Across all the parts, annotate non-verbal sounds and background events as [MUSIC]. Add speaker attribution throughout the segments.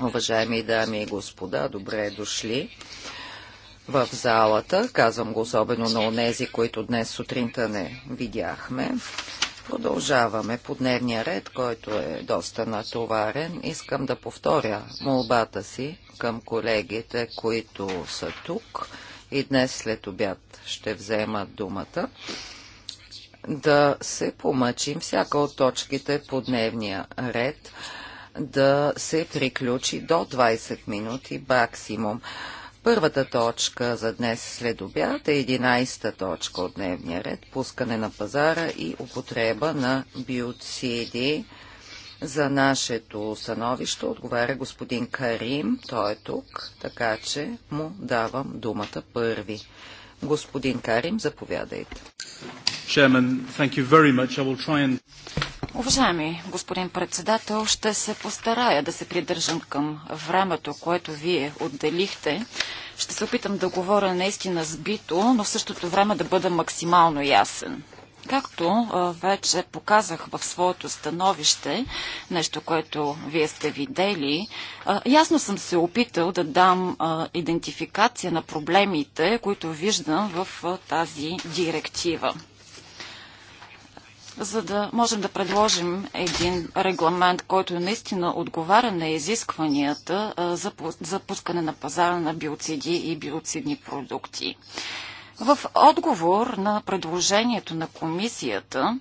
Speaker 1: Уважаеми дами и господа, добре дошли в залата. Казвам го особено на онези, които днес сутринта не видяхме. Продължаваме по дневния ред, който е доста натоварен. Искам да повторя молбата си към колегите, които са тук и днес след обяд ще вземат думата да се помъчим всяка от точките по дневния ред да се приключи до 20 минути максимум. Първата точка за днес след обяд е 11-та точка от дневния ред – пускане на пазара и употреба на биоциди. За нашето становище отговаря господин Карим, той е тук, така че му давам думата първи. Господин Карим, заповядайте.
Speaker 2: Уважаеми господин председател, ще се постарая да се придържам към времето, което вие отделихте. Ще се опитам да говоря наистина сбито, но в същото време да бъда максимално ясен. Както вече показах в своето становище, нещо, което вие сте видели, ясно съм се опитал да дам идентификация на проблемите, които виждам в тази директива за да можем да предложим един регламент, който наистина отговаря на изискванията за, запускане пускане на пазара на биоциди и биоцидни продукти. В отговор на предложението на комисията,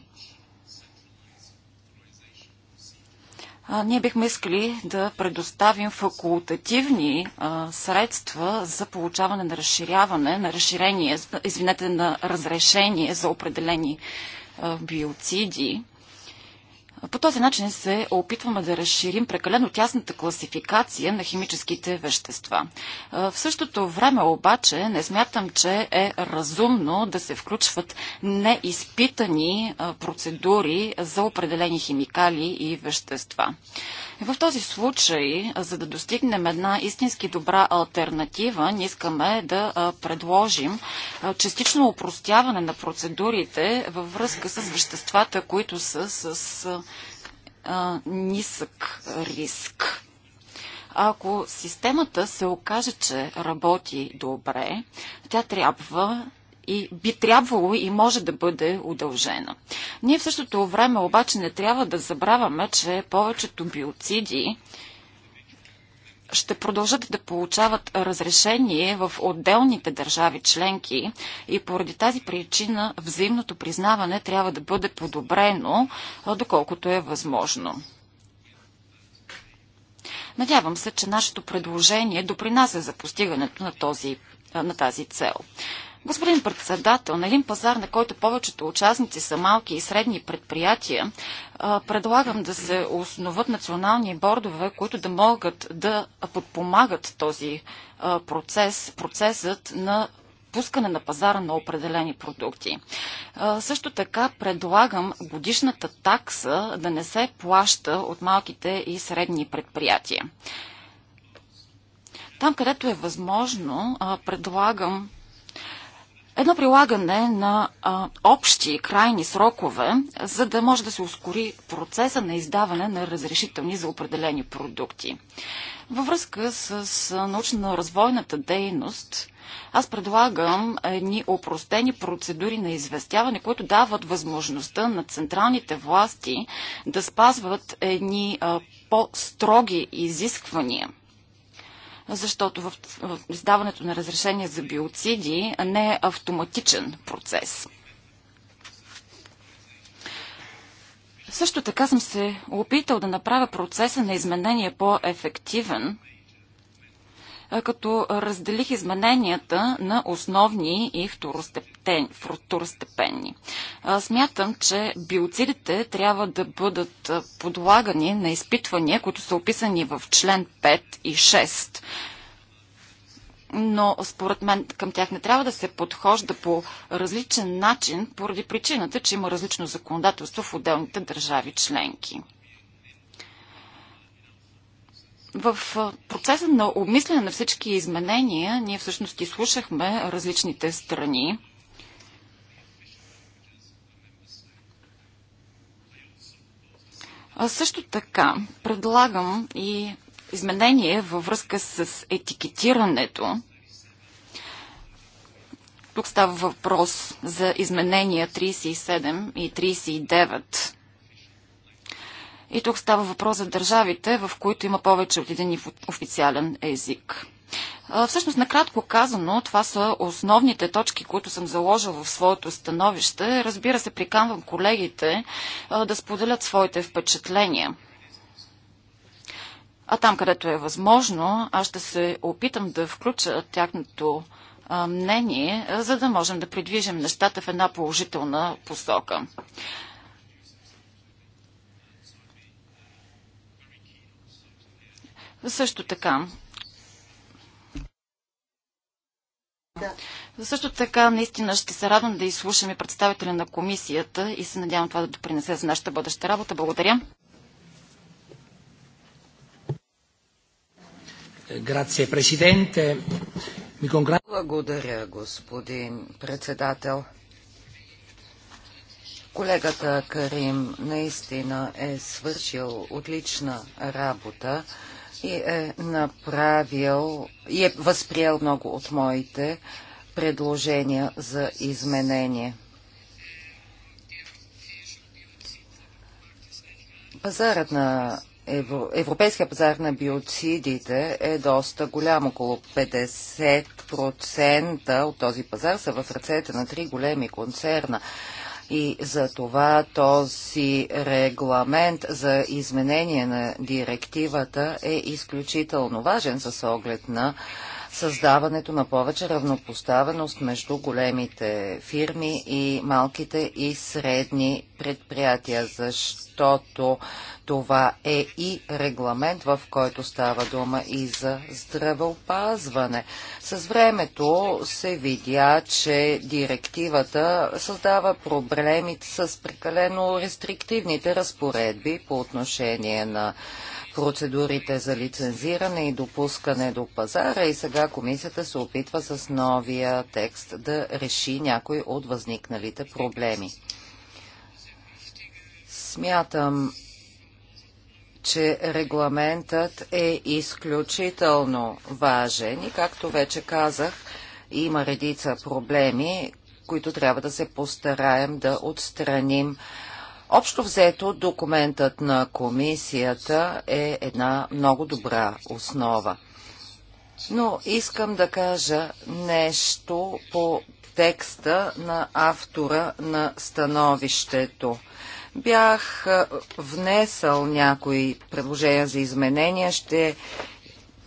Speaker 2: ние бихме искали да предоставим факултативни средства за получаване на разширяване, на разширение, извинете, на разрешение за определени биоциди. По този начин се опитваме да разширим прекалено тясната класификация на химическите вещества. В същото време обаче не смятам, че е разумно да се включват неизпитани процедури за определени химикали и вещества. В този случай, за да достигнем една истински добра альтернатива, ние искаме да предложим частично упростяване на процедурите във връзка с веществата, които са с нисък риск. Ако системата се окаже, че работи добре, тя трябва и би трябвало и може да бъде удължена. Ние в същото време обаче не трябва да забравяме, че повечето биоциди ще продължат да получават разрешение в отделните държави членки и поради тази причина взаимното признаване трябва да бъде подобрено, доколкото е възможно. Надявам се, че нашето предложение допринася за постигането на, този, на тази цел. Господин председател, на един пазар, на който повечето участници са малки и средни предприятия, предлагам да се основат национални бордове, които да могат да подпомагат този процес, процесът на пускане на пазара на определени продукти. Също така предлагам годишната такса да не се плаща от малките и средни предприятия. Там, където е възможно, предлагам едно прилагане на а, общи крайни срокове, за да може да се ускори процеса на издаване на разрешителни за определени продукти. Във връзка с научно-развойната дейност, аз предлагам едни опростени процедури на известяване, които дават възможността на централните власти да спазват едни по-строги изисквания – защото в, в издаването на разрешение за биоциди не е автоматичен процес. Също така съм се опитал да направя процеса на изменение по-ефективен, като разделих измененията на основни и второстепенни второстепенни. Смятам, че биоцидите трябва да бъдат подлагани на изпитвания, които са описани в член 5 и 6 но според мен към тях не трябва да се подхожда по различен начин, поради причината, че има различно законодателство в отделните държави членки. В процеса на обмислене на всички изменения, ние всъщност изслушахме различните страни. А също така предлагам и изменение във връзка с етикетирането. Тук става въпрос за изменения 37 и 39. И тук става въпрос за държавите, в които има повече от един официален език. Всъщност, накратко казано, това са основните точки, които съм заложил в своето становище. Разбира се, приканвам колегите да споделят своите впечатления. А там, където е възможно, аз ще се опитам да включа тяхното мнение, за да можем да придвижим нещата в една положителна посока. Също така, Да. Също така, наистина ще се радвам да изслушаме представителя на комисията и се надявам това да допринесе за нашата бъдеща работа. Благодаря.
Speaker 3: Грация, президенте.
Speaker 1: Благодаря, господин председател. Колегата Карим наистина е свършил отлична работа и е направил и е възприел много от моите предложения за изменение. Пазарът на евро, Европейския пазар на биоцидите е доста голям. Около 50% от този пазар са в ръцете на три големи концерна. И за това този регламент за изменение на директивата е изключително важен с оглед на създаването на повече равнопоставеност между големите фирми и малките и средни предприятия, защото това е и регламент, в който става дума и за здравеопазване. С времето се видя, че директивата създава проблеми с прекалено рестриктивните разпоредби по отношение на процедурите за лицензиране и допускане до пазара и сега комисията се опитва с новия текст да реши някой от възникналите проблеми. Смятам, че регламентът е изключително важен и, както вече казах, има редица проблеми, които трябва да се постараем да отстраним Общо взето документът на комисията е една много добра основа. Но искам да кажа нещо по текста на автора на становището. Бях внесъл някои предложения за изменения, ще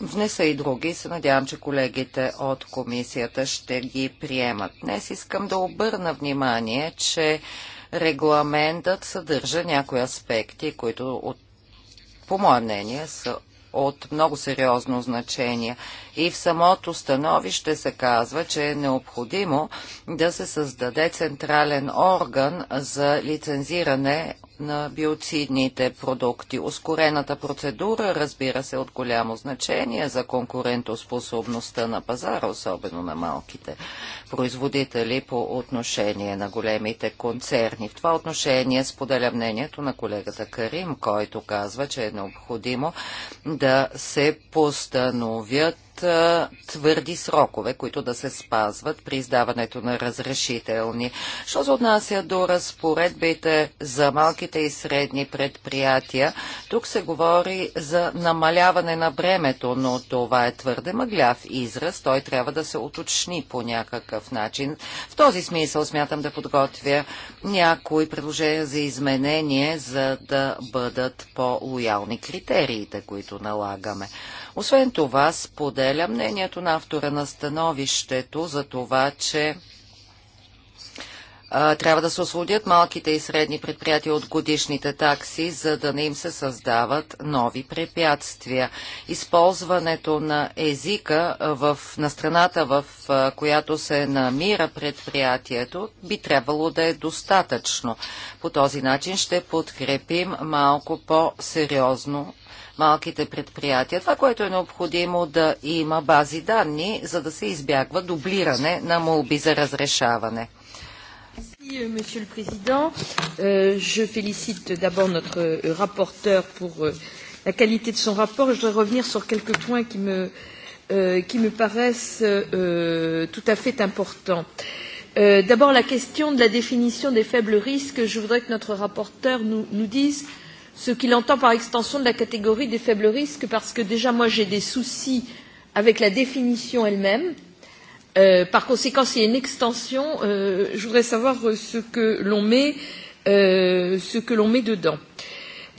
Speaker 1: внеса и други. Се надявам, че колегите от комисията ще ги приемат. Днес искам да обърна внимание, че Регламентът съдържа някои аспекти, които от, по мое мнение са от много сериозно значение. И в самото становище се казва, че е необходимо да се създаде централен орган за лицензиране на биоцидните продукти. Ускорената процедура, разбира се, е от голямо значение за конкурентоспособността на пазара, особено на малките производители по отношение на големите концерни. В това отношение споделя мнението на колегата Карим, който казва, че е необходимо да се постановят твърди срокове, които да се спазват при издаването на разрешителни. Що се отнася до разпоредбите за малките и средни предприятия, тук се говори за намаляване на бремето, но това е твърде мъгляв израз. Той трябва да се уточни по някакъв начин. В този смисъл смятам да подготвя някои предложения за изменение, за да бъдат по-лоялни критериите, които налагаме. Освен това, споделя мнението на автора на становището за това, че а, трябва да се освободят малките и средни предприятия от годишните такси, за да не им се създават нови препятствия. Използването на езика в, на страната, в която се намира предприятието, би трябвало да е достатъчно. По този начин ще подкрепим малко по-сериозно малките предприятия. Това, което е необходимо да има бази данни, за да се избягва дублиране на молби за разрешаване.
Speaker 4: Monsieur le Président, euh, je félicite d'abord notre rapporteur pour euh, la qualité de son rapport. Je voudrais revenir sur quelques points qui me, euh, qui me paraissent euh, tout à fait importants. Euh, d'abord, la question de la définition des faibles risques. Je voudrais que notre rapporteur nous, nous dise euh, ce qu'il entend par extension de la catégorie des faibles risques, parce que déjà moi j'ai des soucis avec la définition elle-même. Euh, par conséquent, s'il y a une extension, euh, je voudrais savoir ce que l'on met, euh, met dedans.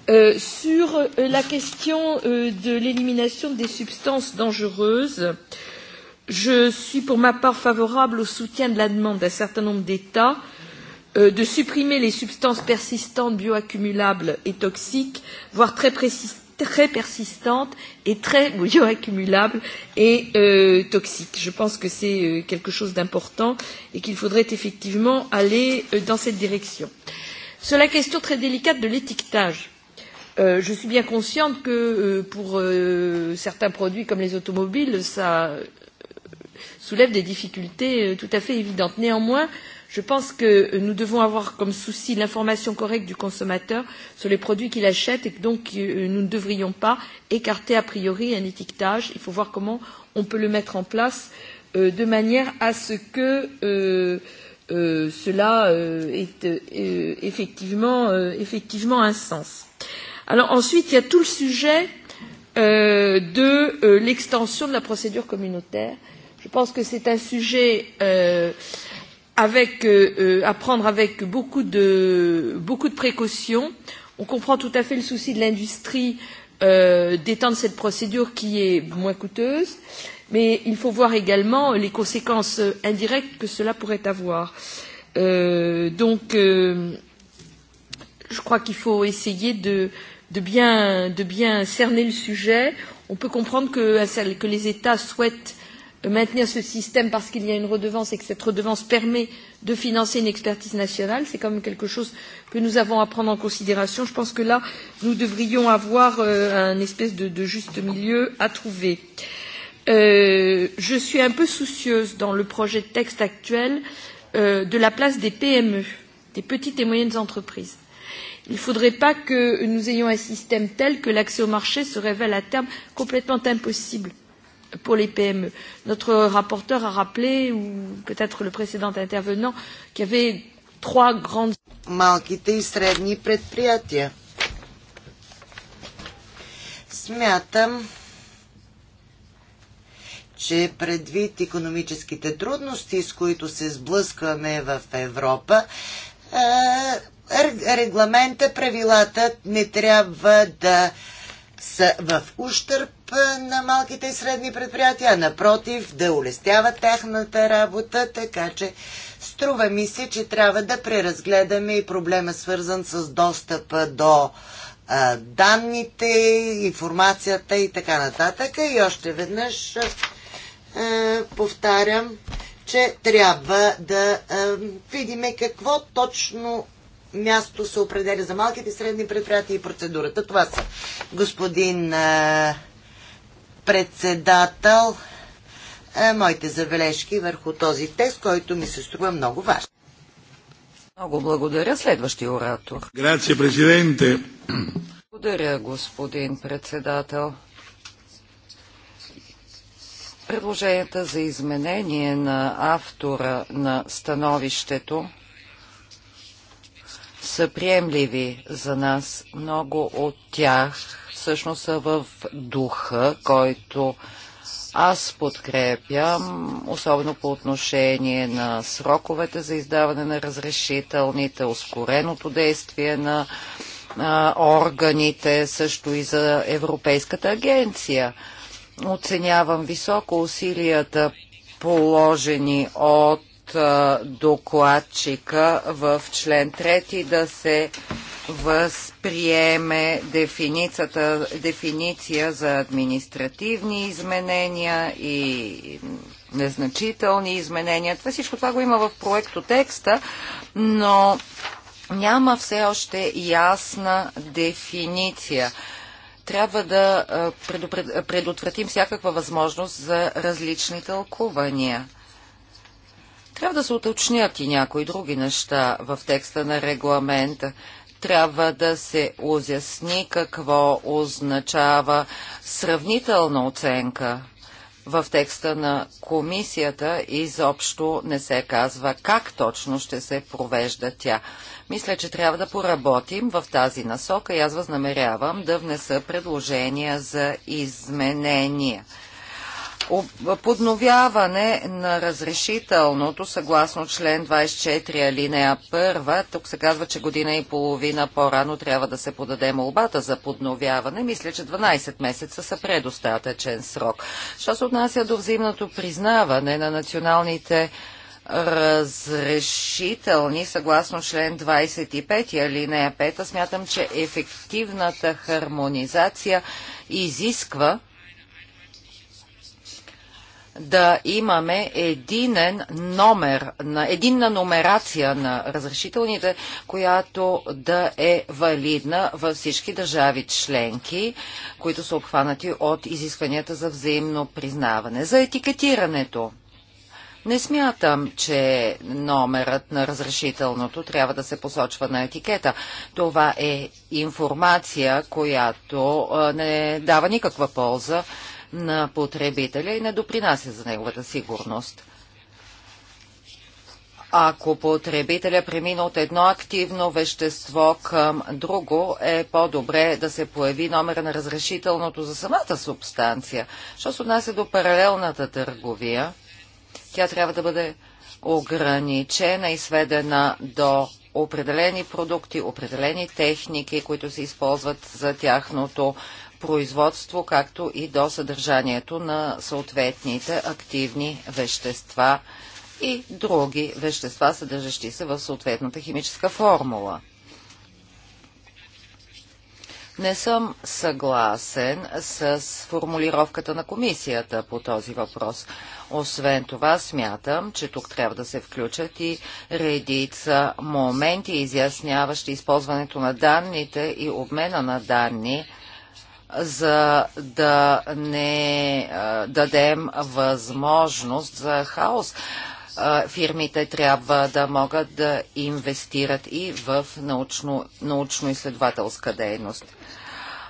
Speaker 4: Euh, sur la question euh, de l'élimination des substances dangereuses, je suis pour ma part favorable au soutien de la demande d'un certain nombre d'États euh, de supprimer les substances persistantes bioaccumulables et toxiques, voire très, très persistantes et très bioaccumulables et euh, toxiques. Je pense que c'est euh, quelque chose d'important et qu'il faudrait effectivement aller euh, dans cette direction. Sur la question très délicate de l'étiquetage, euh, je suis bien consciente que euh, pour euh, certains produits comme les automobiles, ça soulève des difficultés euh, tout à fait évidentes. Néanmoins, euh, Je pense que nous devons avoir comme souci l'information correcte du consommateur sur les produits qu'il achète et que donc nous ne devrions pas écarter a priori un étiquetage. Il faut voir comment on peut le mettre en place euh, de manière à ce que euh, euh, cela euh, ait euh, effectivement, euh, effectivement un sens. Alors ensuite, il y a tout le sujet euh, de euh, l'extension de la procédure communautaire. Je pense que c'est un sujet euh, avec, euh, à prendre avec beaucoup de, beaucoup de précautions. On comprend tout à fait le souci de l'industrie euh, d'étendre cette procédure qui est moins coûteuse, mais il faut voir également les conséquences indirectes que cela pourrait avoir. Euh, donc, euh, je crois qu'il faut essayer de, de, bien, de bien cerner le sujet. On peut comprendre que, que les États souhaitent maintenir ce système parce qu'il y a une redevance et que cette redevance permet de financer une expertise nationale, c'est quand même quelque chose que nous avons à prendre en considération. Je pense que là, nous devrions avoir euh, un espèce de, de juste milieu à trouver. Euh, je suis un peu soucieuse dans le projet de texte actuel euh, de la place des PME, des petites et moyennes entreprises. Il ne faudrait pas que nous ayons un système tel que l'accès au marché se révèle à terme complètement impossible pour les PME. Notre rapporteur a rappelé, ou peut-être le précédent intervenant, qu'il y avait trois grandes... Малките и средни предприятия.
Speaker 5: Смятам, че предвид економическите трудности, с които се сблъскваме в Европа, е, регламента, правилата не трябва да са в ущърп на малките и средни предприятия, а напротив да улестяват тяхната работа, така че струва ми се, че трябва да преразгледаме и проблема свързан с достъпа до а, данните, информацията и така нататък. И още веднъж а, повтарям, че трябва да а, видиме какво точно място се определя за малките и средни предприятия и процедурата. Това са господин а, председател а, моите забележки върху този тест, който ми се струва много важен. Много благодаря. Следващия оратор.
Speaker 4: Грация, президенте.
Speaker 5: Благодаря,
Speaker 1: господин председател. Предложенията за изменение на автора на становището са приемливи за нас. Много от тях всъщност са в духа, който аз подкрепям, особено по отношение на сроковете за издаване на разрешителните, ускореното действие на а, органите, също и за Европейската агенция. Оценявам високо усилията положени от от докладчика в член 3 да се възприеме дефиницията, дефиниция за административни изменения и незначителни изменения. Това всичко това го има в проекто текста, но няма все още ясна дефиниция. Трябва да предотвратим всякаква възможност за различни тълкувания. Трябва да се уточнят и някои други неща в текста на регламента. Трябва да се озясни какво означава сравнителна оценка. В текста на комисията изобщо не се казва как точно ще се провежда тя. Мисля, че трябва да поработим в тази насока и аз възнамерявам да внеса предложения за изменения подновяване на разрешителното съгласно член 24 алинея 1. Тук се казва, че година и половина по-рано трябва да се подаде молбата за подновяване. Мисля, че 12 месеца са предостатъчен срок. Що се отнася до взаимното признаване на националните разрешителни, съгласно член 25 алинея 5, смятам, че ефективната хармонизация изисква да имаме единен номер, на, единна номерация на разрешителните, която да е валидна във всички държави членки, които са обхванати от изискванията за взаимно признаване. За етикетирането. Не смятам, че номерът на разрешителното трябва да се посочва на етикета. Това е информация, която не дава никаква полза на потребителя и не допринася за неговата сигурност. Ако потребителя премина от едно активно вещество към друго, е по-добре да се появи номера на разрешителното за самата субстанция. Що се отнася до паралелната търговия, тя трябва да бъде ограничена и сведена до определени продукти, определени техники, които се използват за тяхното производство, както и до съдържанието на съответните активни вещества и други вещества, съдържащи се в съответната химическа формула. Не съм съгласен с формулировката на комисията по този въпрос. Освен това, смятам, че тук трябва да се включат и редица моменти, изясняващи използването на данните и обмена на данни за да не дадем възможност за хаос. Фирмите трябва да могат да инвестират и в научно, научно дейност.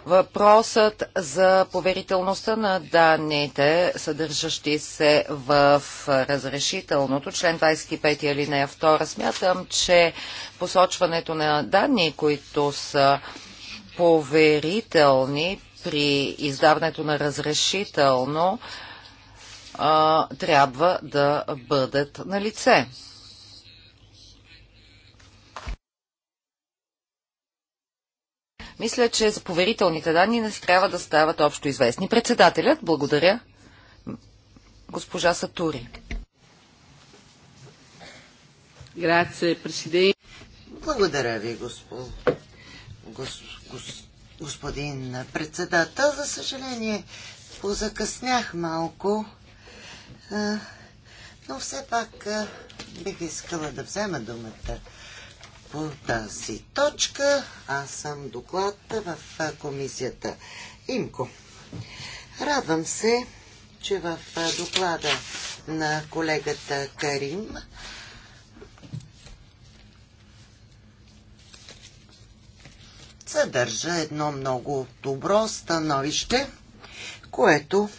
Speaker 1: Въпросът за поверителността на данните, съдържащи се в разрешителното, член 25 алинея 2, смятам, че посочването на данни, които са поверителни, при издаването на разрешително а, трябва да бъдат на лице. Мисля, че за поверителните данни не трябва да стават общо известни. Председателят, благодаря, госпожа
Speaker 5: Сатури. Благодаря ви, госпо... госп господин председател. За съжаление, позакъснях малко, но все пак бих искала да взема думата по тази точка. Аз съм доклад в комисията ИМКО. Радвам се, че в доклада на колегата Карим съдържа едно много добро становище, което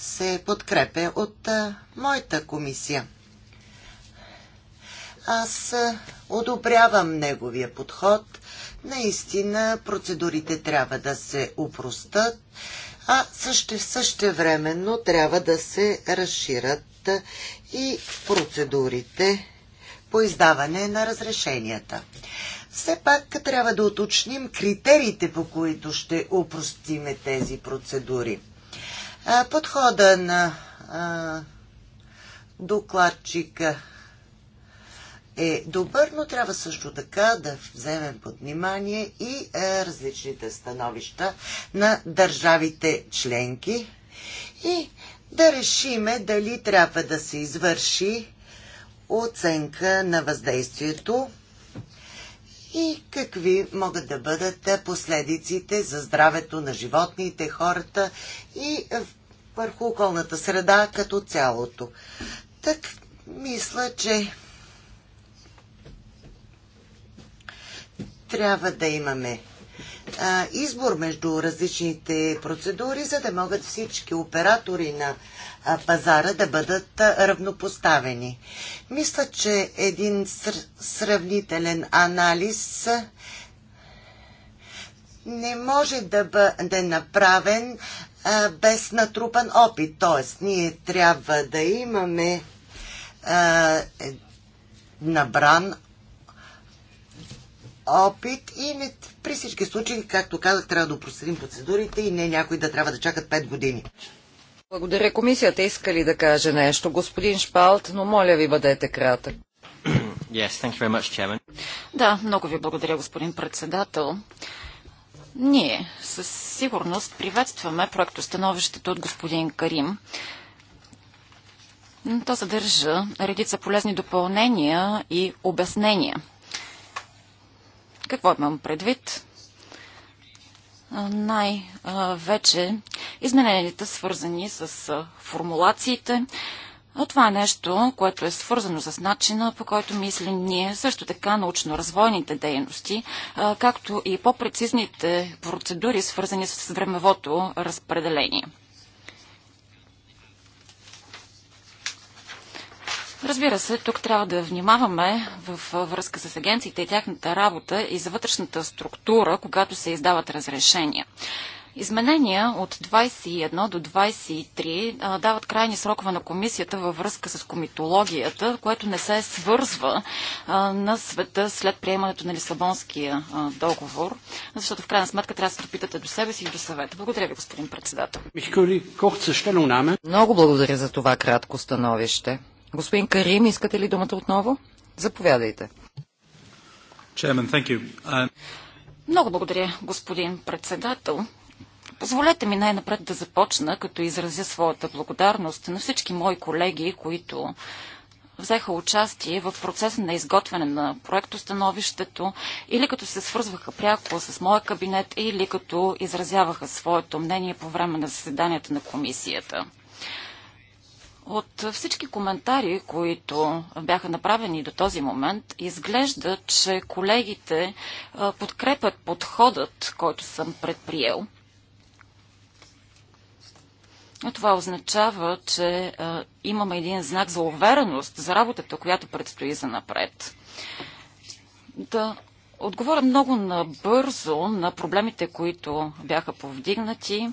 Speaker 5: се подкрепя от моята комисия. Аз одобрявам неговия подход. Наистина процедурите трябва да се упростат, а също, същевременно трябва да се разширят и процедурите по издаване на разрешенията все пак трябва да уточним критериите, по които ще упростиме тези процедури. Подхода на докладчика е добър, но трябва също така да вземем под внимание и различните становища на държавите членки и да решиме дали трябва да се извърши оценка на въздействието и какви могат да бъдат е, последиците за здравето на животните, хората и е, върху околната среда като цялото. Так, мисля, че трябва да имаме а, избор между различните процедури, за да могат всички оператори на а, пазара да бъдат а, равнопоставени. Мисля, че един сравнителен анализ не може да бъде направен а, без натрупан опит. Т.е. ние трябва да имаме а, набран опит и не, при всички случаи, както казах, трябва да проследим процедурите и не някой да трябва да чакат 5 години.
Speaker 1: Благодаря. Комисията иска ли да каже нещо? Господин Шпалт, но моля ви бъдете кратък.
Speaker 6: [CLEARS THROAT] Yes, thank you very
Speaker 4: much, chairman.
Speaker 1: Да,
Speaker 2: много ви благодаря, господин председател. Ние със сигурност приветстваме проектостановището от господин Карим. То съдържа редица полезни допълнения и обяснения – какво имам предвид? Най-вече измененията, свързани с формулациите. това е нещо, което е свързано с начина, по който мислим ние, също така научно-развойните дейности, както и по-прецизните процедури, свързани с времевото разпределение. Разбира се, тук трябва да внимаваме в връзка с агенциите и тяхната работа и за вътрешната структура, когато се издават разрешения. Изменения от 21 до 23 а, дават крайни срокове на комисията във връзка с комитологията, което не се свързва а, на света след приемането на Лисабонския а, договор, защото в крайна сметка трябва да се допитате до себе си и до съвета. Благодаря ви, господин председател.
Speaker 1: Много благодаря за това кратко становище. Господин Карим, искате ли думата отново? Заповядайте. Uh,
Speaker 2: Много благодаря, господин председател. Позволете ми най-напред да започна, като изразя своята благодарност на всички мои колеги, които взеха участие в процеса на изготвяне на проектостановището или като се свързваха пряко с моя кабинет или като изразяваха своето мнение по време на заседанията на комисията. От всички коментари, които бяха направени до този момент, изглежда, че колегите подкрепят подходът, който съм предприел. Това означава, че имаме един знак за увереност за работата, която предстои за напред. Да отговоря много набързо на проблемите, които бяха повдигнати,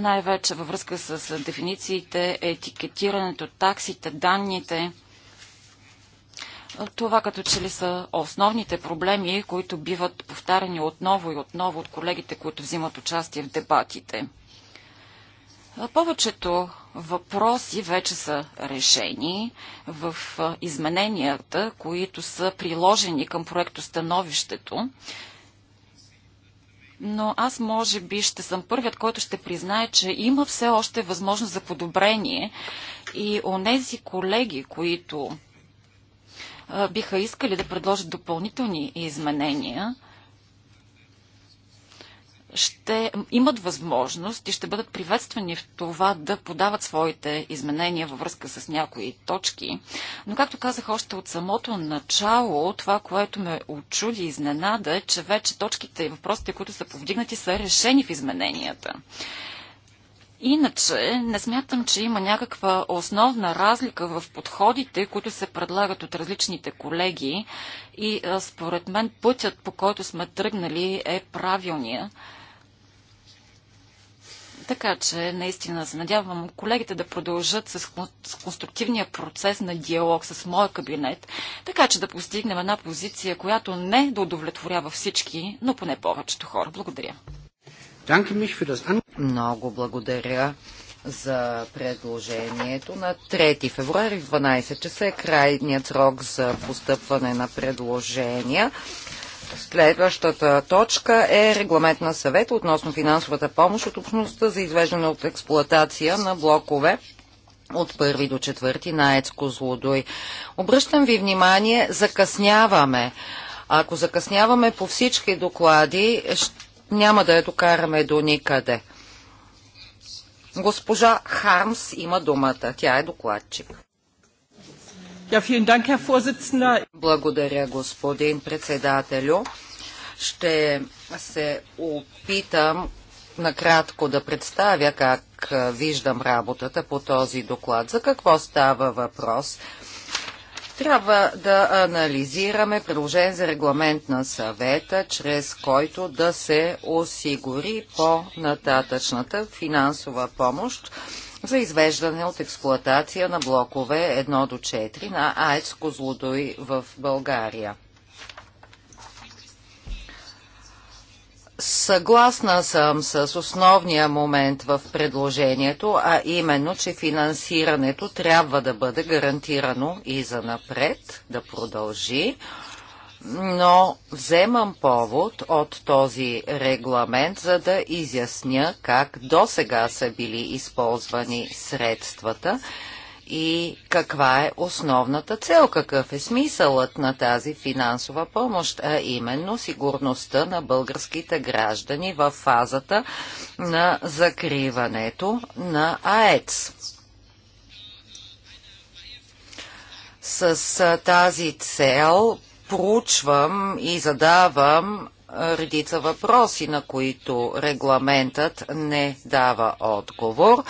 Speaker 2: най-вече във връзка с дефинициите, етикетирането, таксите, данните. Това като че ли са основните проблеми, които биват повтаряни отново и отново от колегите, които взимат участие в дебатите. Повечето въпроси вече са решени в измененията, които са приложени към становището, Но аз може би ще съм първият, който ще признае, че има все още възможност за подобрение и онези колеги, които биха искали да предложат допълнителни изменения, ще имат възможност и ще бъдат приветствани в това да подават своите изменения във връзка с някои точки. Но както казах още от самото начало, това, което ме очуди и изненада е, че вече точките и въпросите, които са повдигнати, са решени в измененията. Иначе не смятам, че има някаква основна разлика в подходите, които се предлагат от различните колеги и според мен пътят, по който сме тръгнали, е правилния. Така че, наистина се надявам колегите да продължат с конструктивния процес на диалог с моя кабинет, така че да постигнем една позиция, която не да удовлетворява всички, но поне повечето хора. Благодаря.
Speaker 1: Много благодаря за предложението. На 3 февруари в 12 часа е крайният срок за постъпване на предложения. Следващата точка е регламент на съвет относно финансовата помощ от общността за извеждане от експлоатация на блокове от първи до четвърти на ецко злодой. Обръщам ви внимание, закъсняваме. Ако закъсняваме по всички доклади, няма да я докараме до никъде. Госпожа Хармс има думата. Тя е докладчик. Благодаря, господин председателю. Ще се опитам накратко да представя как виждам работата по този доклад. За какво става въпрос? Трябва да анализираме приложен за регламент на съвета, чрез който да се осигури по-нататъчната финансова помощ за извеждане от експлоатация на блокове 1 до 4 на АЕЦ Козлодой в България. Съгласна съм с основния момент в предложението, а именно, че финансирането трябва да бъде гарантирано и за напред, да продължи но вземам повод от този регламент, за да изясня как до сега са били използвани средствата и каква е основната цел, какъв е смисълът на тази финансова помощ, а именно сигурността на българските граждани в фазата на закриването на АЕЦ. С тази цел проучвам и задавам редица въпроси, на които регламентът не дава отговор.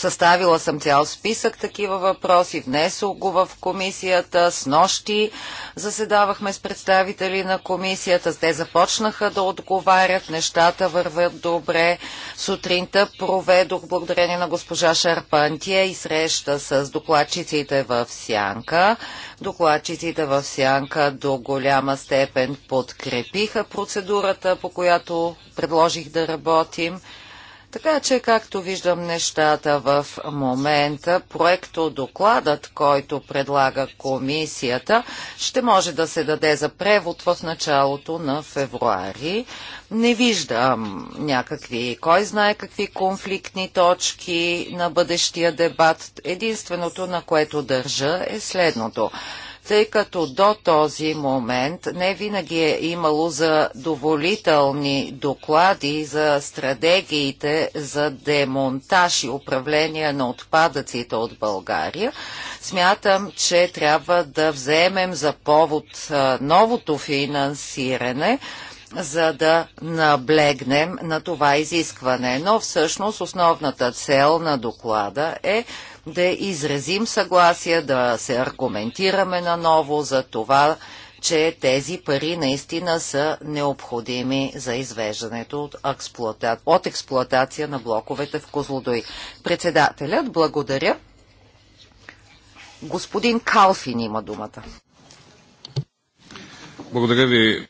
Speaker 1: Съставила съм цял списък такива въпроси, внесох го в комисията, с нощи заседавахме с представители на комисията, те започнаха да отговарят, нещата вървят добре. Сутринта проведох благодарение на госпожа Шарпантия и среща с докладчиците в Сянка. Докладчиците в Сянка до голяма степен подкрепиха процедурата, по която предложих да работим. Така че, както виждам нещата в момента, проекто докладът, който предлага комисията, ще може да се даде за превод в началото на февруари. Не виждам някакви, кой знае какви конфликтни точки на бъдещия дебат. Единственото, на което държа, е следното тъй като до този момент не винаги е имало задоволителни доклади за стратегиите за демонтаж и управление на отпадъците от България. Смятам, че трябва да вземем за повод новото финансиране, за да наблегнем на това изискване. Но всъщност основната цел на доклада е да изразим съгласие, да се аргументираме наново за това, че тези пари наистина са необходими за извеждането от, експлуата... от експлуатация на блоковете в Козлодой. Председателят, благодаря. Господин Калфин има думата.
Speaker 6: Благодаря ви,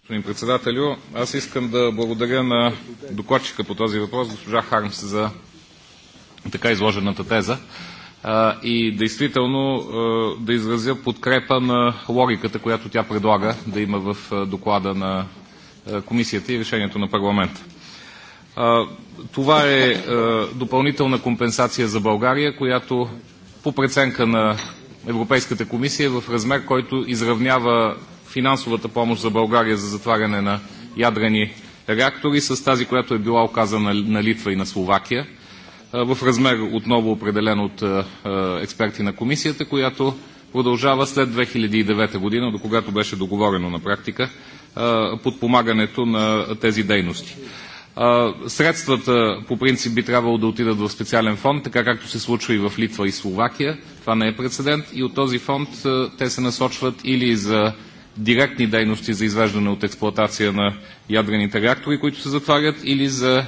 Speaker 6: господин председателю. Аз искам да благодаря на докладчика по този въпрос, госпожа Хармс, за така изложената теза и действително да изразя подкрепа на логиката, която тя предлага да има в доклада на комисията и решението на парламента. Това е допълнителна компенсация за България, която по преценка на Европейската комисия е в размер, който изравнява финансовата помощ за България за затваряне на ядрени реактори с тази, която е била оказана на Литва и на Словакия в размер отново определен от експерти на комисията, която продължава след 2009 година, до когато беше договорено на практика подпомагането на тези дейности. Средствата по принцип би трябвало да отидат в специален фонд, така както се случва и в Литва и Словакия. Това не е прецедент и от този фонд те се насочват или за директни дейности за извеждане от експлоатация на ядрените реактори, които се затварят, или за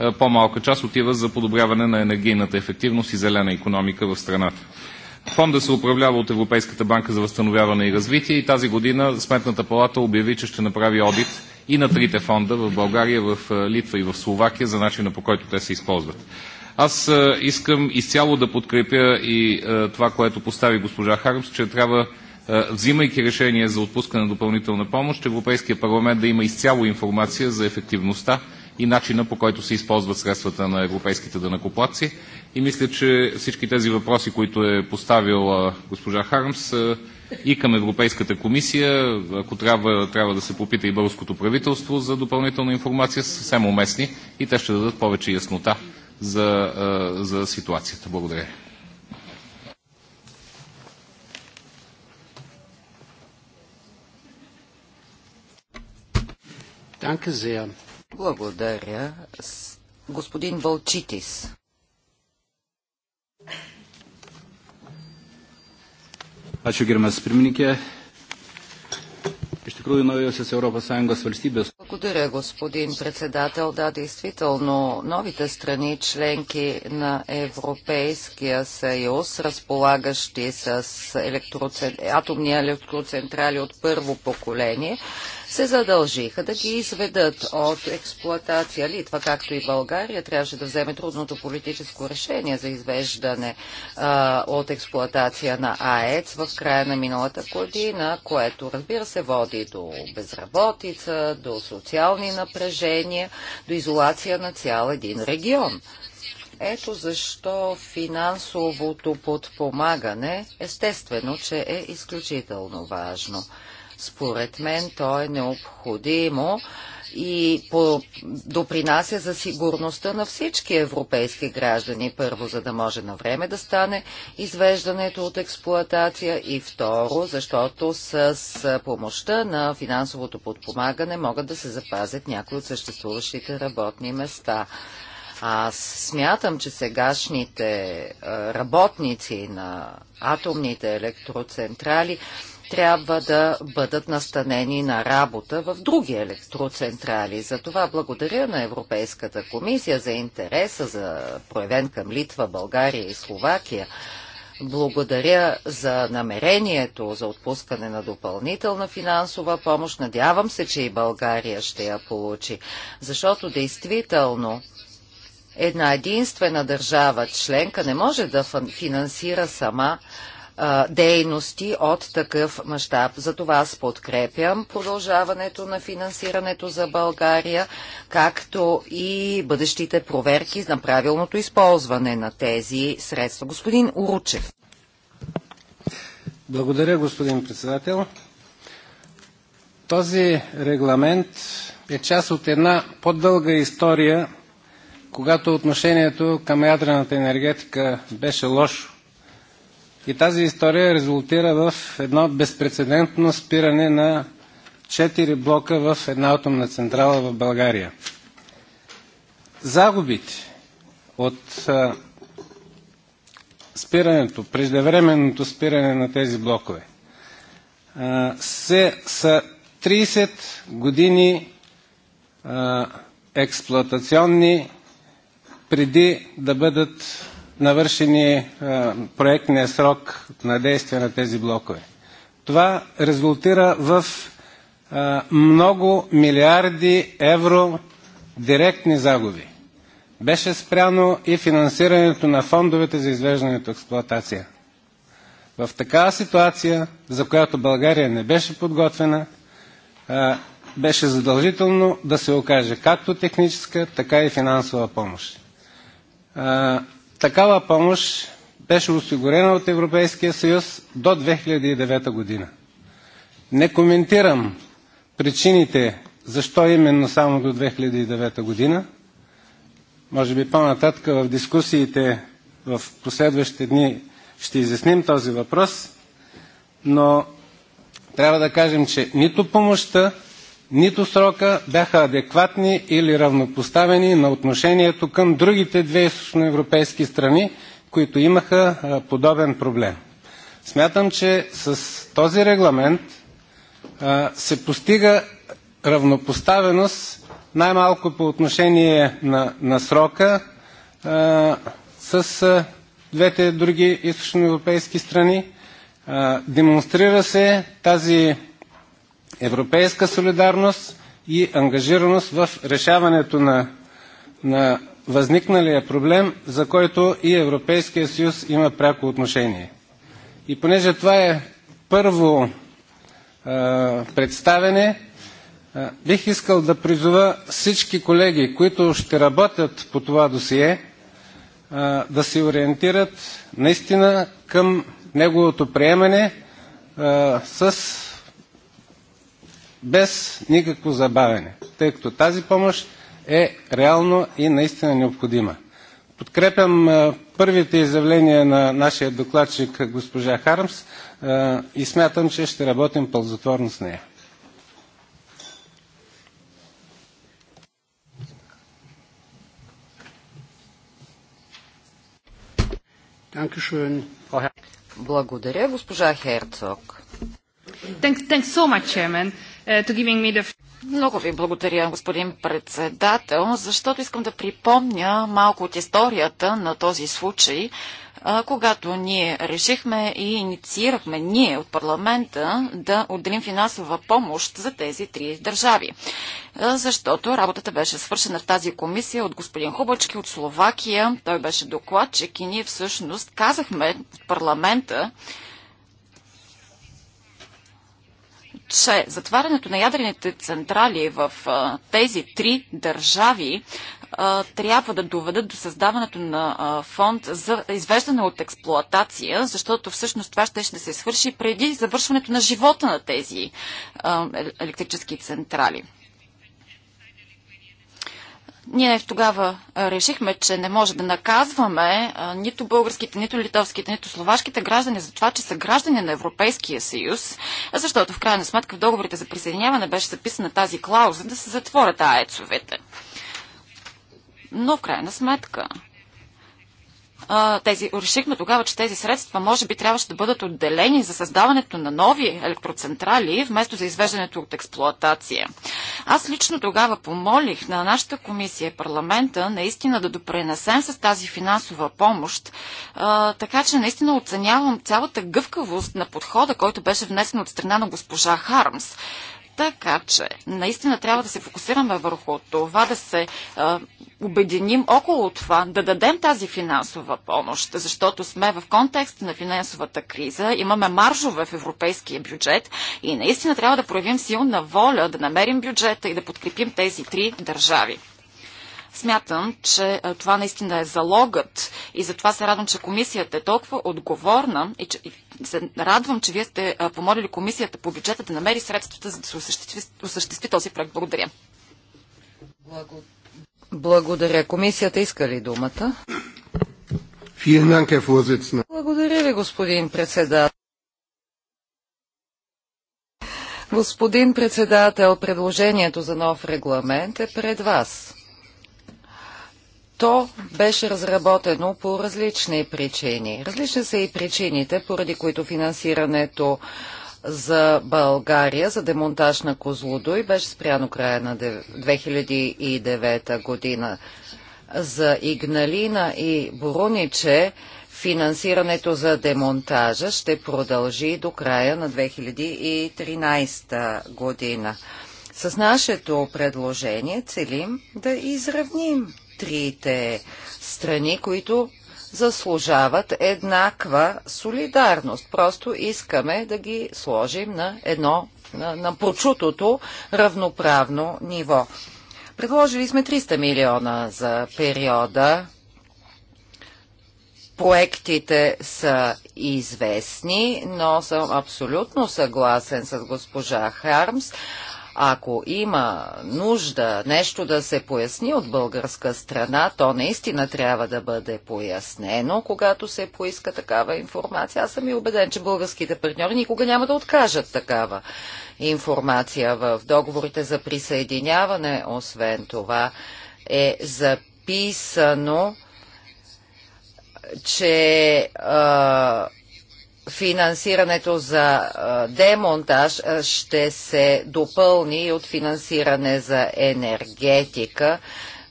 Speaker 6: е, по-малка част отива за подобряване на енергийната ефективност и зелена економика в страната. Фонда се управлява от Европейската банка за възстановяване и развитие и тази година Сметната палата обяви, че ще направи одит и на трите фонда в България, в е, Литва и в Словакия за начина по който те се използват. Аз е, искам изцяло да подкрепя и това, което постави госпожа Хармс, че трябва взимайки решение за отпускане на допълнителна помощ, Европейския парламент да има изцяло информация за ефективността и начина по който се използват средствата на европейските данакоплаци. И мисля, че всички тези въпроси, които е поставил госпожа Хармс и към Европейската комисия, ако трябва, трябва да се попита и българското правителство за допълнителна информация, са съвсем уместни и те ще дадат повече яснота за, за ситуацията. Благодаря.
Speaker 1: Danke sehr. Благодаря. Господин Балчитис.
Speaker 3: Ačiū gerimas pirmininkė. Iš tikrųjų, naujosios ES valstybės.
Speaker 1: Благодаря, господин председател. Да, действително, новите страни, членки на Европейския съюз, разполагащи с електроцен... атомни електроцентрали от първо поколение, се задължиха да ги изведат от експлоатация. Литва, както и България, трябваше да вземе трудното политическо решение за извеждане а, от експлоатация на АЕЦ в края на миналата година, което разбира се води до безработица, до социални напрежения, до изолация на цял един регион. Ето защо финансовото подпомагане естествено, че е изключително важно. Според мен то е необходимо и по, допринася за сигурността на всички европейски граждани. Първо, за да може на време да стане извеждането от експлоатация и второ, защото с помощта на финансовото подпомагане могат да се запазят някои от съществуващите работни места. Аз смятам, че сегашните работници на атомните електроцентрали трябва да бъдат настанени на работа в други електроцентрали. Затова благодаря на Европейската комисия за интереса, за проявен към Литва, България и Словакия. Благодаря за намерението за отпускане на допълнителна финансова помощ. Надявам се, че и България ще я получи, защото действително една единствена държава членка не може да финансира сама дейности от такъв мащаб. Затова аз подкрепям продължаването на финансирането за България, както и бъдещите проверки на правилното използване на тези средства. Господин Уручев.
Speaker 3: Благодаря, господин председател. Този регламент е част от една по-дълга история, когато отношението към ядрената енергетика беше лошо. И тази история резултира в едно безпредседентно спиране на четири блока в една атомна централа в България. Загубите от спирането, преждевременното спиране на тези блокове се, са 30 години експлоатационни преди да бъдат навършени е, проектния срок на действие на тези блокове. Това резултира в е, много милиарди евро директни загуби. Беше спряно и финансирането на фондовете за извеждането експлоатация. В такава ситуация, за която България не беше подготвена, е, беше задължително да се окаже както техническа, така и финансова помощ. Такава помощ беше осигурена от Европейския съюз до 2009 година. Не коментирам причините защо именно само до 2009 година. Може би по-нататък в дискусиите в последващите дни ще изясним този въпрос, но трябва да кажем, че нито помощта, нито срока бяха адекватни или равнопоставени на отношението към другите две източноевропейски страни, които имаха подобен проблем. Смятам, че с този регламент се постига равнопоставеност най-малко по отношение на, на срока а, с а, двете други източноевропейски страни. А, демонстрира се тази европейска солидарност и ангажираност в решаването на, на възникналия проблем, за който и Европейския съюз има пряко отношение. И понеже това е първо а, представене, а, бих искал да призова всички колеги, които ще работят по това досие, а, да се ориентират наистина към неговото приемане а, с без никакво забавяне, тъй като тази помощ е реално и наистина необходима. Подкрепям първите изявления на нашия докладчик госпожа Хармс и смятам, че ще работим пълзотворно с нея.
Speaker 1: Благодаря, госпожа Херцог.
Speaker 4: Thanks, thanks so
Speaker 2: much, Uh, Много ви благодаря, господин председател, защото искам да припомня малко от историята на този случай, когато ние решихме и инициирахме ние от парламента да отделим финансова помощ за тези три държави. Защото работата беше свършена в тази комисия от господин Хубачки от Словакия. Той беше докладчик и ние всъщност казахме от парламента, че затварянето на ядрените централи в тези три държави трябва да доведат до създаването на фонд за извеждане от експлоатация, защото всъщност това ще, ще се свърши преди завършването на живота на тези е, електрически централи. Ние тогава решихме, че не може да наказваме нито българските, нито литовските, нито словашките граждани за това, че са граждани на Европейския съюз, защото в крайна сметка в договорите за присъединяване беше записана тази клауза да се затворят аецовете. Но в крайна сметка а, тези, решихме тогава, че тези средства може би трябваше да бъдат отделени за създаването на нови електроцентрали, вместо за извеждането от експлоатация. Аз лично тогава помолих на нашата комисия и парламента наистина да допренесем с тази финансова помощ, а, така че наистина оценявам цялата гъвкавост на подхода, който беше внесен от страна на госпожа Хармс. Така че, наистина трябва да се фокусираме върху това да се а, обединим около това, да дадем тази финансова помощ, защото сме в контекст на финансовата криза, имаме маржове в европейския бюджет и наистина трябва да проявим силна воля да намерим бюджета и да подкрепим тези три държави. Смятам, че това наистина е залогът и затова се радвам, че комисията е толкова отговорна и, че, и се радвам, че вие сте помолили комисията по бюджета да намери средствата, за да се осъществи, осъществи този проект. Благодаря.
Speaker 1: Благодаря. Благодаря. Комисията иска ли думата? Благодаря ви, господин председател. Господин председател, предложението за нов регламент е пред вас. То беше разработено по различни причини. Различни са и причините, поради които финансирането за България за демонтаж на козлодо и беше спряно края на 2009 година. За Игналина и Боруниче финансирането за демонтажа ще продължи до края на 2013 година. С нашето предложение целим да изравним трите страни, които заслужават еднаква солидарност. Просто искаме да ги сложим на едно, на, на прочутото равноправно ниво. Предложили сме 300 милиона за периода. Проектите са известни, но съм абсолютно съгласен с госпожа Хармс. Ако има нужда нещо да се поясни от българска страна, то наистина трябва да бъде пояснено, когато се поиска такава информация. Аз съм и убеден, че българските партньори никога няма да откажат такава информация в договорите за присъединяване. Освен това е записано, че а, финансирането за демонтаж ще се допълни от финансиране за енергетика,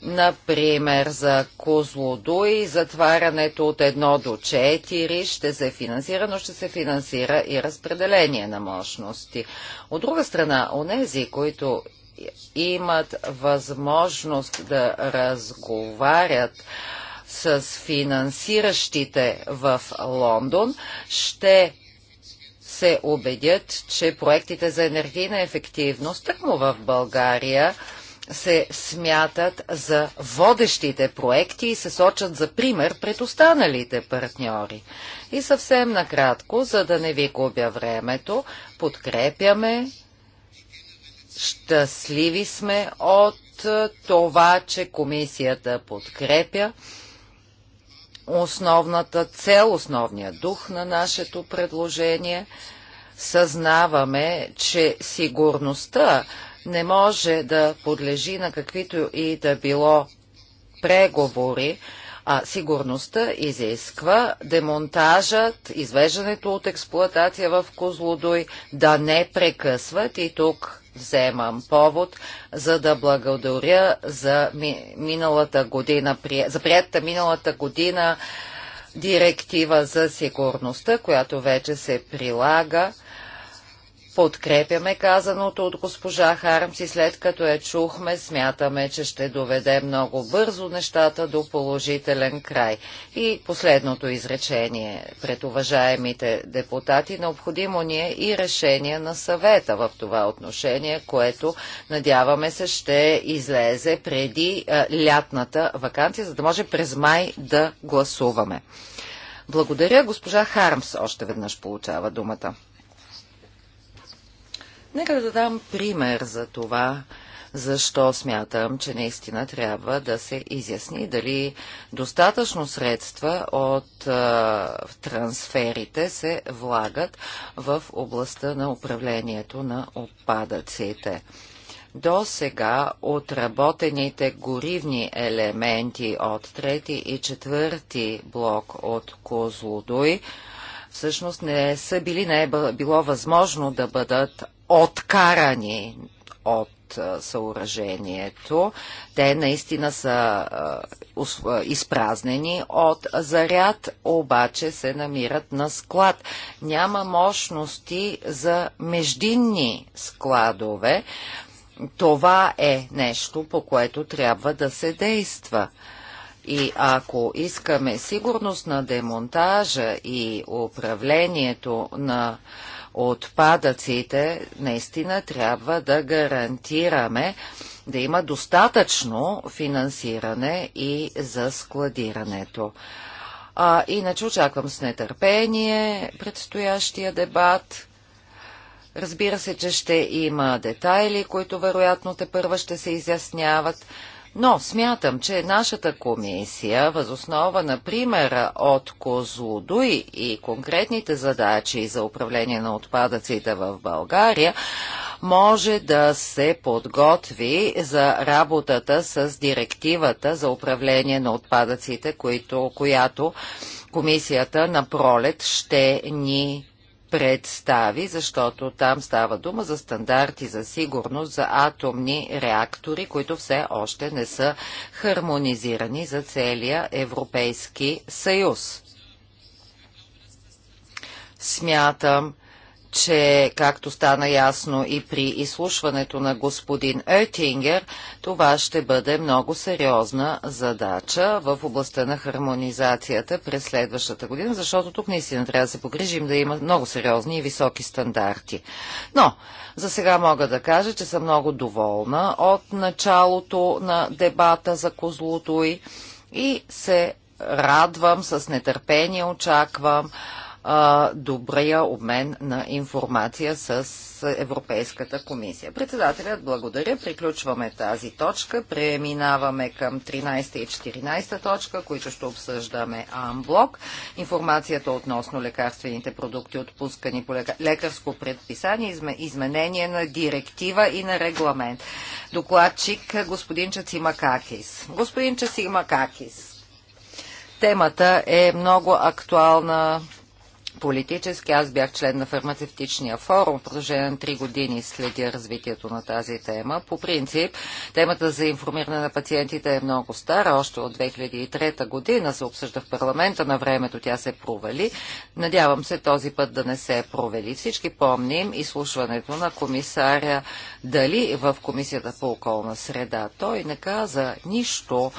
Speaker 1: например за Козлодуй, затварянето от 1 до 4 ще се финансира, но ще се финансира и разпределение на мощности. От друга страна, онези, които имат възможност да разговарят с финансиращите в Лондон, ще се убедят, че проектите за енергийна ефективност, тъкмо в България, се смятат за водещите проекти и се сочат за пример пред останалите партньори. И съвсем накратко, за да не ви губя времето, подкрепяме, щастливи сме от това, че комисията подкрепя основната цел, основния дух на нашето предложение. Съзнаваме, че сигурността не може да подлежи на каквито и да било преговори, а сигурността изисква демонтажът, извеждането от експлоатация в Козлодой да не прекъсват и тук вземам повод, за да благодаря за миналата година, за приятата миналата година директива за сигурността, която вече се прилага Подкрепяме казаното от госпожа Хармс и след като я чухме, смятаме, че ще доведе много бързо нещата до положителен край. И последното изречение пред уважаемите депутати, необходимо ни е и решение на съвета в това отношение, което надяваме се ще излезе преди а, лятната вакансия, за да може през май да гласуваме. Благодаря. Госпожа Хармс още веднъж получава думата. Нека да дам пример за това, защо смятам, че наистина трябва да се изясни дали достатъчно средства от а, трансферите се влагат в областта на управлението на отпадъците. До сега отработените горивни елементи от трети и четвърти блок от Козлодой всъщност не са били, не е било възможно да бъдат откарани от съоръжението. Те наистина са изпразнени от заряд, обаче се намират на склад. Няма мощности за междинни складове. Това е нещо, по което трябва да се действа. И ако искаме сигурност на демонтажа и управлението на отпадъците, наистина трябва да гарантираме да има достатъчно финансиране и за складирането. А, иначе очаквам с нетърпение предстоящия дебат. Разбира се, че ще има детайли, които вероятно те първа ще се изясняват. Но смятам, че нашата комисия, възоснова на примера от Козудуй и конкретните задачи за управление на отпадъците в България, може да се подготви за работата с директивата за управление на отпадъците, която комисията на пролет ще ни представи, защото там става дума за стандарти за сигурност за атомни реактори, които все още не са хармонизирани за целия Европейски съюз. Смятам, че, както стана ясно и при изслушването на господин Ертингер, това ще бъде много сериозна задача в областта на хармонизацията през следващата година, защото тук наистина трябва да се погрижим да има много сериозни и високи стандарти. Но, за сега мога да кажа, че съм много доволна от началото на дебата за Козлото и се радвам, с нетърпение очаквам добрия обмен на информация с Европейската комисия. Председателят, благодаря. Приключваме тази точка. Преминаваме към 13 и 14 точка, които ще обсъждаме Амблок. Информацията относно лекарствените продукти, отпускани по лекарско предписание, изменение на директива и на регламент. Докладчик господин Чацимакакис. Господин Чацимакакис, темата е много актуална политически. Аз бях член на фармацевтичния форум в продължение на три години следя развитието на тази тема. По принцип, темата за информиране на пациентите е много стара. Още от 2003 година се обсъжда в парламента. На времето тя се провали. Надявам се този път да не се провели. Всички помним изслушването на комисаря Дали в Комисията по околна среда. Той не каза нищо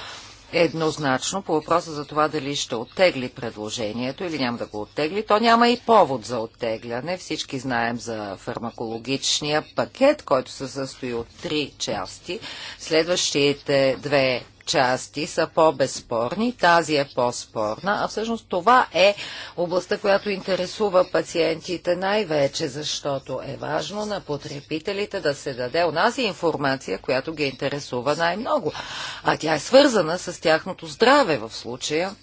Speaker 1: еднозначно по въпроса за това дали ще оттегли предложението или няма да го оттегли. То няма и повод за оттегляне. Всички знаем за фармакологичния пакет, който се състои от три части. Следващите две части са по-безспорни, тази е по-спорна, а всъщност това е областта, която интересува пациентите най-вече, защото е важно на потребителите да се даде унази информация, която ги интересува най-много. А тя е свързана с тяхното здраве в случая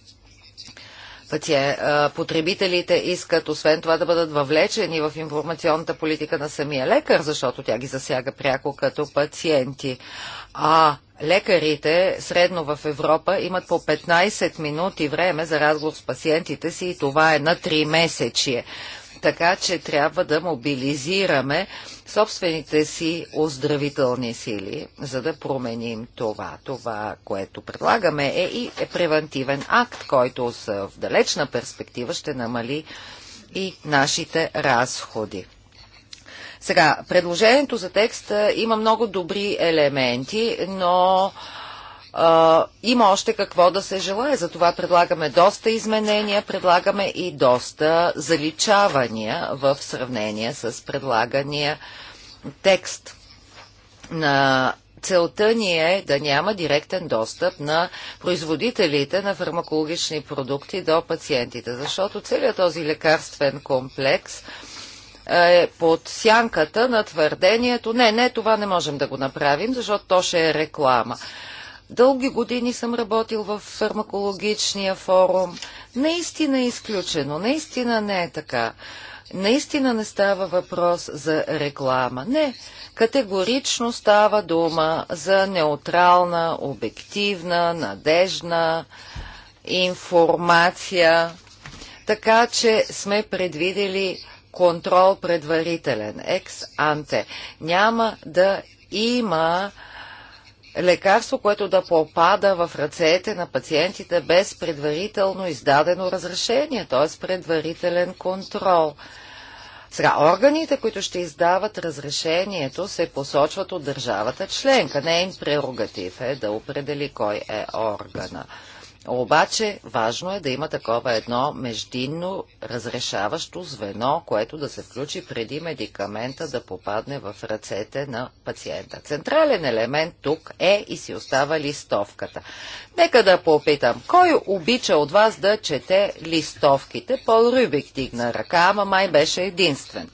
Speaker 1: потребителите искат освен това да бъдат въвлечени в информационната политика на самия лекар, защото тя ги засяга пряко като пациенти. А Лекарите средно в Европа имат по 15 минути време за разговор с пациентите си и това е на 3 месечие. Така че трябва да мобилизираме собствените си оздравителни сили, за да променим това. Това, което предлагаме е и е превентивен акт, който в далечна перспектива ще намали и нашите разходи. Сега, предложението за текст има много добри елементи, но а, има още какво да се желае. Затова предлагаме доста изменения, предлагаме и доста заличавания в сравнение с предлагания текст на целта ни е да няма директен достъп на производителите на фармакологични продукти до пациентите, защото целият този лекарствен комплекс – е под сянката на твърдението не, не, това не можем да го направим, защото то ще е реклама. Дълги години съм работил в фармакологичния форум. Наистина е изключено, наистина не е така. Наистина не става въпрос за реклама. Не, категорично става дума за неутрална, обективна, надежна информация. Така че сме предвидели контрол предварителен, екс-анте. Няма да има лекарство, което да попада в ръцете на пациентите без предварително издадено разрешение, т.е. предварителен контрол. Сега, органите, които ще издават разрешението, се посочват от държавата членка. Нейн е прерогатив е да определи кой е органа. Обаче важно е да има такова едно междинно разрешаващо звено, което да се включи преди медикамента да попадне в ръцете на пациента. Централен елемент тук е и си остава листовката. Нека да попитам, кой обича от вас да чете листовките? Пол Рюбик тигна ръка, ама май беше единствен.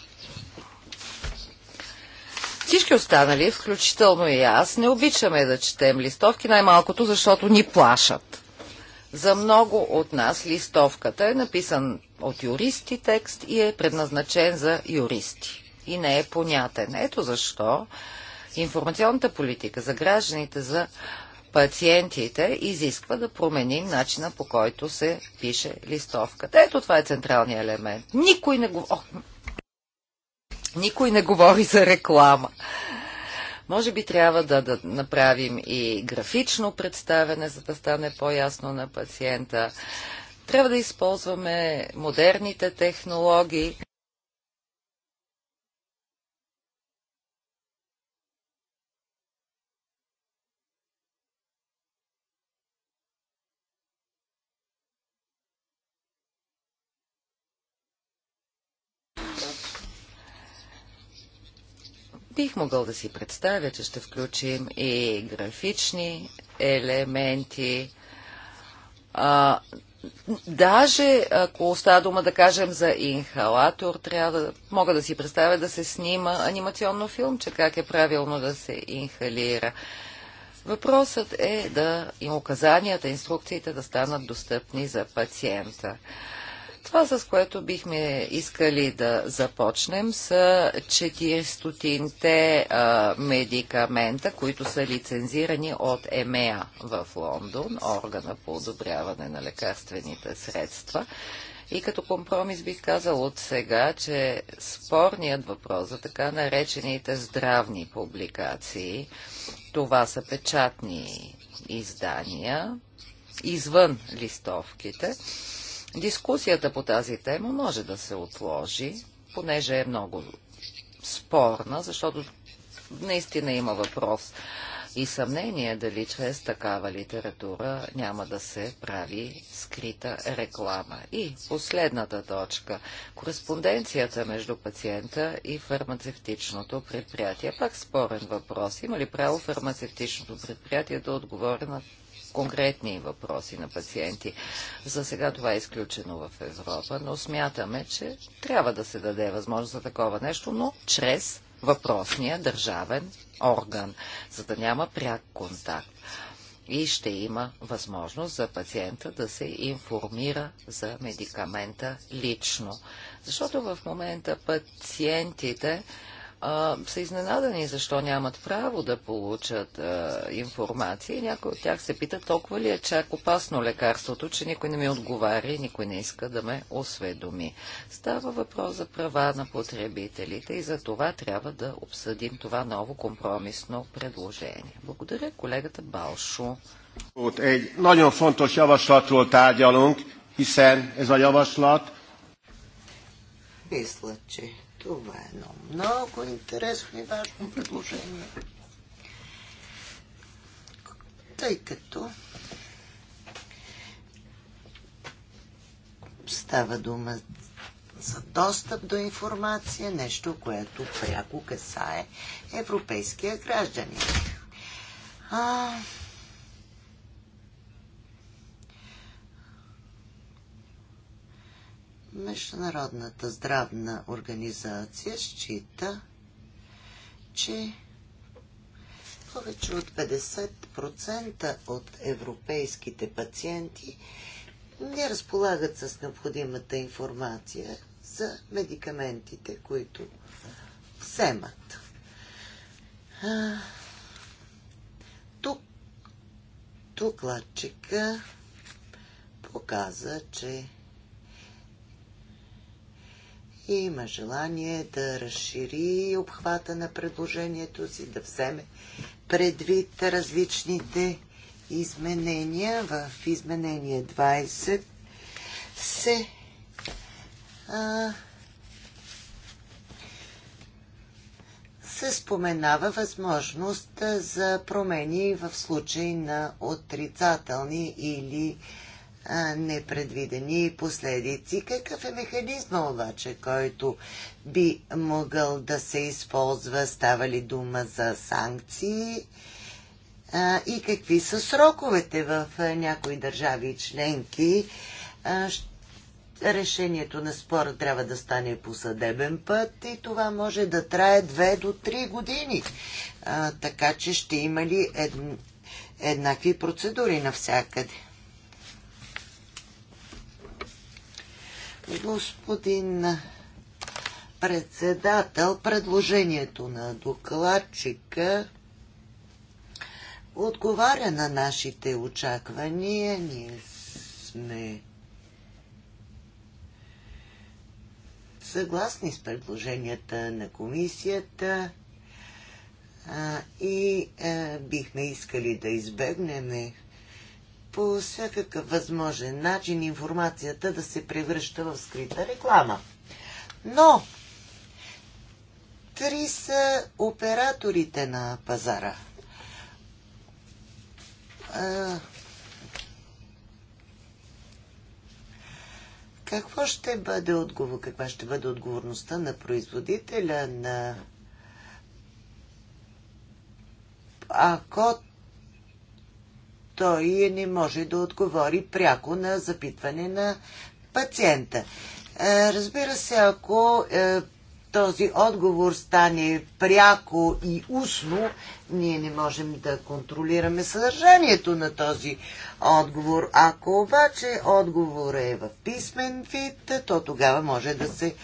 Speaker 1: Всички останали, включително и аз, не обичаме да четем листовки, най-малкото защото ни плашат. За много от нас листовката е написан от юристи текст и е предназначен за юристи и не е понятен. Ето защо информационната политика за гражданите, за пациентите изисква да променим начина по който се пише листовката. Ето това е централният елемент. Никой не, го... О! Никой не говори за реклама. Може би трябва да, да направим и графично представяне, за да стане по-ясно на пациента. Трябва да използваме модерните технологии. Бих могъл да си представя, че ще включим и графични елементи. А, даже ако остава дума да кажем за инхалатор, трябва да, мога да си представя да се снима анимационно филмче, как е правилно да се инхалира. Въпросът е да и указанията, инструкциите да станат достъпни за пациента. Това, с което бихме искали да започнем, са 400-те медикамента, които са лицензирани от ЕМЕА в Лондон, органа по одобряване на лекарствените средства. И като компромис бих казал от сега, че спорният въпрос за така наречените здравни публикации, това са печатни издания, извън листовките, Дискусията по тази тема може да се отложи, понеже е много спорна, защото наистина има въпрос и съмнение дали чрез такава литература няма да се прави скрита реклама. И последната точка – кореспонденцията между пациента и фармацевтичното предприятие. Пак спорен въпрос. Има ли право фармацевтичното предприятие да отговори на конкретни въпроси на пациенти. За сега това е изключено в Европа, но смятаме, че трябва да се даде възможност за такова нещо, но чрез въпросния държавен орган, за да няма пряк контакт. И ще има възможност за пациента да се информира за медикамента лично. Защото в момента пациентите а, са изненадани защо нямат право да получат а, информация и някои от тях се питат толкова ли е чак опасно лекарството, че никой не ми отговаря и никой не иска да ме осведоми. Става въпрос за права на потребителите и за това трябва да обсъдим това ново компромисно предложение. Благодаря колегата Балшо.
Speaker 5: Мисля, че това е едно много интересно и важно предложение. Тъй като става дума за достъп до информация, нещо, което пряко касае европейския гражданин. А, Международната здравна организация счита, че повече от 50% от европейските пациенти не разполагат с необходимата информация за медикаментите, които вземат. тук докладчика показа, че има желание да разшири обхвата на предложението си, да вземе предвид различните изменения. В изменение 20 се а, се споменава възможност за промени в случай на отрицателни или непредвидени последици. Какъв е механизма обаче, който би могъл да се използва? Става ли дума за санкции? А, и какви са сроковете в някои държави членки? А, решението на спор трябва да стане по съдебен път и това може да трае 2 до 3 години. А, така че ще има ли ед... еднакви процедури навсякъде? Господин председател, предложението на докладчика отговаря на нашите очаквания. Ние сме съгласни с предложенията на комисията и бихме искали да избегнем по всякакъв възможен начин информацията да се превръща в скрита реклама. Но три са операторите на пазара. А, какво ще бъде отговор, каква ще бъде отговорността на производителя на ако той не може да отговори пряко на запитване на пациента. Е, разбира се, ако е, този отговор стане пряко и устно, ние не можем да контролираме съдържанието на този отговор. Ако обаче отговор е в писмен вид, то тогава може да се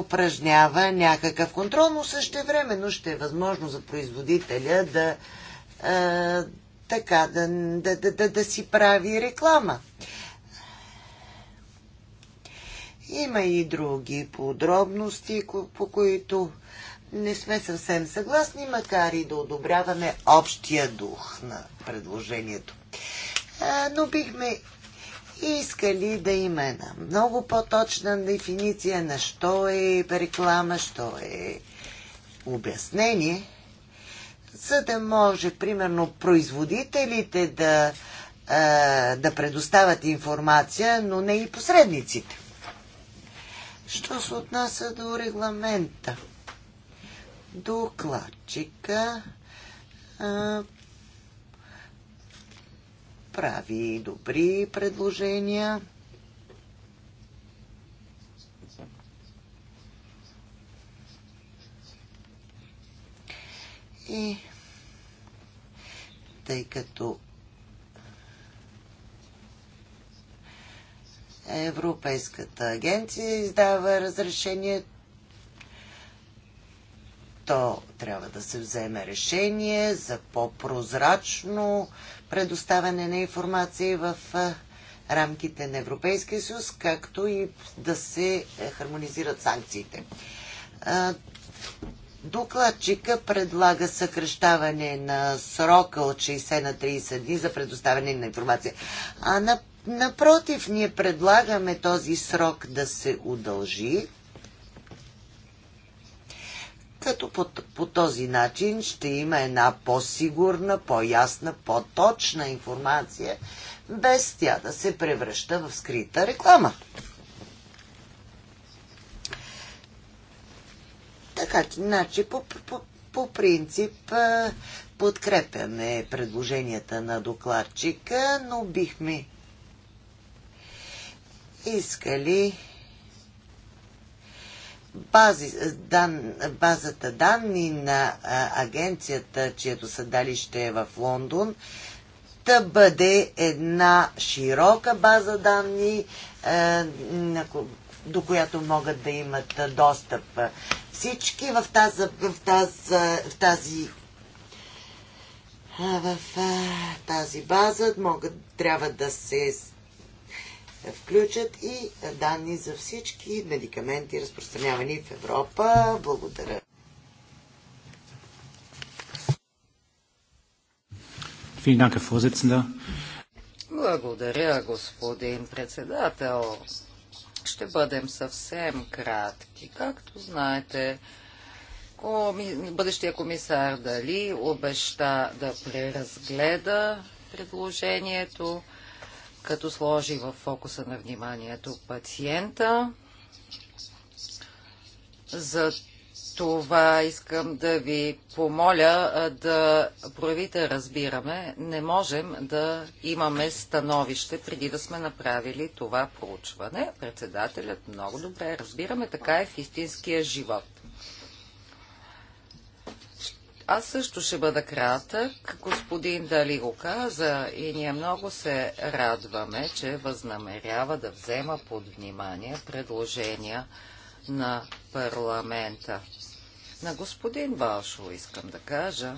Speaker 5: упражнява някакъв контрол, но също времено ще е възможно за производителя да е, така да, да, да, да, да си прави реклама. Има и други подробности, по които не сме съвсем съгласни, макар и да одобряваме общия дух на предложението. но бихме искали да има една много по-точна дефиниция на що е реклама, що е обяснение за да може, примерно, производителите да, да предоставят информация, но не и посредниците. Що се отнася до регламента? Докладчика а, прави добри предложения. И тъй като Европейската агенция издава разрешение. То трябва да се вземе решение за по-прозрачно предоставяне на информации в рамките на Европейския съюз, както и да се е, хармонизират санкциите. Докладчика предлага съкрещаване на срока от 60 на 30 дни за предоставяне на информация. А на, напротив, ние предлагаме този срок да се удължи, като по, по този начин ще има една по-сигурна, по-ясна, по-точна информация, без тя да се превръща в скрита реклама. Така че, значи, по, по, по принцип подкрепяме предложенията на докладчика, но бихме искали бази, дан, базата данни на агенцията, чието съдалище е в Лондон, да бъде една широка база данни, на, до която могат да имат достъп всички в тази, в тази, в тази в тази база могат, трябва да се включат и данни за всички медикаменти, разпространявани в Европа. Благодаря.
Speaker 1: Благодаря, господин председател ще бъдем съвсем кратки. Както знаете, коми... бъдещия комисар Дали обеща да преразгледа предложението, като сложи в фокуса на вниманието пациента. За това искам да ви помоля да проявите разбираме. Не можем да имаме становище преди да сме направили това проучване. Председателят много добре разбираме, така е в истинския живот. Аз също ще бъда кратък. Господин Дали го каза и ние много се радваме, че възнамерява да взема под внимание предложения на парламента. На господин Балшо искам да кажа,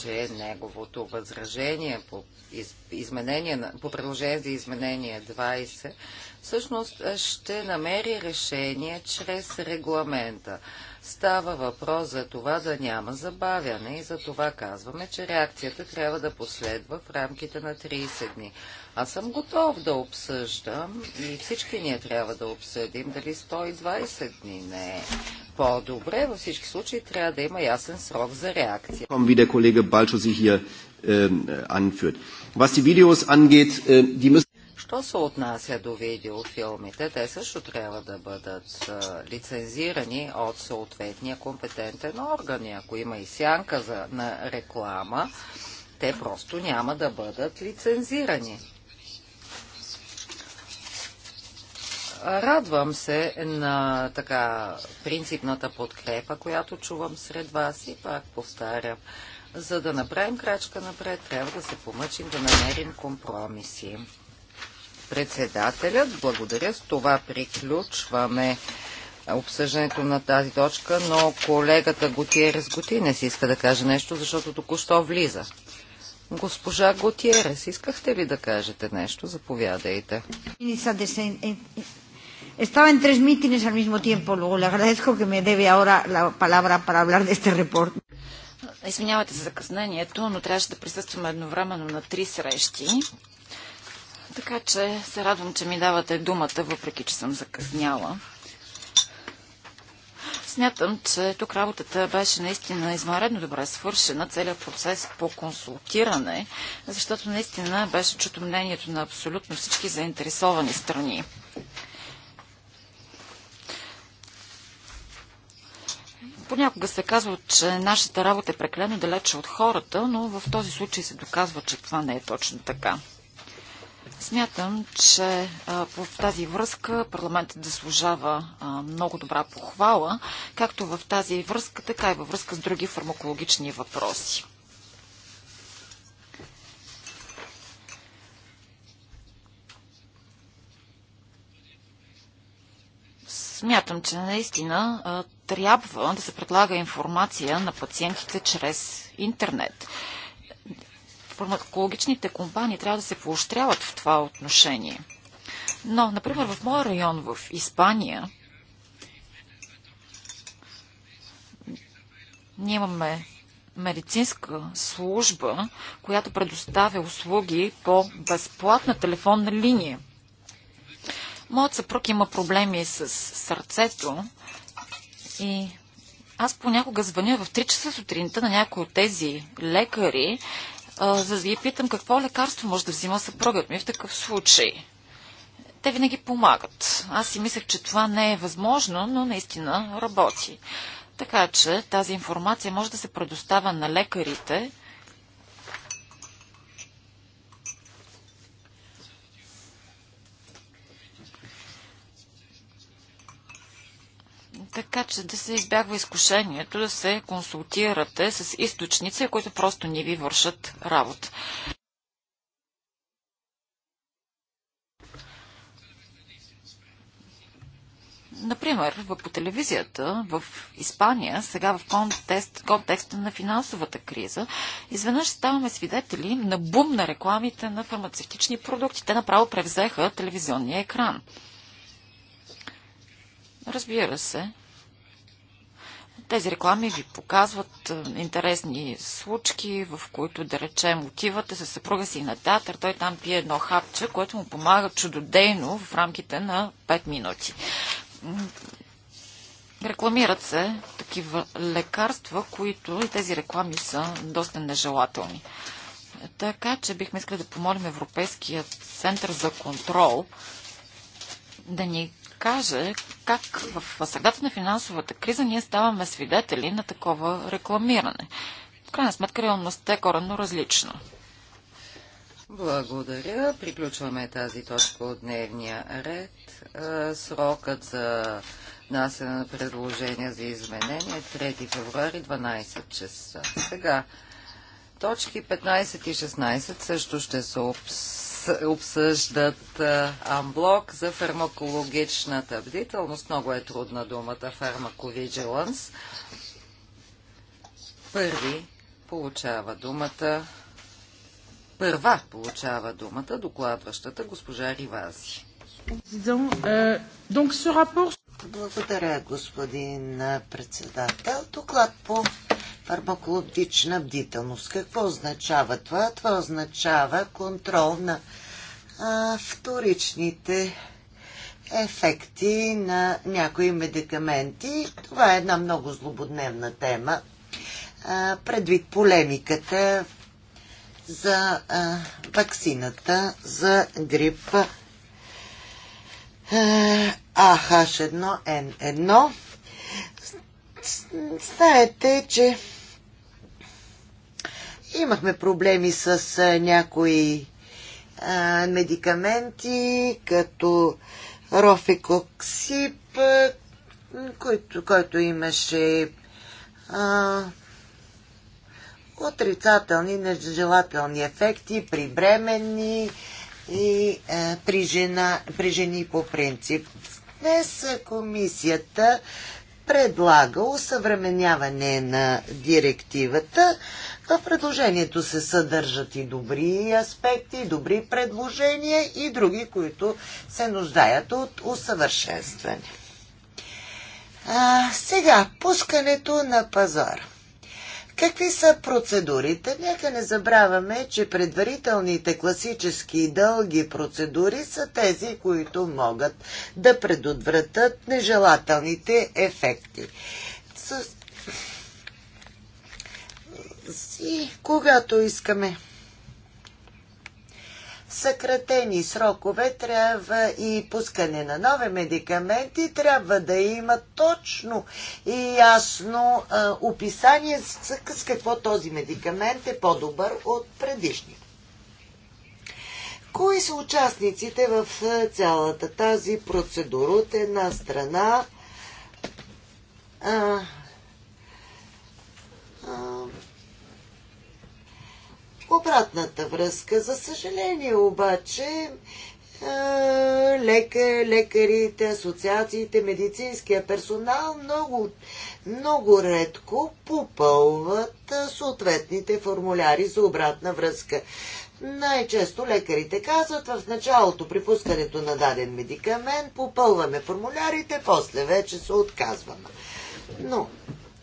Speaker 1: че неговото възражение по, из, изменение, по предложение за изменение 20 всъщност ще намери решение чрез регламента. Става въпрос за това да няма забавяне и за това казваме, че реакцията трябва да последва в рамките на 30 дни. Аз съм готов да обсъждам и всички ние трябва да обсъдим дали 120 дни не е по-добре. Във всички случаи трябва да има ясен срок за реакция.
Speaker 3: Wie der Kollege Balcho sie hier ähm, anführt. Was die Videos angeht, äh, die müssen
Speaker 1: Що се отнася до видеофилмите, те също трябва да бъдат лицензирани от съответния компетентен орган. И ако има и сянка за, на реклама, те просто няма да бъдат лицензирани. Радвам се на така принципната подкрепа, която чувам сред вас и пак повтарям. За да направим крачка напред, трябва да се помъчим да намерим компромиси. Председателят, благодаря. С това приключваме обсъждането на тази точка, но колегата Готиерес Готинес иска да каже нещо, защото току-що влиза. Госпожа Готиерес, искахте ли да кажете нещо? Заповядайте. Estaba en tres mítines al mismo tiempo, luego le agradezco que me debe ahora la palabra para hablar de este reporte.
Speaker 2: Извинявате за закъснението, но трябваше да присъствам едновременно на три срещи. Така че се радвам, че ми давате думата, въпреки че съм закъсняла. Смятам, че тук работата беше наистина извънредно добре свършена, целият процес по консултиране, защото наистина беше чуто мнението на абсолютно всички заинтересовани страни. Понякога се казва, че нашата работа е прекалено далече от хората, но в този случай се доказва, че това не е точно така. Смятам, че а, в тази връзка парламентът заслужава много добра похвала, както в тази връзка, така и във връзка с други фармакологични въпроси. Смятам, че наистина а, трябва да се предлага информация на пациентите чрез интернет. Фармакологичните компании трябва да се поощряват в това отношение. Но, например, в моя район в Испания, ние имаме медицинска служба, която предоставя услуги по безплатна телефонна линия – Моят съпруг има проблеми с сърцето и аз понякога звъня в 3 часа сутринта на някой от тези лекари, за да ги питам какво лекарство може да взима съпругът ми в такъв случай. Те винаги помагат. Аз си мислех, че това не е възможно, но наистина работи. Така че тази информация може да се предоставя на лекарите, Така че да се избягва изкушението да се консултирате с източници, които просто не ви вършат работа. Например, по телевизията в Испания, сега в контекст, контекста на финансовата криза, изведнъж ставаме свидетели на бум на рекламите на фармацевтични продукти. Те направо превзеха телевизионния екран. Разбира се. Тези реклами ви показват е, интересни случки, в които, да речем, отивате със съпруга си на театър, той там пие едно хапче, което му помага чудодейно в рамките на 5 минути. Рекламират се такива лекарства, които и тези реклами са доста нежелателни. Така че бихме искали да помолим Европейският център за контрол да ни каже как в средата на финансовата криза ние ставаме свидетели на такова рекламиране. В крайна сметка реалността е коренно различна.
Speaker 1: Благодаря. Приключваме тази точка от дневния ред. Срокът за внасяне на предложения за изменение е 3 февруари 12 часа. Сега, точки 15 и 16 също ще се обсъждат обсъждат амблок за фармакологичната бдителност. Много е трудна думата фармаковиджиланс. Първи получава думата първа получава думата докладващата госпожа Ривази.
Speaker 4: Е,
Speaker 5: Благодаря, господин председател. Доклад по фармакологична бдителност. Какво означава това? Това означава контрол на а, вторичните ефекти на някои медикаменти. Това е една много злободневна тема. А, предвид полемиката за а, вакцината за грип АХ1Н1. Знаете, че Имахме проблеми с някои а, медикаменти, като рофикоксип, който, който имаше а, отрицателни, нежелателни ефекти при бременни и а, при, жена, при жени по принцип. Днес комисията предлага усъвременяване на директивата, в предложението се съдържат и добри аспекти, и добри предложения и други, които се нуждаят от усъвършенстване. А, сега, пускането на пазара. Какви са процедурите? Нека не забравяме, че предварителните класически и дълги процедури са тези, които могат да предотвратят нежелателните ефекти. И когато искаме съкратени срокове, трябва и пускане на нови медикаменти, трябва да има точно и ясно а, описание с, с какво този медикамент е по-добър от предишния. Кои са участниците в цялата тази процедура? От една страна а, а, обратната връзка. За съжаление обаче, лека, лекарите, асоциациите, медицинския персонал много, много редко попълват съответните формуляри за обратна връзка. Най-често лекарите казват в началото при пускането на даден медикамент попълваме формулярите, после вече се отказваме. Но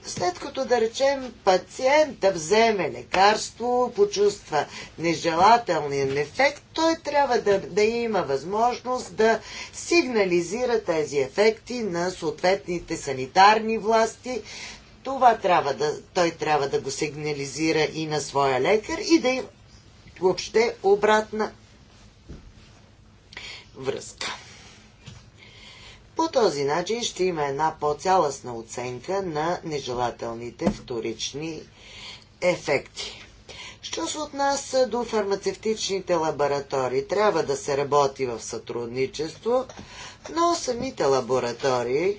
Speaker 5: след като, да речем, пациента вземе лекарство, почувства нежелателния ефект, той трябва да, да има възможност да сигнализира тези ефекти на съответните санитарни власти. Това трябва да, той трябва да го сигнализира и на своя лекар и да има въобще обратна връзка. По този начин ще има една по-цялостна оценка на нежелателните вторични ефекти. Що се отнася до фармацевтичните лаборатории, трябва да се работи в сътрудничество, но самите лаборатории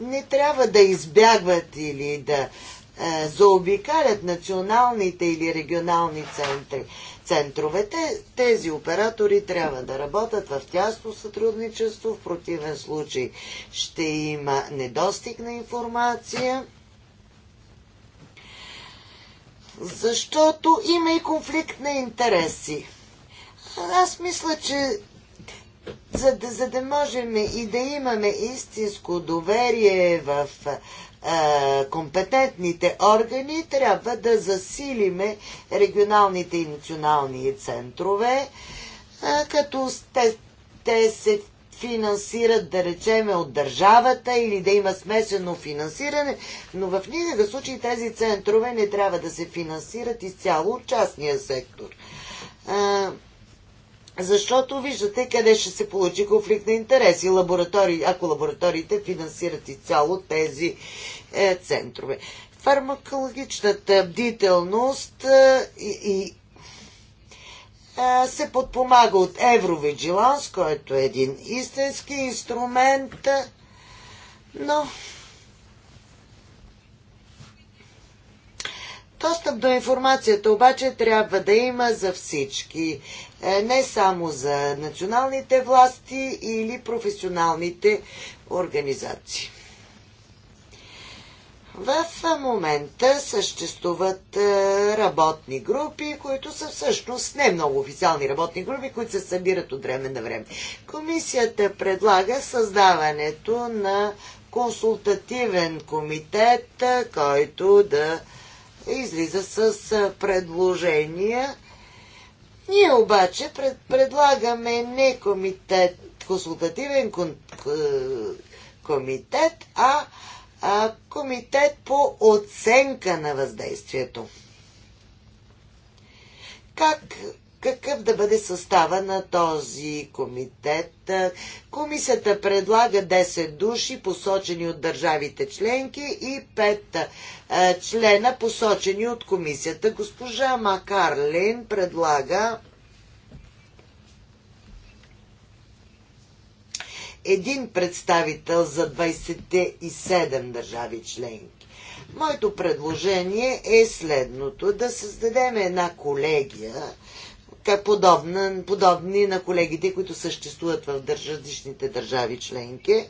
Speaker 5: не трябва да избягват или да е, заобикалят националните или регионални центри центровете. Тези оператори трябва да работят в тясно сътрудничество, в противен случай ще има недостиг на информация. Защото има и конфликт на интереси. Аз мисля, че за да, за да можем и да имаме истинско доверие в компетентните органи трябва да засилиме регионалните и национални центрове, като те, те се финансират, да речеме, от държавата или да има смесено финансиране, но в никакъв случай тези центрове не трябва да се финансират изцяло от частния сектор защото виждате къде ще се получи конфликт на интереси, лаборатории, ако лабораториите финансират изцяло тези е, центрове. Фармакологичната бдителност е, и е, се подпомага от Евровиджиланс, който е един истински инструмент, е, но Достъп до информацията обаче трябва да има за всички. Е, не само за националните власти или професионалните организации. В момента съществуват е, работни групи, които са всъщност не много официални работни групи, които се събират от време на време. Комисията предлага създаването на консултативен комитет, е, който да излиза с предложения ние обаче пред, предлагаме не комитет, консултативен кон, комитет, а, а комитет по оценка на въздействието. Как какъв да бъде състава на този комитет. Комисията предлага 10 души, посочени от държавите членки и 5 е, члена, посочени от комисията. Госпожа Макарлин предлага един представител за 27 държави членки. Моето предложение е следното. Да създадем една колегия, подобна, подобни на колегите, които съществуват в различните държави членки.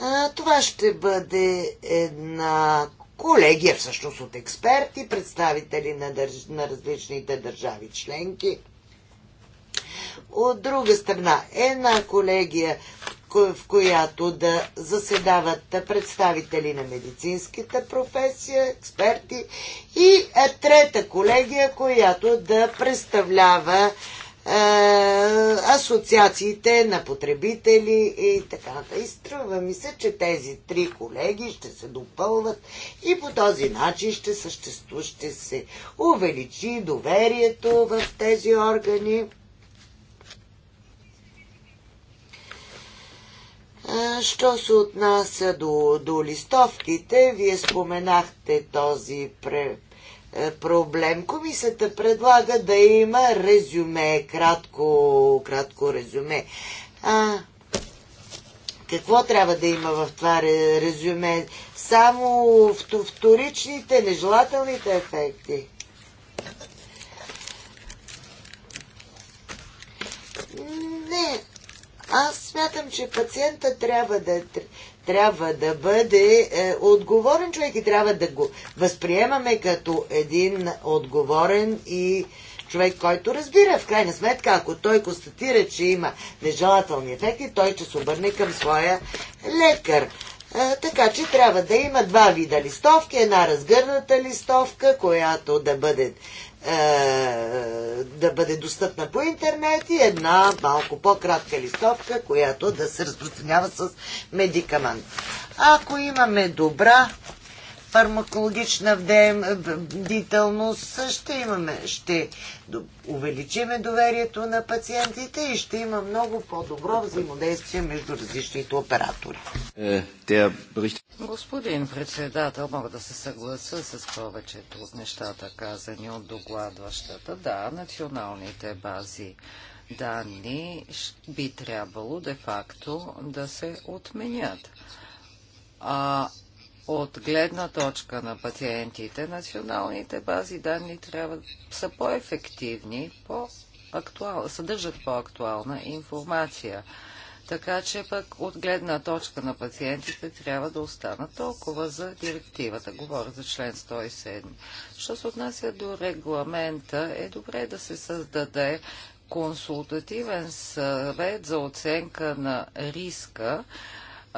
Speaker 5: А, това ще бъде една колегия всъщност от експерти, представители на, държ... на различните държави членки. От друга страна, една колегия в която да заседават представители на медицинската професия, експерти и е, трета колегия, която да представлява е, асоциациите на потребители и така. И струва ми се, че тези три колеги ще се допълват и по този начин ще съществува, ще се увеличи доверието в тези органи. Е, що се отнася до, до листовките, вие споменахте този пре, е, проблем. Комисията предлага да има резюме, кратко, кратко резюме. А, какво трябва да има в това резюме? Само вторичните, нежелателните ефекти. Не, аз смятам, че пациента трябва да, трябва да бъде е, отговорен човек и трябва да го възприемаме като един отговорен и човек, който разбира. В крайна сметка, ако той констатира, че има нежелателни ефекти, той ще се обърне към своя лекар. Е, така че трябва да има два вида листовки. Една разгърната листовка, която да бъде е, да бъде достъпна по интернет и една малко по-кратка листовка, която да се разпространява с медикамент. Ако имаме добра фармакологична бдителност ще имаме, ще увеличиме доверието на пациентите и ще има много по-добро взаимодействие между различните оператори. Е,
Speaker 1: Господин председател, мога да се съгласа с повечето от нещата казани от докладващата. Да, националните бази данни би трябвало де-факто да се отменят. А от гледна точка на пациентите, националните бази данни трябва са по-ефективни, по, съдържат по-актуална информация. Така че пък от гледна точка на пациентите трябва да останат толкова за директивата. Говоря за член 107. Що се отнася до регламента, е добре да се създаде консултативен съвет за оценка на риска,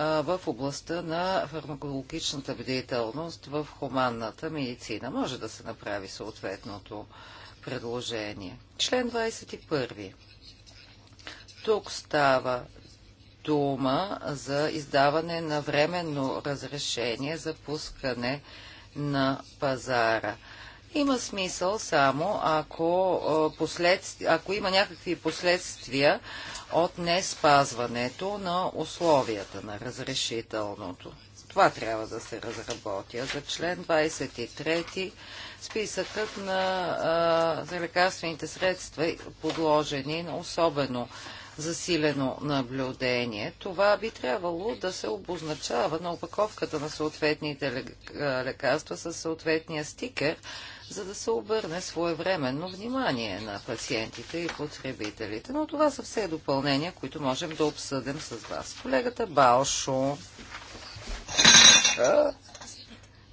Speaker 1: в областта на фармакологичната бдителност в хуманната медицина. Може да се направи съответното предложение. Член 21. Тук става дума за издаване на временно разрешение за пускане на пазара – има смисъл само ако, послед... ако има някакви последствия от не спазването на условията на разрешителното. Това трябва да се разработя. За член 23 списъкът на а, за лекарствените средства, подложени на особено засилено наблюдение. Това би трябвало да се обозначава на опаковката на съответните лекарства със съответния стикер, за да се обърне своевременно внимание на пациентите и потребителите. Но това са все допълнения, които можем да обсъдим с вас. Колегата Балшо.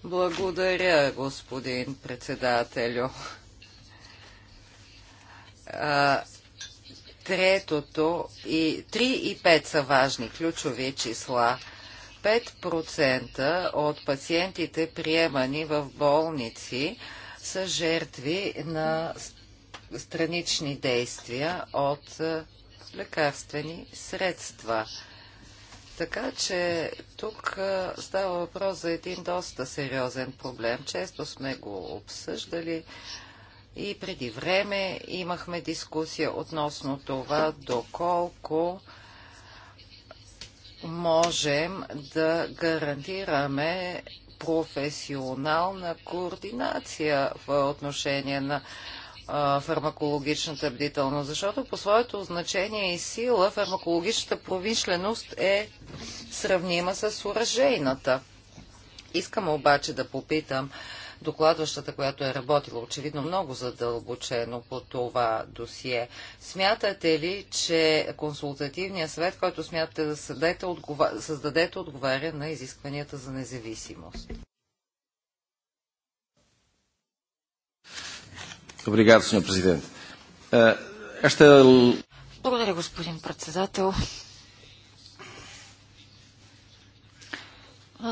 Speaker 1: Благодаря, господин председателю. Третото и 3 и 5 са важни ключови числа. 5% от пациентите приемани в болници са жертви на странични действия от е, лекарствени средства. Така че тук е, става въпрос за един доста сериозен проблем. Често сме го обсъждали и преди време имахме дискусия относно това доколко можем да гарантираме професионална координация в отношение на фармакологичната бдителност, защото по своето значение и сила фармакологичната промишленост е сравнима с оръжейната. Искам обаче да попитам, докладващата, която е работила очевидно много задълбочено по това досие. Смятате ли, че консултативният съвет, който смятате да създадете, отговаря, създадете, отговаря на изискванията за независимост?
Speaker 3: Е, е,
Speaker 2: Благодаря, господин председател.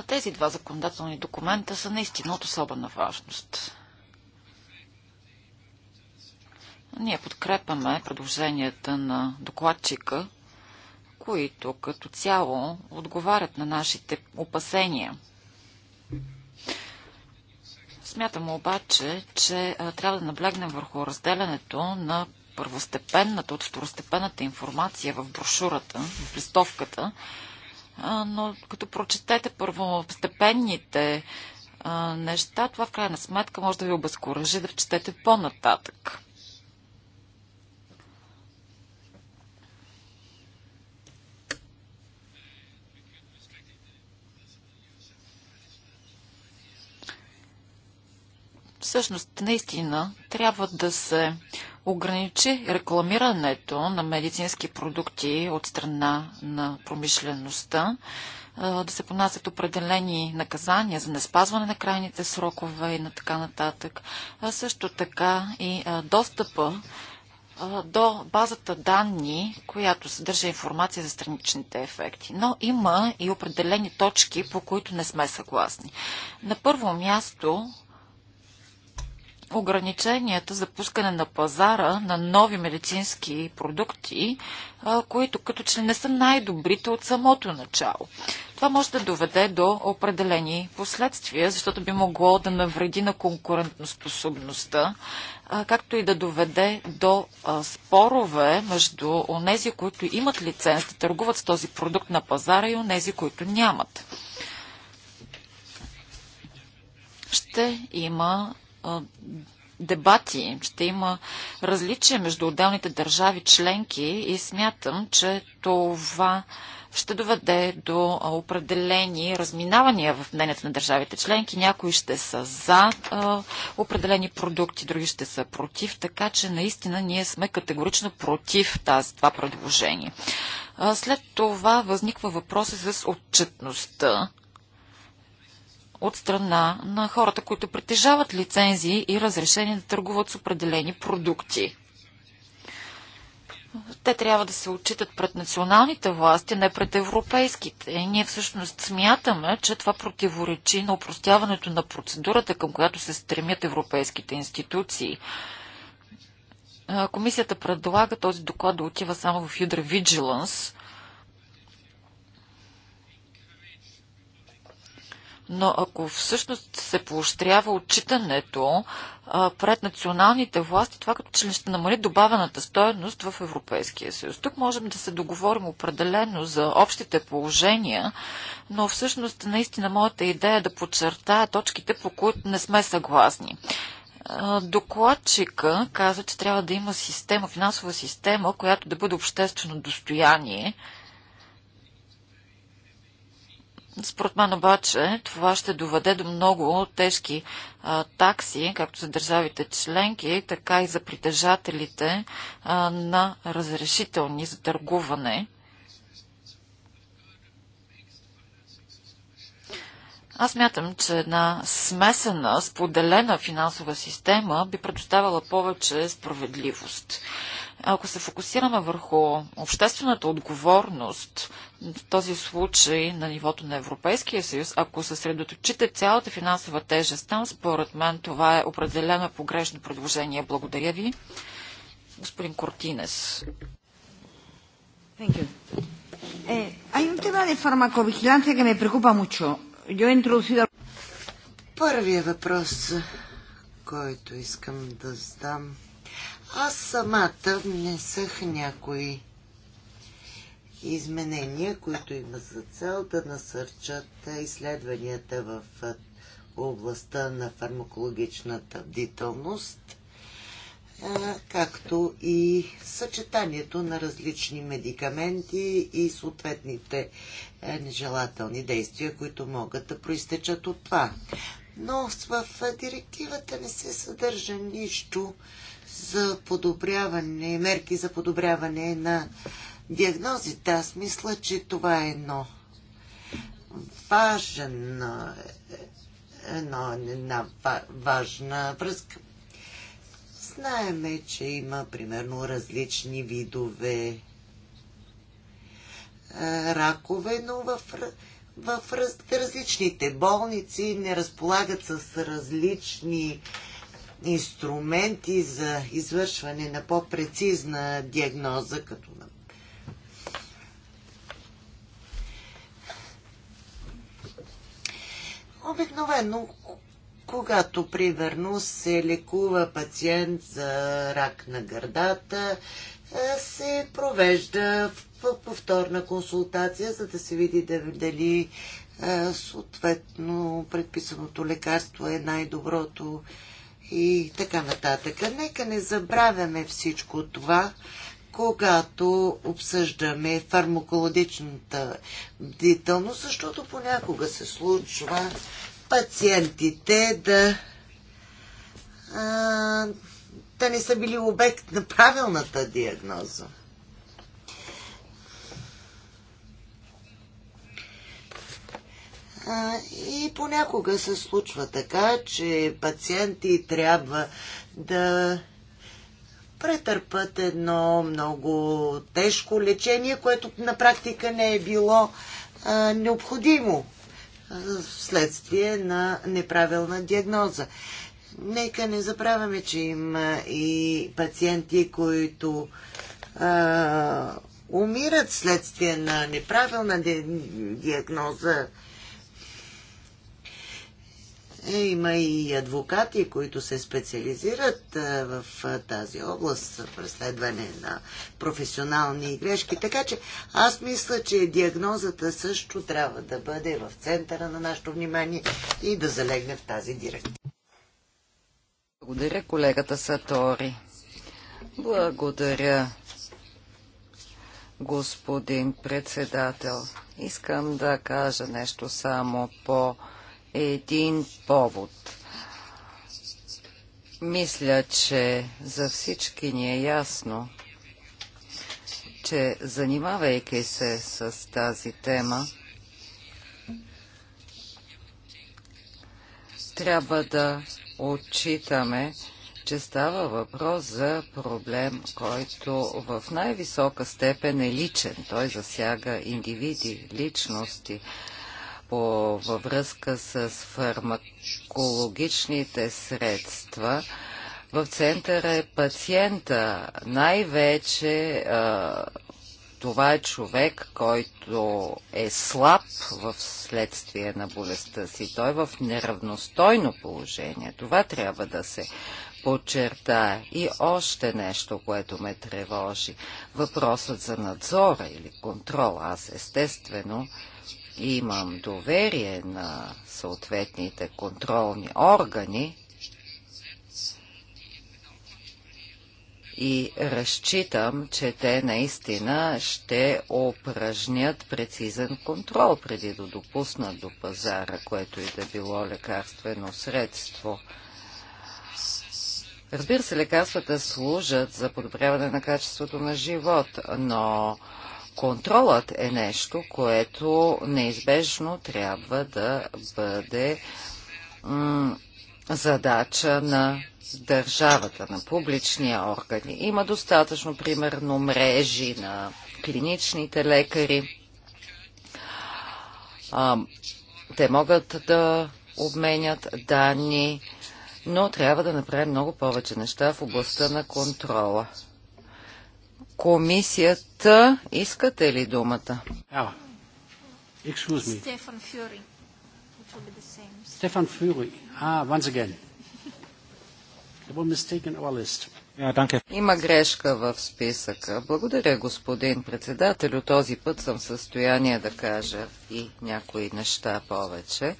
Speaker 2: Тези два законодателни документа са наистина от особена важност. Ние подкрепяме предложенията на докладчика, които като цяло отговарят на нашите опасения. Смятам обаче, че трябва да наблегнем върху разделянето на първостепенната от второстепенната информация в брошурата, в листовката, но като прочетете първостепенните неща, това в крайна сметка може да ви обезкуражи да четете по-нататък. Всъщност, наистина, трябва да се ограничи рекламирането на медицински продукти от страна на промишлеността, да се понасят определени наказания за неспазване на крайните срокове и на така нататък, а също така и достъпа до базата данни, която съдържа информация за страничните ефекти. Но има и определени точки, по които не сме съгласни. На първо място ограниченията за пускане на пазара на нови медицински продукти, които като че не са най-добрите от самото начало. Това може да доведе до определени последствия, защото би могло да навреди на конкурентоспособността, както и да доведе до спорове между онези, които имат лиценз да търгуват с този продукт на пазара и онези, които нямат ще има дебати, ще има различия между отделните държави членки и смятам, че това ще доведе до определени разминавания в мнението на държавите членки. Някои ще са за а, определени продукти, други ще са против, така че наистина ние сме категорично против тази, това предложение. след това възниква въпроса с отчетността от страна на хората, които притежават лицензии и разрешение да търгуват с определени продукти. Те трябва да се отчитат пред националните власти, не пред европейските. И ние всъщност смятаме, че това противоречи на упростяването на процедурата, към която се стремят европейските институции. Комисията предлага този доклад да отива само в Юдра Vigilance, но ако всъщност се поощрява отчитането а, пред националните власти, това като че ли ще намали добавената стоеност в Европейския съюз. Тук можем да се договорим определено за общите положения, но всъщност наистина моята идея е да подчертая точките, по които не сме съгласни. Докладчика каза, че трябва да има система, финансова система, която да бъде обществено достояние, според мен обаче това ще доведе до много тежки а, такси, както за държавите членки, така и за притежателите а, на разрешителни за търгуване. Аз мятам, че една смесена, споделена финансова система би предоставила повече справедливост. Ако се фокусираме върху обществената отговорност, в този случай на нивото на Европейския съюз, ако съсредоточите цялата финансова тежест там, според мен това е определено погрешно предложение. Благодаря ви. Господин Кортинес.
Speaker 1: Eh, hay un tema de
Speaker 5: farmacovigilancia que me preocupa mucho. Yo he introducido... въпрос, който искам да задам аз самата внесах някои изменения, които има за цел да насърчат изследванията в областта на фармакологичната бдителност, както и съчетанието на различни медикаменти и съответните нежелателни действия, които могат да проистечат от това. Но в директивата не се съдържа нищо, за подобряване, мерки за подобряване на диагнозите. Аз мисля, че това е едно важен, едно, една важна връзка. Знаеме, че има примерно различни видове е, ракове, но в, в различните болници не разполагат с различни инструменти за извършване на по-прецизна диагноза, като на Обикновено, когато примерно се лекува пациент за рак на гърдата, се провежда повторна консултация, за да се види дали съответно предписаното лекарство е най-доброто и така нататък. Нека не забравяме всичко това, когато обсъждаме фармакологичната бдителност, защото понякога се случва пациентите да, а, да не са били обект на правилната диагноза. И понякога се случва така, че пациенти трябва да претърпат едно много тежко лечение, което на практика не е било а, необходимо вследствие на неправилна диагноза. Нека не забравяме, че има и пациенти, които а, умират вследствие на неправилна диагноза е, има и адвокати, които се специализират в тази област преследване на професионални грешки. Така че аз мисля, че диагнозата също трябва да бъде в центъра на нашето внимание и да залегне в тази директива.
Speaker 1: Благодаря, колегата Сатори. Благодаря, господин председател. Искам да кажа нещо само по един повод. Мисля, че за всички ни е ясно, че занимавайки се с тази тема, трябва да отчитаме, че става въпрос за проблем, който в най-висока степен е личен. Той засяга индивиди, личности по, във връзка с фармакологичните средства, в центъра е пациента. Най-вече това е човек, който е слаб в следствие на болестта си. Той е в неравностойно положение. Това трябва да се подчерта И още нещо, което ме тревожи. Въпросът за надзора или контрол. Аз естествено имам доверие на съответните контролни органи и разчитам, че те наистина ще упражнят прецизен контрол преди да допуснат до пазара, което и да било лекарствено средство. Разбира се, лекарствата служат за подобряване на качеството на живот, но Контролът е нещо, което неизбежно трябва да бъде задача на държавата, на публичния органи. Има достатъчно, примерно, мрежи на клиничните лекари. А, те могат да обменят данни, но трябва да направим много повече неща в областта на контрола комисията. Искате ли думата?
Speaker 2: Стефан Фюри.
Speaker 1: Стефан Фюри. once again. Има грешка в списъка. Благодаря, господин председател. Този път съм в състояние да кажа и някои неща повече.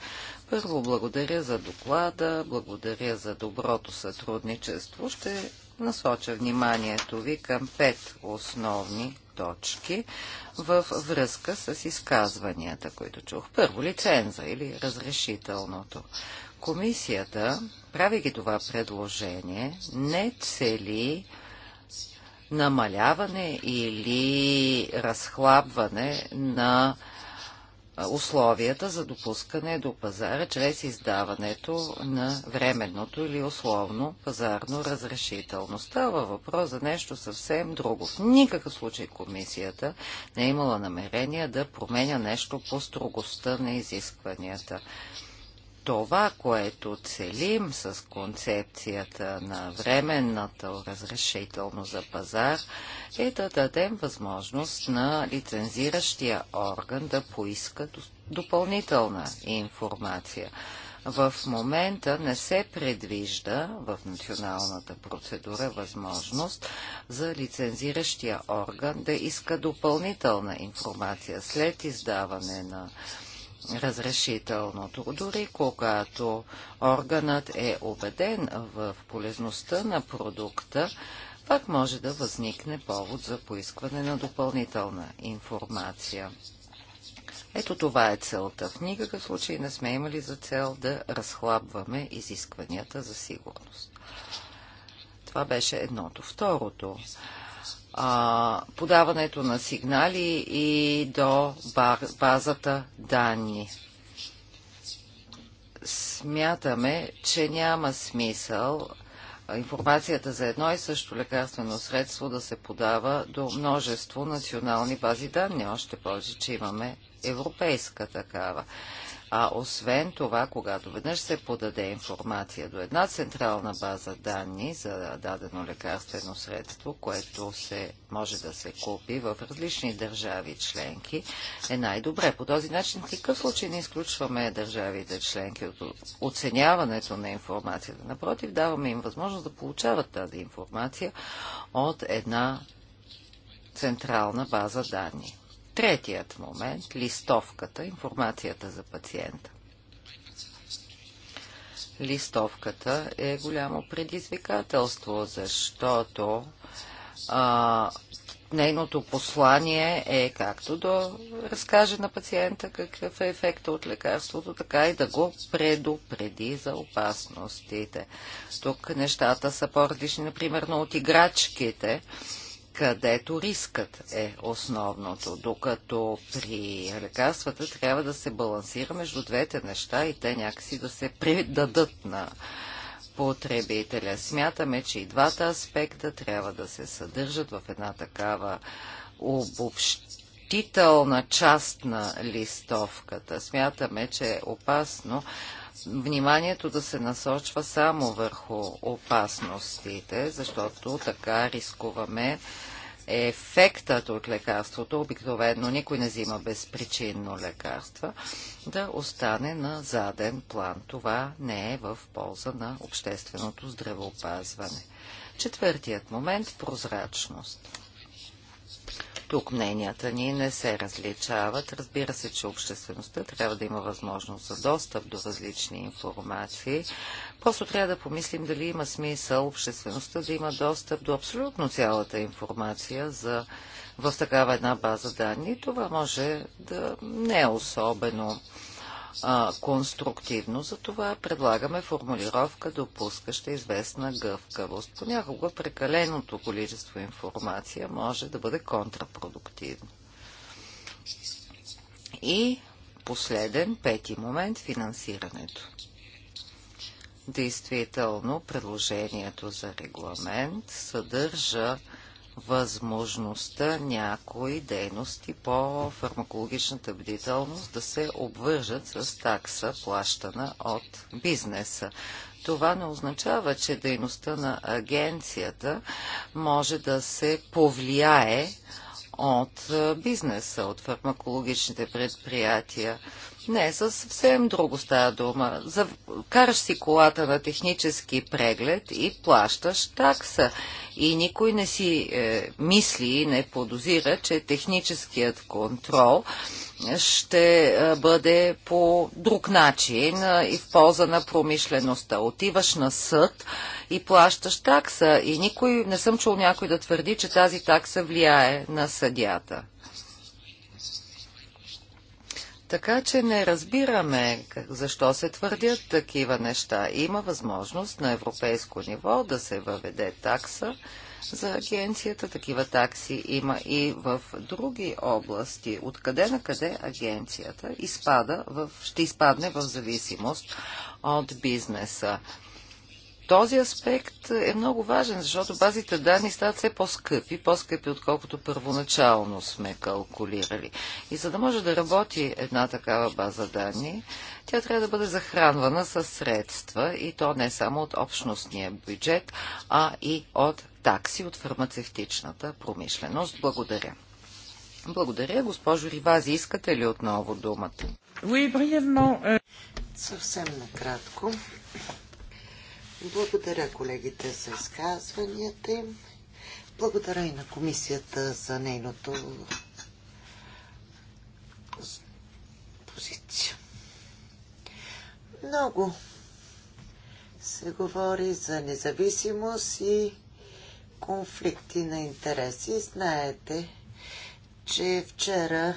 Speaker 1: Първо благодаря за доклада, благодаря за доброто сътрудничество. Ще насоча вниманието ви към пет основни точки в връзка с изказванията, които чух. Първо, лиценза или разрешителното. Комисията, правейки това предложение, не цели намаляване или разхлабване на условията за допускане до пазара чрез издаването на временното или условно пазарно разрешително. Става въпрос за нещо съвсем друго. В никакъв случай комисията не е имала намерение да променя нещо по строгостта на изискванията това, което целим с концепцията на временната разрешително за пазар, е да дадем възможност на лицензиращия орган да поиска допълнителна информация. В момента не се предвижда в националната процедура възможност за лицензиращия орган да иска допълнителна информация след издаване на разрешителното. Дори когато органът е убеден в полезността на продукта, пак може да възникне повод за поискване на допълнителна информация. Ето това е целта. В никакъв случай не сме имали за цел да разхлабваме изискванията за сигурност. Това беше едното. Второто а, подаването на сигнали и до базата данни. Смятаме, че няма смисъл информацията за едно и също лекарствено средство да се подава до множество национални бази данни, още повече, че имаме европейска такава. А освен това, когато веднъж се подаде информация до една централна база данни за дадено лекарствено средство, което се, може да се купи в различни държави членки, е най-добре. По този начин в никакъв случай не изключваме държавите членки от оценяването на информацията. Напротив, даваме им възможност да получават тази информация от една централна база данни. Третият момент – листовката, информацията за пациента. Листовката е голямо предизвикателство, защото а, нейното послание е както да разкаже на пациента какъв е ефекта от лекарството, така и да го предупреди за опасностите. Тук нещата са по-различни, например, от играчките. А, където рискът е основното, докато при лекарствата трябва да се балансира между двете неща и те някакси да се предадат на потребителя. Смятаме, че и двата аспекта трябва да се съдържат в една такава обобщителна част на листовката. Смятаме, че е опасно вниманието да се насочва само върху опасностите, защото така рискуваме ефектът от лекарството, обикновено никой не взима безпричинно лекарства, да остане на заден план. Това не е в полза на общественото здравеопазване. Четвъртият момент – прозрачност. Тук мненията ни не се различават. Разбира се, че обществеността трябва да има възможност за достъп до различни информации. Просто трябва да помислим дали има смисъл обществеността да има достъп до абсолютно цялата информация за, в такава една база данни. Това може да не е особено а, конструктивно. Затова предлагаме формулировка, допускаща известна гъвкавост. Понякога прекаленото количество информация може да бъде контрапродуктивно. И последен, пети момент – финансирането. Действително, предложението за регламент съдържа възможността някои дейности по фармакологичната бдителност да се обвържат с такса, плащана от бизнеса. Това не означава, че дейността на агенцията може да се повлияе от бизнеса, от фармакологичните предприятия. Не, със съвсем друго става дума. За... Караш си колата на технически преглед и плащаш такса. И никой не си е, мисли и не подозира, че техническият контрол ще е, бъде по друг начин е, и в полза на промишлеността. Отиваш на съд и плащаш такса. И никой, не съм чул някой да твърди, че тази такса влияе на съдята. Така че не разбираме защо се твърдят такива неща. Има възможност на европейско ниво да се въведе такса за агенцията. Такива такси има и в други области. Откъде на къде агенцията изпада в, ще изпадне в зависимост от бизнеса този аспект е много важен, защото базите данни стават все по-скъпи, по-скъпи отколкото първоначално сме калкулирали. И за да може да работи една такава база данни, тя трябва да бъде захранвана с средства и то не само от общностния бюджет, а и от такси от фармацевтичната промишленост. Благодаря. Благодаря, госпожо Ривази. Искате ли отново думата?
Speaker 5: Euh, Съвсем накратко. Благодаря колегите за изказванията им. Благодаря и на комисията за нейното позиция. Много се говори за независимост и конфликти на интереси. Знаете, че вчера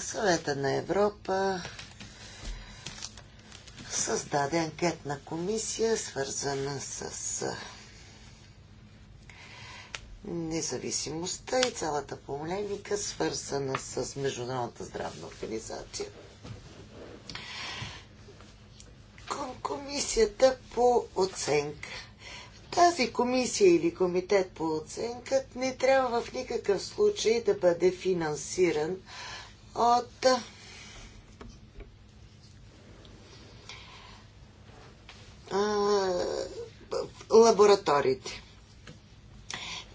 Speaker 5: Съвета на Европа създаде анкетна комисия, свързана с независимостта и цялата полемика, свързана с Международната здравна организация. Комисията по оценка. Тази комисия или комитет по оценка не трябва в никакъв случай да бъде финансиран от лабораториите.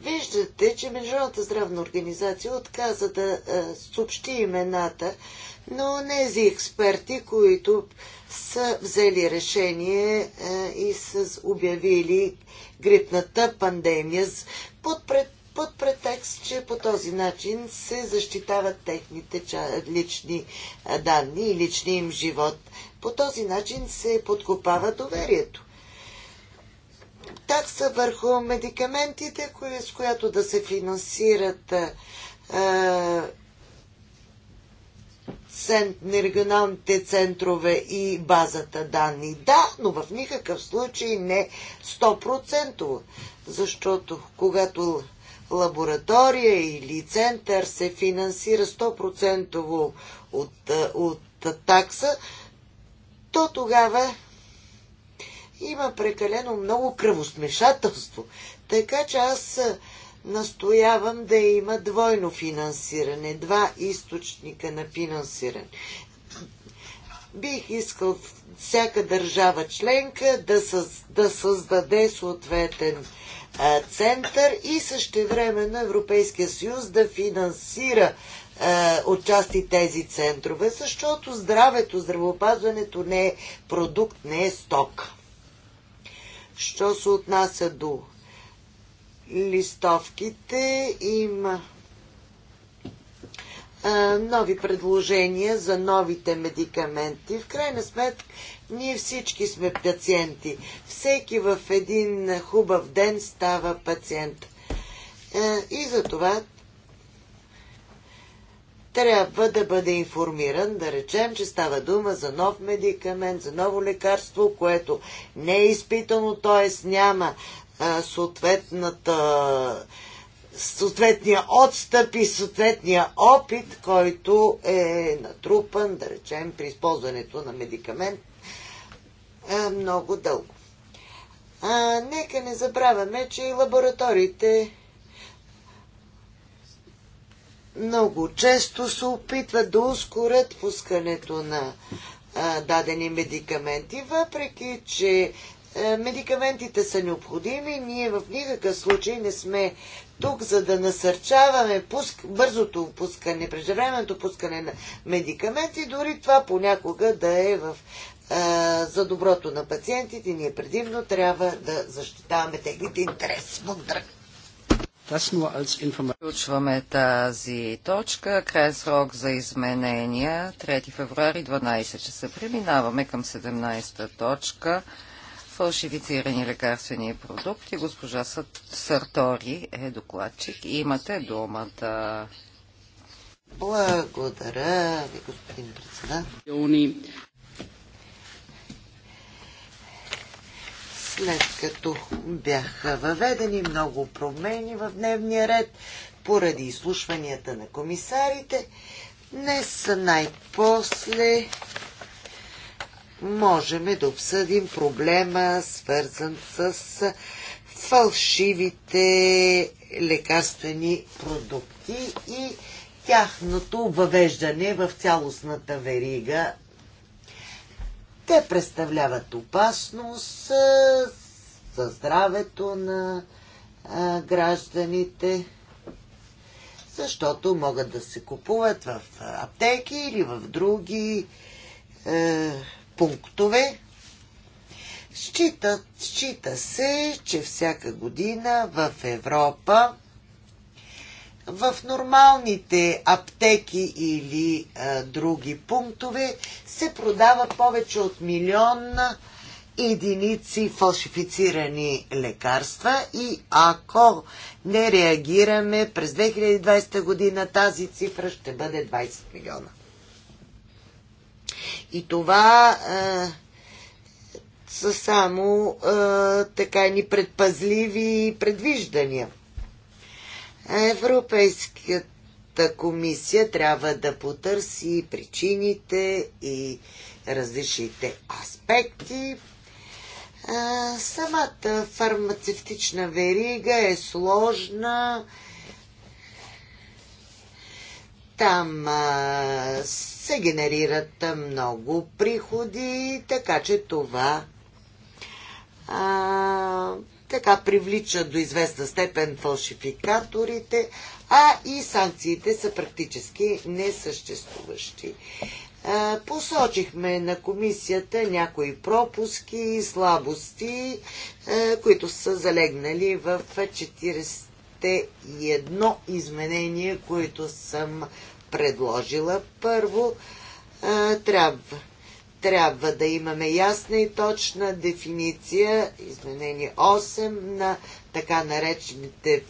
Speaker 5: Виждате, че Международната здравна организация отказа да съобщи имената на тези експерти, които са взели решение и са обявили грипната пандемия под пред под претекст, че по този начин се защитават техните лични данни и личния им живот. По този начин се подкопава доверието. Такса върху медикаментите, с която да се финансират регионалните центрове и базата данни. Да, но в никакъв случай не 100%, защото когато лаборатория или център се финансира 100% от, от такса, то тогава има прекалено много кръвосмешателство. Така че аз настоявам да има двойно финансиране, два източника на финансиране. Бих искал всяка държава членка да, създ, да създаде съответен център и също време на Европейския съюз да финансира отчасти тези центрове, защото здравето, здравеопазването не е продукт, не е стока. Що се отнася до листовките, има нови предложения за новите медикаменти. В крайна сметка ние всички сме пациенти. Всеки в един хубав ден става пациент. Е, и за това трябва да бъде информиран, да речем, че става дума за нов медикамент, за ново лекарство, което не е изпитано, т.е. няма съответната съответния отстъп и съответния опит, който е натрупан, да речем, при използването на медикамент е, много дълго. А, нека не забравяме, че и лабораториите много често се опитват да ускорят пускането на а, дадени медикаменти, въпреки че а, е, медикаментите са необходими. Ние в никакъв случай не сме тук, за да насърчаваме пуск... бързото пускане, преждевременното пускане на медикаменти, дори това понякога да е в за доброто на пациентите, ние предимно трябва да защитаваме техните интереси. Благодаря.
Speaker 1: Включваме тази точка. Край срок за изменения 3 февруари 12 часа. Преминаваме към 17-та точка. Фалшифицирани лекарствени продукти. Госпожа Сартори е докладчик. Имате
Speaker 5: думата. Благодаря ви, господин председател. след като бяха въведени много промени в дневния ред поради изслушванията на комисарите, днес най-после можем да обсъдим проблема, свързан с фалшивите лекарствени продукти и тяхното въвеждане в цялостната верига те представляват опасност за здравето на гражданите, защото могат да се купуват в аптеки или в други е, пунктове. счита се, че всяка година в Европа в нормалните аптеки или а, други пунктове се продава повече от милион единици фалшифицирани лекарства и ако не реагираме през 2020 година тази цифра ще бъде 20 милиона. И това а, са само а, така ни предпазливи предвиждания. Европейската комисия трябва да потърси причините и различните аспекти. Самата фармацевтична верига е сложна. Там а, се генерират много приходи, така че това а, така привлича до известна степен фалшификаторите, а и санкциите са практически несъществуващи. Посочихме на комисията някои пропуски и слабости, които са залегнали в 41 изменение, които съм предложила. Първо, трябва трябва да имаме ясна и точна дефиниция, изменение 8 на така наречените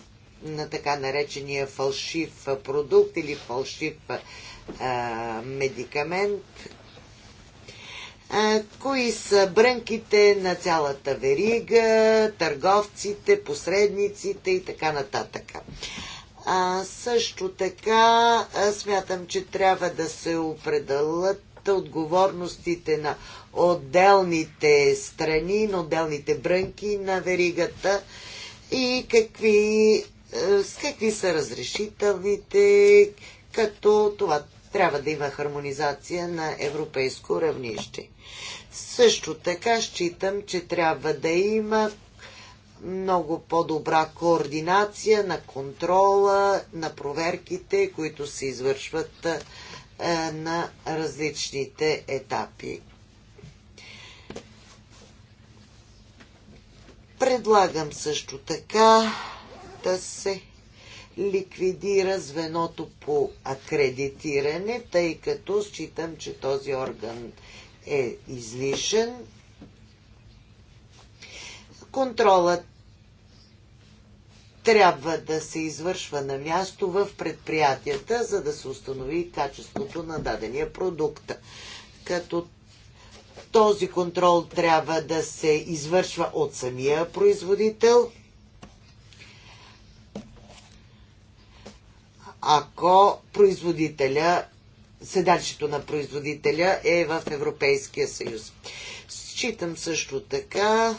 Speaker 5: на така наречения фалшив продукт или фалшив а, медикамент. А, кои са брънките на цялата верига, търговците, посредниците и така нататък. А, също така а, смятам, че трябва да се определят над отговорностите на отделните страни, на отделните брънки на веригата и какви, е, с какви са разрешителните, като това трябва да има хармонизация на европейско равнище. Също така считам, че трябва да има много по-добра координация на контрола, на проверките, които се извършват е, е, на различните етапи. Предлагам също така да се ликвидира звеното по акредитиране, тъй като считам, че този орган е излишен. Контролът трябва да се извършва на място в предприятията, за да се установи качеството на дадения продукт. Като този контрол трябва да се извършва от самия производител, ако производителя, седалището на производителя е в Европейския съюз. Считам също така,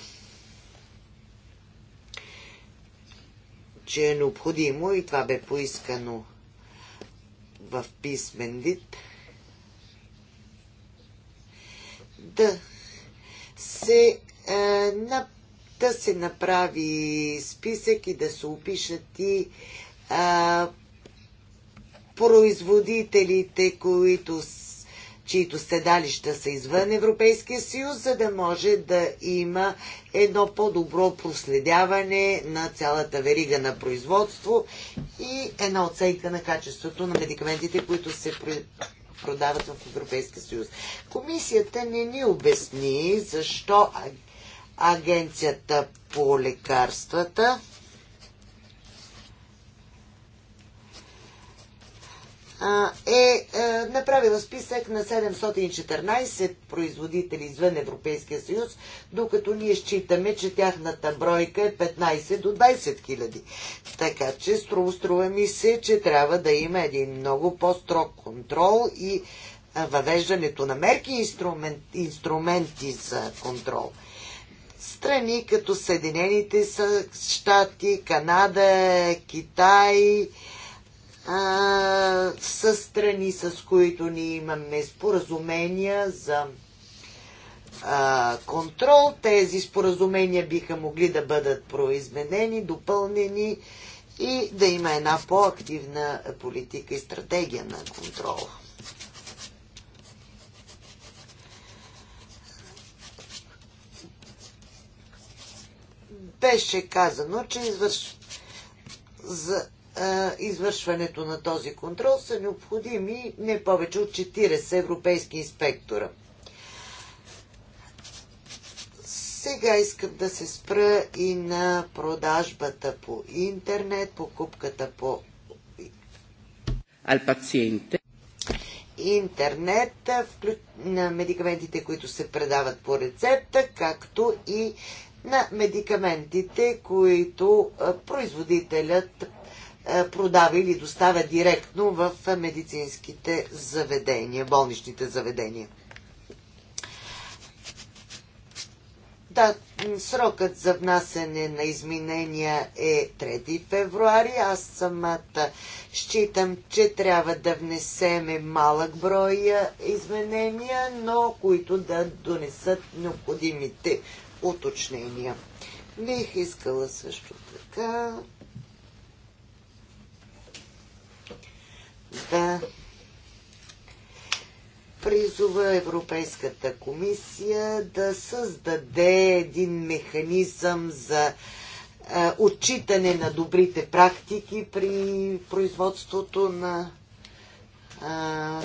Speaker 5: че е необходимо и това бе поискано в писмен вид да се е, на, да се направи списък и да се опишат и е, производителите, които чието седалища са извън Европейския съюз, за да може да има едно по-добро проследяване на цялата верига на производство и една оценка на качеството на медикаментите, които се продават в Европейския съюз. Комисията не ни обясни защо агенцията по лекарствата е направила списък на 714 производители извън Европейския съюз, докато ние считаме, че тяхната бройка е 15 до 20 хиляди. Така че струва, струва ми се, че трябва да има един много по-строг контрол и въвеждането на мерки и инструмент, инструменти за контрол. Страни като Съединените щати, Канада, Китай, а, с страни, с които ни имаме споразумения за а, контрол. Тези споразумения биха могли да бъдат произменени, допълнени и да има една по-активна политика и стратегия на контрола. Беше казано, че извърш... за извършването на този контрол са необходими не повече от 40 европейски инспектора. Сега искам да се спра и на продажбата по интернет, покупката по al Интернет на медикаментите, които се предават по рецепта, както и на медикаментите, които производителят е, продава или доставя директно в медицинските заведения, болничните заведения. Да, срокът за внасене на изменения е 3 февруари. Аз самата считам, че трябва да внесеме малък брой е, изменения, но които да донесат необходимите уточнения. Бих искала също така да призова Европейската комисия да създаде един механизъм за отчитане на добрите практики при производството на а,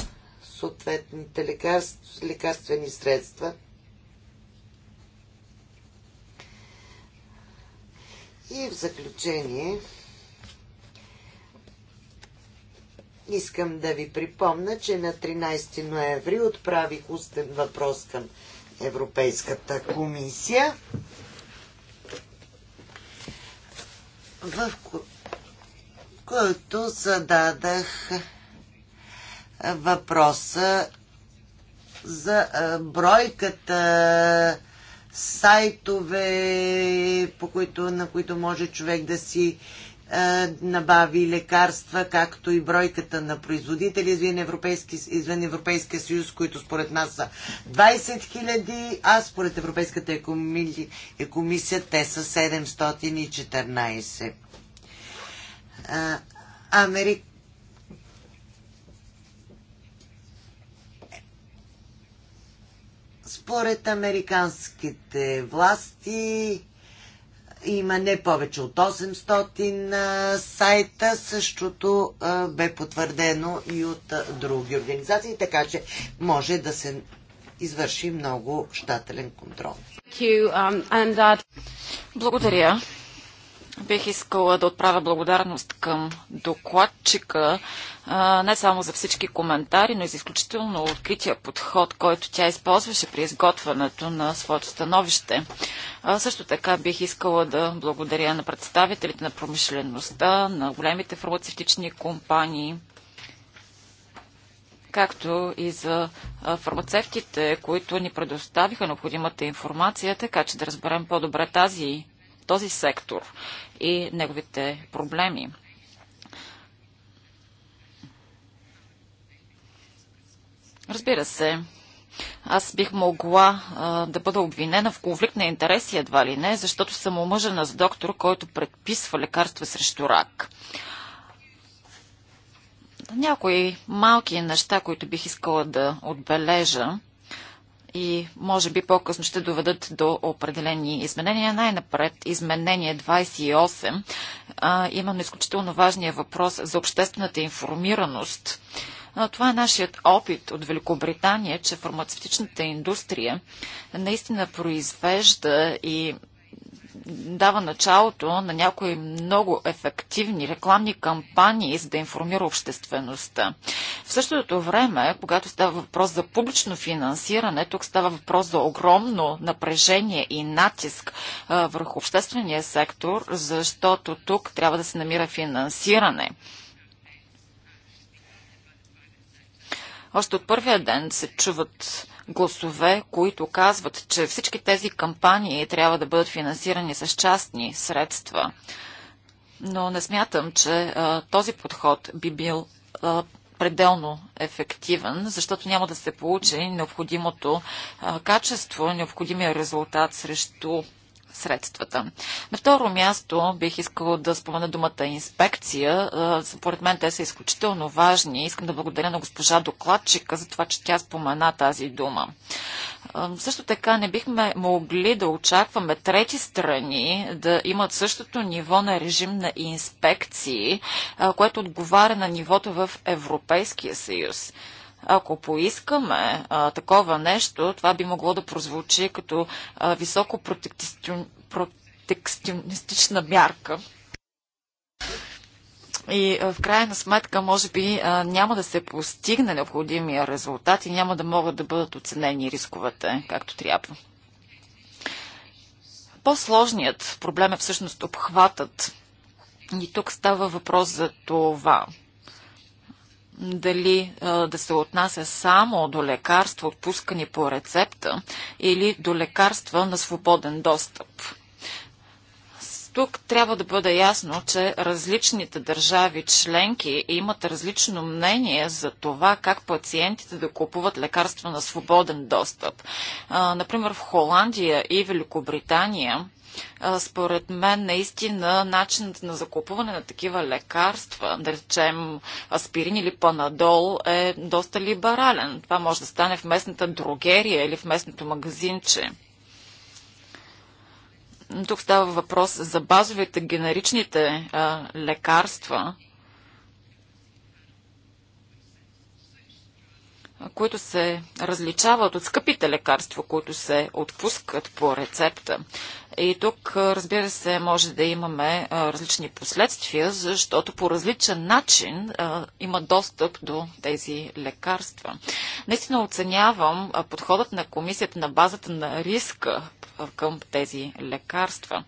Speaker 5: съответните лекарств, лекарствени средства. И в заключение Искам да ви припомна, че на 13 ноември отправих устен въпрос към Европейската комисия, в който зададах въпроса за бройката сайтове, по които, на които може човек да си е, набави лекарства, както и бройката на производители извън, Европейски, Европейския съюз, които според нас са 20 000, а според Европейската комисия те са 714. А, е, Америк... Според американските власти има не повече от 800 сайта. Същото бе потвърдено и от други организации, така че може да се извърши много щателен контрол.
Speaker 1: Um, uh,
Speaker 2: Благодаря. Бих искала да отправя благодарност към докладчика, не само за всички коментари, но и за изключително открития подход, който тя използваше при изготвянето на своето становище. Също така бих искала да благодаря на представителите на промишлеността, на големите фармацевтични компании, както и за фармацевтите, които ни предоставиха необходимата информация, така че да разберем по-добре тази този сектор и неговите проблеми. Разбира се, аз бих могла а, да бъда обвинена в конфликт на интереси едва ли не, защото съм омъжена с доктор, който предписва лекарства срещу рак. Някои малки неща, които бих искала да отбележа и може би по-късно ще доведат до определени изменения. Най-напред изменение 28, а, именно изключително важния въпрос за обществената информираност. Това е нашият опит от Великобритания, че фармацевтичната индустрия наистина произвежда и дава началото на някои много ефективни рекламни кампании, за да информира обществеността. В същото време, когато става въпрос за публично финансиране, тук става въпрос за огромно напрежение и натиск върху обществения сектор, защото тук трябва да се намира финансиране. Още от първия ден се чуват гласове, които казват, че всички тези кампании трябва да бъдат финансирани с частни средства. Но не смятам, че а, този подход би бил а, пределно ефективен, защото няма да се получи необходимото а, качество, необходимия резултат срещу средствата. На второ място бих искал да спомена думата инспекция. Според мен те са изключително важни. Искам да благодаря на госпожа докладчика за това, че тя спомена тази дума. Също така не бихме могли да очакваме трети страни да имат същото ниво на режим на инспекции, което отговаря на нивото в Европейския съюз. Ако поискаме а, такова нещо, това би могло да прозвучи като а, високо протекционистична мярка. И в крайна сметка, може би, няма да се постигне необходимия резултат и няма да могат да бъдат оценени рисковете както трябва. По-сложният проблем е всъщност обхватът. И тук става въпрос за това – дали да се отнася само до лекарства, отпускани по рецепта или до лекарства на свободен достъп. Тук трябва да бъде ясно, че различните държави членки имат различно мнение за това как пациентите да купуват лекарства на свободен достъп. например, в Холандия и Великобритания според мен наистина начинът на закупуване на такива лекарства, да речем аспирин или панадол, е доста либерален. Това може да стане в местната дрогерия или в местното магазинче. Тук става въпрос за базовите генеричните а, лекарства, които се различават от скъпите лекарства, които се отпускат по рецепта. И тук, разбира се, може да имаме различни последствия, защото по различен начин има достъп до тези лекарства. Наистина оценявам подходът на комисията на базата на риска към тези лекарства.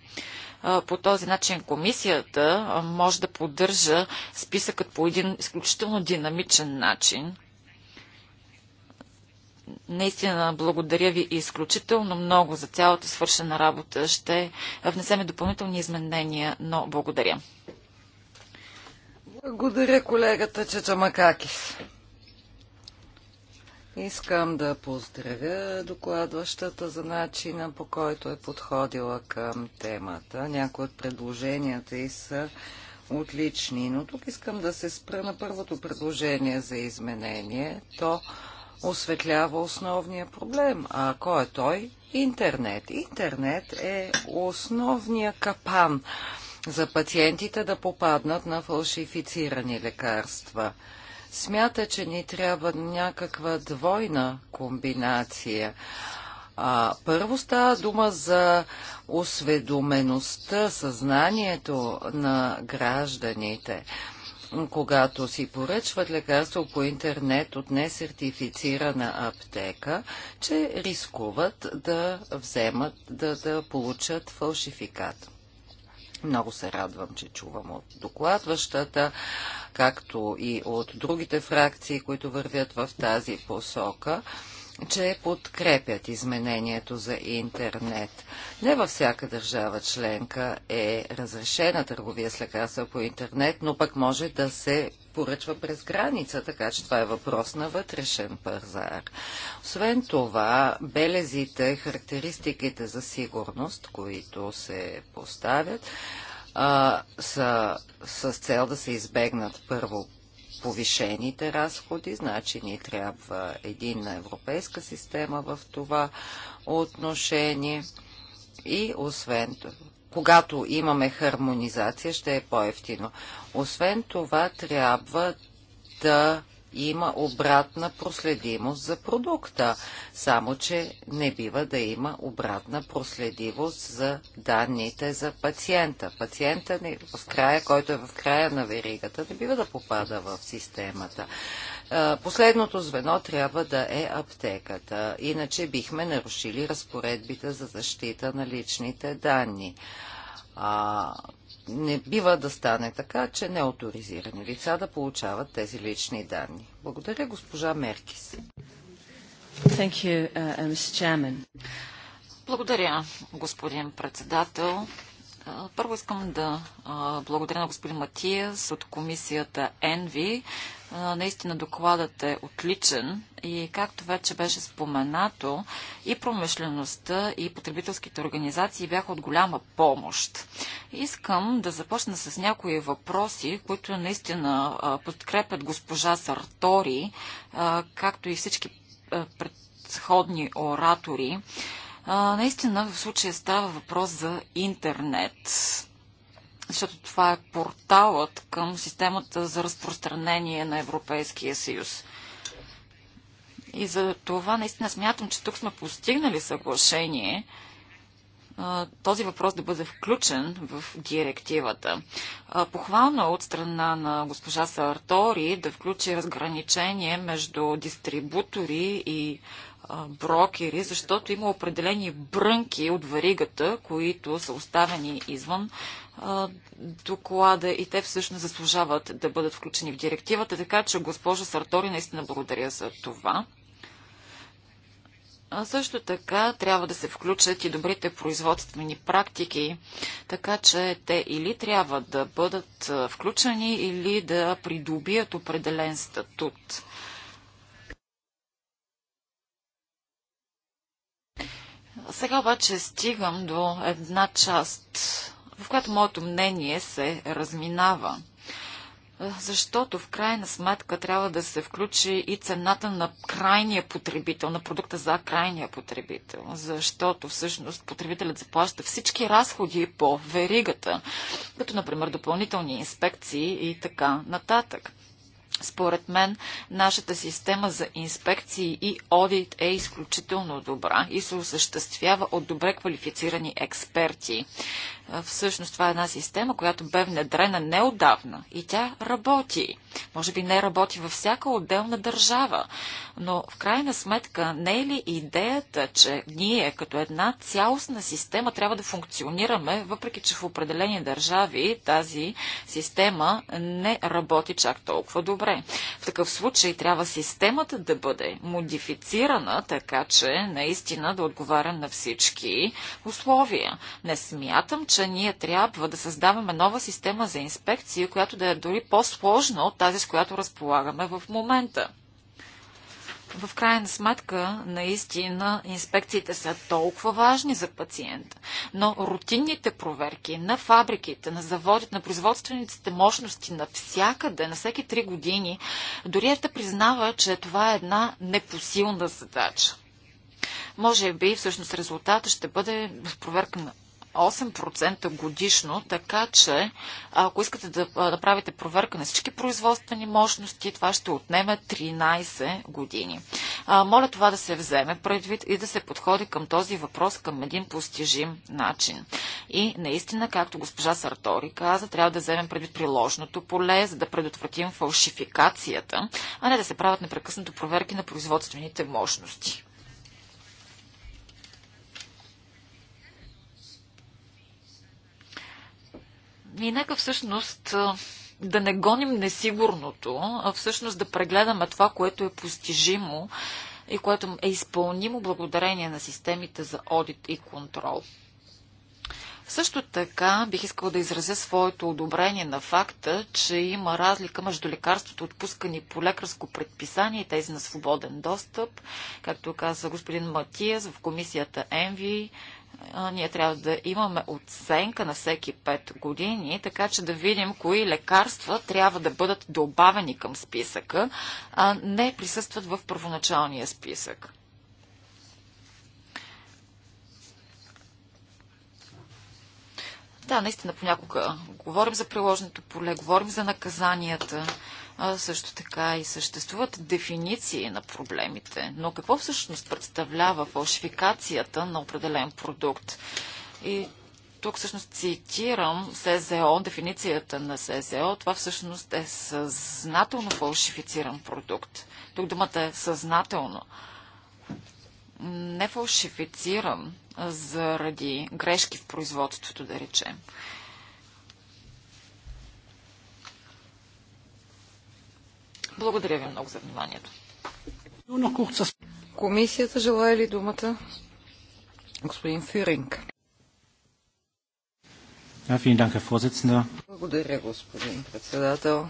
Speaker 2: По този начин комисията може да поддържа списъкът по един изключително динамичен начин, наистина благодаря ви изключително много за цялата свършена работа. Ще внесеме допълнителни изменения, но благодаря.
Speaker 1: Благодаря колегата Чеча Макакис. Искам да поздравя докладващата за начина по който е подходила към темата. Някои от предложенията и са отлични, но тук искам да се спра на първото предложение за изменение. То осветлява основния проблем. А кой е той? Интернет. Интернет е основния капан за пациентите да попаднат на фалшифицирани лекарства. Смята, че ни трябва някаква двойна комбинация. А, първо става дума за осведомеността, съзнанието на гражданите когато си поръчват лекарство по интернет от несертифицирана аптека, че рискуват да вземат, да, да получат фалшификат. Много се радвам, че чувам от докладващата, както и от другите фракции, които вървят в тази посока че подкрепят изменението за интернет. Не във всяка държава членка е разрешена търговия с лекарства по интернет, но пък може да се поръчва през граница, така че това е въпрос на вътрешен пазар. Освен това, белезите, характеристиките за сигурност, които се поставят, а, са с цел да се избегнат първо повишените разходи, значи ни трябва единна европейска система в това отношение и освен когато имаме хармонизация, ще е по-ефтино. Освен това, трябва да има обратна проследимост за продукта, само че не бива да има обратна проследимост за данните за пациента. Пациента в края, който е в края на веригата, не бива да попада в системата. Последното звено трябва да е аптеката, иначе бихме нарушили разпоредбите за защита на личните данни. А, не бива да стане така, че неоторизирани лица да получават тези лични данни. Благодаря, госпожа Меркис.
Speaker 2: Thank you, uh, uh Mr. Благодаря, господин председател. Първо искам да благодаря на господин Матиас от комисията ЕНВИ. Наистина докладът е отличен и както вече беше споменато, и промишлеността, и потребителските организации бяха от голяма помощ. Искам да започна с някои въпроси, които наистина подкрепят госпожа Сартори, както и всички предходни оратори а, наистина в случая става въпрос за интернет, защото това е порталът към системата за разпространение на Европейския съюз. И за това наистина смятам, че тук сме постигнали съглашение този въпрос да бъде включен в директивата. Похвално е от страна на госпожа Сартори да включи разграничение между дистрибутори и брокери, защото има определени брънки от варигата, които са оставени извън доклада и те всъщност заслужават да бъдат включени в директивата. Така че, госпожо Сартори, наистина благодаря за това. А също така трябва да се включат и добрите производствени практики, така че те или трябва да бъдат включени, или да придобият определен статут. Сега обаче стигам до една част, в която моето мнение се разминава. Е, защото в крайна сметка трябва да се включи и цената на крайния потребител, на продукта за крайния потребител. Защото всъщност потребителят заплаща всички разходи по веригата, като например допълнителни инспекции и така нататък. Според мен, нашата система за инспекции и одит е изключително добра и се осъществява от добре квалифицирани експерти. Всъщност това е една система, която бе внедрена неодавна и тя работи. Може би не работи във всяка отделна държава, но в крайна сметка не е ли идеята, че ние като една цялостна система трябва да функционираме, въпреки че в определени държави тази система не работи чак толкова добре. В такъв случай трябва системата да бъде модифицирана, така че наистина да отговаря на всички условия. Не смятам, че че ние трябва да създаваме нова система за инспекции, която да е дори по-сложна от тази, с която разполагаме в момента. В крайна сметка, наистина, инспекциите са толкова важни за пациента, но рутинните проверки на фабриките, на заводите, на производствениците мощности навсякъде, на всеки три години, дори е да признава, че това е една непосилна задача. Може би всъщност резултата ще бъде проверка на 8% годишно, така че ако искате да направите да проверка на всички производствени мощности, това ще отнеме 13 години. А, моля това да се вземе предвид и да се подходи към този въпрос към един постижим начин. И наистина, както госпожа Сартори каза, трябва да вземем предвид приложното поле, за да предотвратим фалшификацията, а не да се правят непрекъснато проверки на производствените мощности. И нека всъщност да не гоним несигурното, а всъщност да прегледаме това, което е постижимо и което е изпълнимо благодарение на системите за одит и контрол. Също така бих искала да изразя своето одобрение на факта, че има разлика между лекарството отпускани по лекарско предписание и тези на свободен достъп. Както каза господин Матиас в комисията ЕНВИ, ние трябва да имаме оценка на всеки 5 години, така че да видим кои лекарства трябва да бъдат добавени към списъка, а не присъстват в първоначалния списък. Да, наистина понякога говорим за приложното поле, говорим за наказанията а, също така и съществуват дефиниции на проблемите. Но какво всъщност представлява фалшификацията на определен продукт? И тук всъщност цитирам СЗО, дефиницията на СЗО. Това всъщност е съзнателно фалшифициран продукт. Тук думата е съзнателно. Не фалшифициран заради грешки в производството, да речем. Благодаря ви много за вниманието.
Speaker 1: Комисията желая ли думата? Господин Фюринг. Благодаря, господин председател.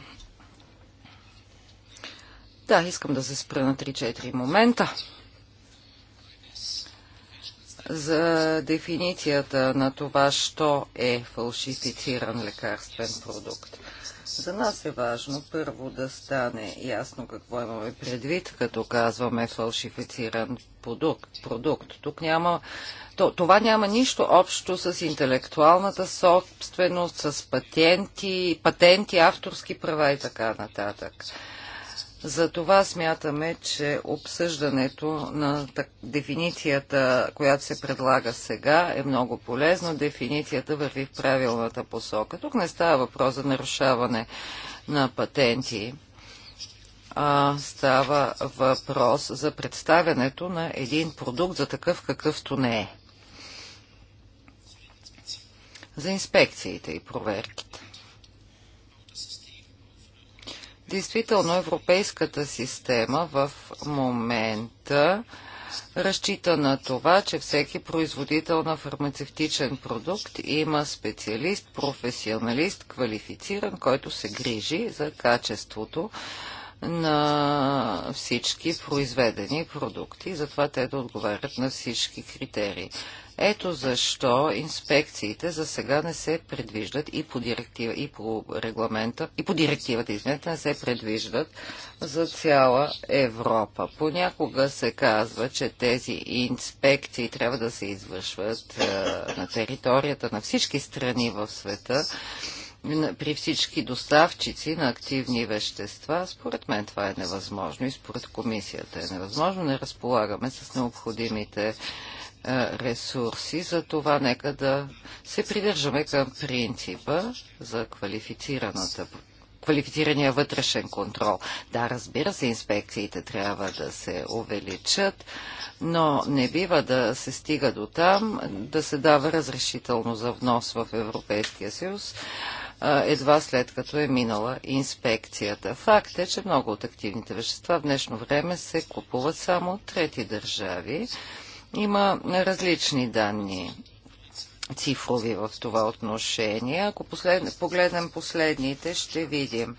Speaker 1: Да, искам да се спра на 3-4 момента. За дефиницията на това, що е фалшифициран лекарствен продукт. За нас е важно първо да стане ясно какво имаме предвид, като казваме фалшифициран продукт. продукт. Тук няма, то, това няма нищо общо с интелектуалната собственост, с патенти, патенти, авторски права и така нататък. Затова смятаме, че обсъждането на дефиницията, която се предлага сега, е много полезно. Дефиницията върви в правилната посока. Тук не става въпрос за нарушаване на патенти, а става въпрос за представянето на един продукт за такъв какъвто не е. За инспекциите и проверките. Действително, европейската система в момента разчита на това, че всеки производител на фармацевтичен продукт има специалист, професионалист, квалифициран, който се грижи за качеството на всички произведени продукти, затова те да отговарят на всички критерии. Ето защо инспекциите за сега не се предвиждат и по, директива, и по регламента, и по директивата, извинете, не се предвиждат за цяла Европа. Понякога се казва, че тези инспекции трябва да се извършват е, на територията на всички страни в света при всички доставчици на активни вещества, според мен това е невъзможно и според комисията е невъзможно. Не разполагаме с необходимите е, ресурси, за това нека да се придържаме към принципа за квалифицираната квалифицирания вътрешен контрол. Да, разбира се, инспекциите трябва да се увеличат, но не бива да се стига до там да се дава разрешително за внос в Европейския съюз едва след като е минала инспекцията. Факт е, че много от активните вещества в днешно време се купуват само от трети държави. Има различни данни цифрови в това отношение. Ако погледнем последните, ще видим,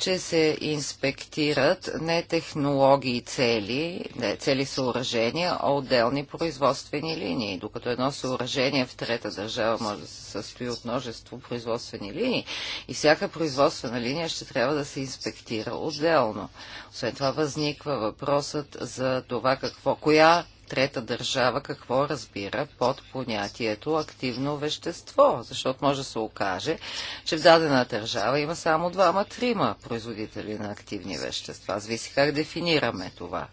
Speaker 1: че се инспектират не технологии цели, не цели съоръжения, а отделни производствени линии. Докато едно съоръжение в трета държава може да се състои от множество производствени линии и всяка производствена линия ще трябва да се инспектира отделно. Освен това възниква въпросът за това какво, коя трета държава какво разбира под понятието активно вещество, защото може да се окаже, че в дадена държава има само двама-трима производители на активни вещества. Зависи как дефинираме това.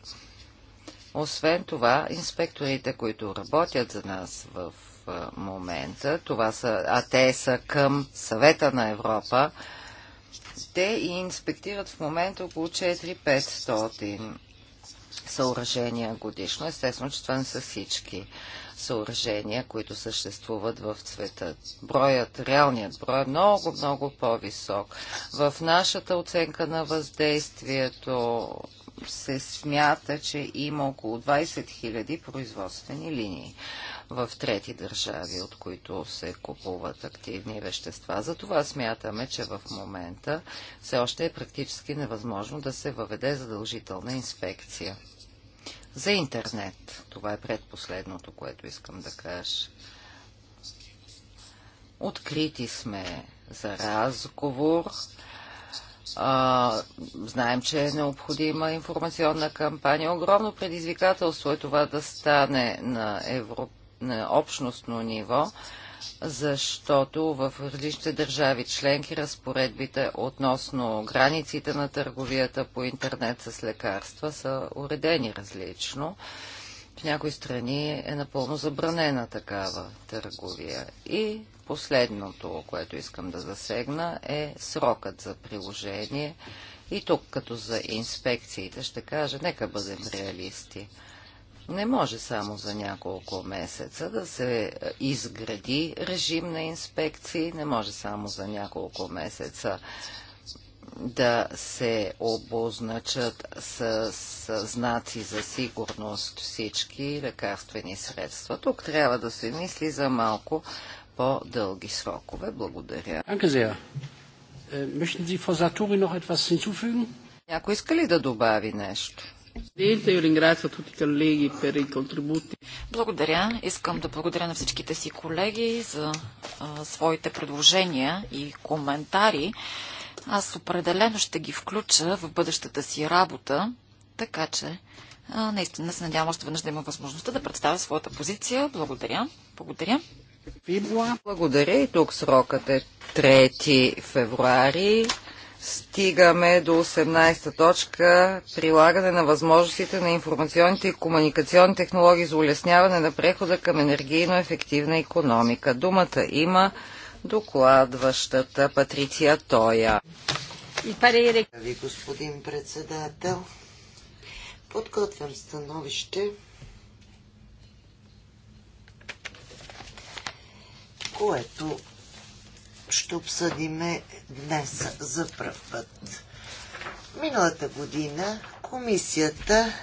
Speaker 1: Освен това, инспекторите, които работят за нас в момента, това са, а те са към съвета на Европа, те и инспектират в момента около 4-500 съоръжения годишно. Естествено, че това не са всички съоръжения, които съществуват в цвета. Броят, реалният брой е много, много по-висок. В нашата оценка на въздействието се смята, че има около 20 000 производствени линии в трети държави, от които се купуват активни вещества. Затова смятаме, че в момента все още е практически невъзможно да се въведе задължителна инспекция. За интернет. Това е предпоследното, което искам да кажа. Открити сме за разговор. А, знаем, че е необходима информационна кампания. Огромно предизвикателство е това да стане на Европа на общностно ниво, защото в различните държави членки разпоредбите относно границите на търговията по интернет с лекарства са уредени различно. В някои страни е напълно забранена такава търговия. И последното, което искам да засегна, е срокът за приложение. И тук, като за инспекциите, ще кажа, нека бъдем реалисти. Не може само за няколко месеца да се изгради режим на инспекции, не може само за няколко месеца да се обозначат с, знаци за сигурност всички лекарствени средства. Тук трябва да се мисли за малко по-дълги срокове. Благодаря. Äh, Някой иска ли да добави нещо?
Speaker 2: Благодаря. Искам да благодаря на всичките си колеги за а, своите предложения и коментари. Аз определено ще ги включа в бъдещата си работа, така че а, наистина се надявам още веднъж да има възможността да представя своята позиция. Благодаря. Благодаря.
Speaker 1: Благодаря и тук срокът е 3 февруари стигаме до 18-та точка прилагане на възможностите на информационните и комуникационни технологии за улесняване на прехода към енергийно ефективна економика. Думата има докладващата Патриция Тоя.
Speaker 5: И Ви, господин председател, подготвям становище, което ще обсъдиме днес за пръв път. Миналата година комисията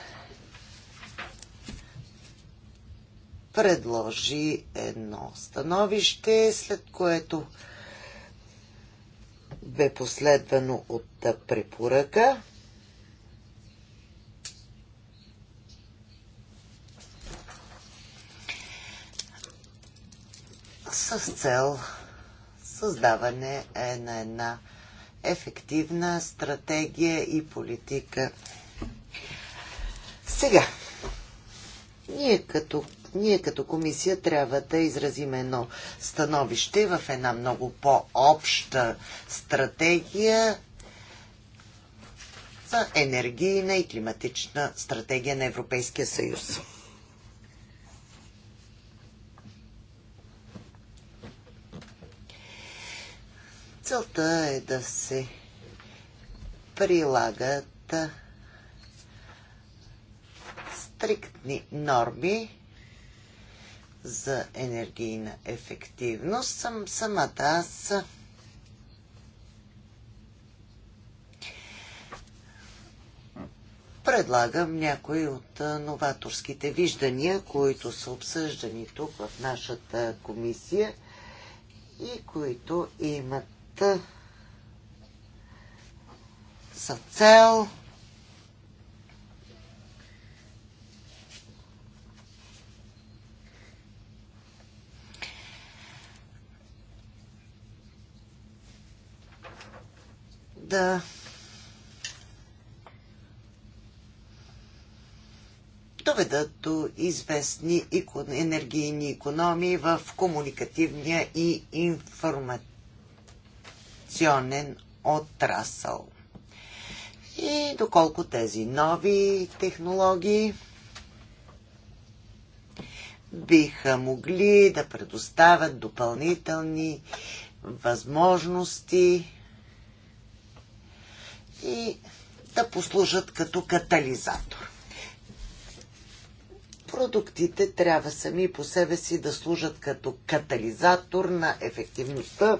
Speaker 5: предложи едно становище, след което бе последвано от препоръка. С цел създаване е на една ефективна стратегия и политика. Сега, ние като, ние като комисия трябва да изразим едно становище в една много по-обща стратегия за енергийна и климатична стратегия на Европейския съюз. Целта е да се прилагат стриктни норми за енергийна ефективност. Съм самата аз предлагам някои от новаторските виждания, които са обсъждани тук в нашата комисия и които имат за цел. Да. доведат до известни енергийни економии в комуникативния и информативния авиационен отрасъл. И доколко тези нови технологии биха могли да предоставят допълнителни възможности и да послужат като катализатор. Продуктите трябва сами по себе си да служат като катализатор на ефективността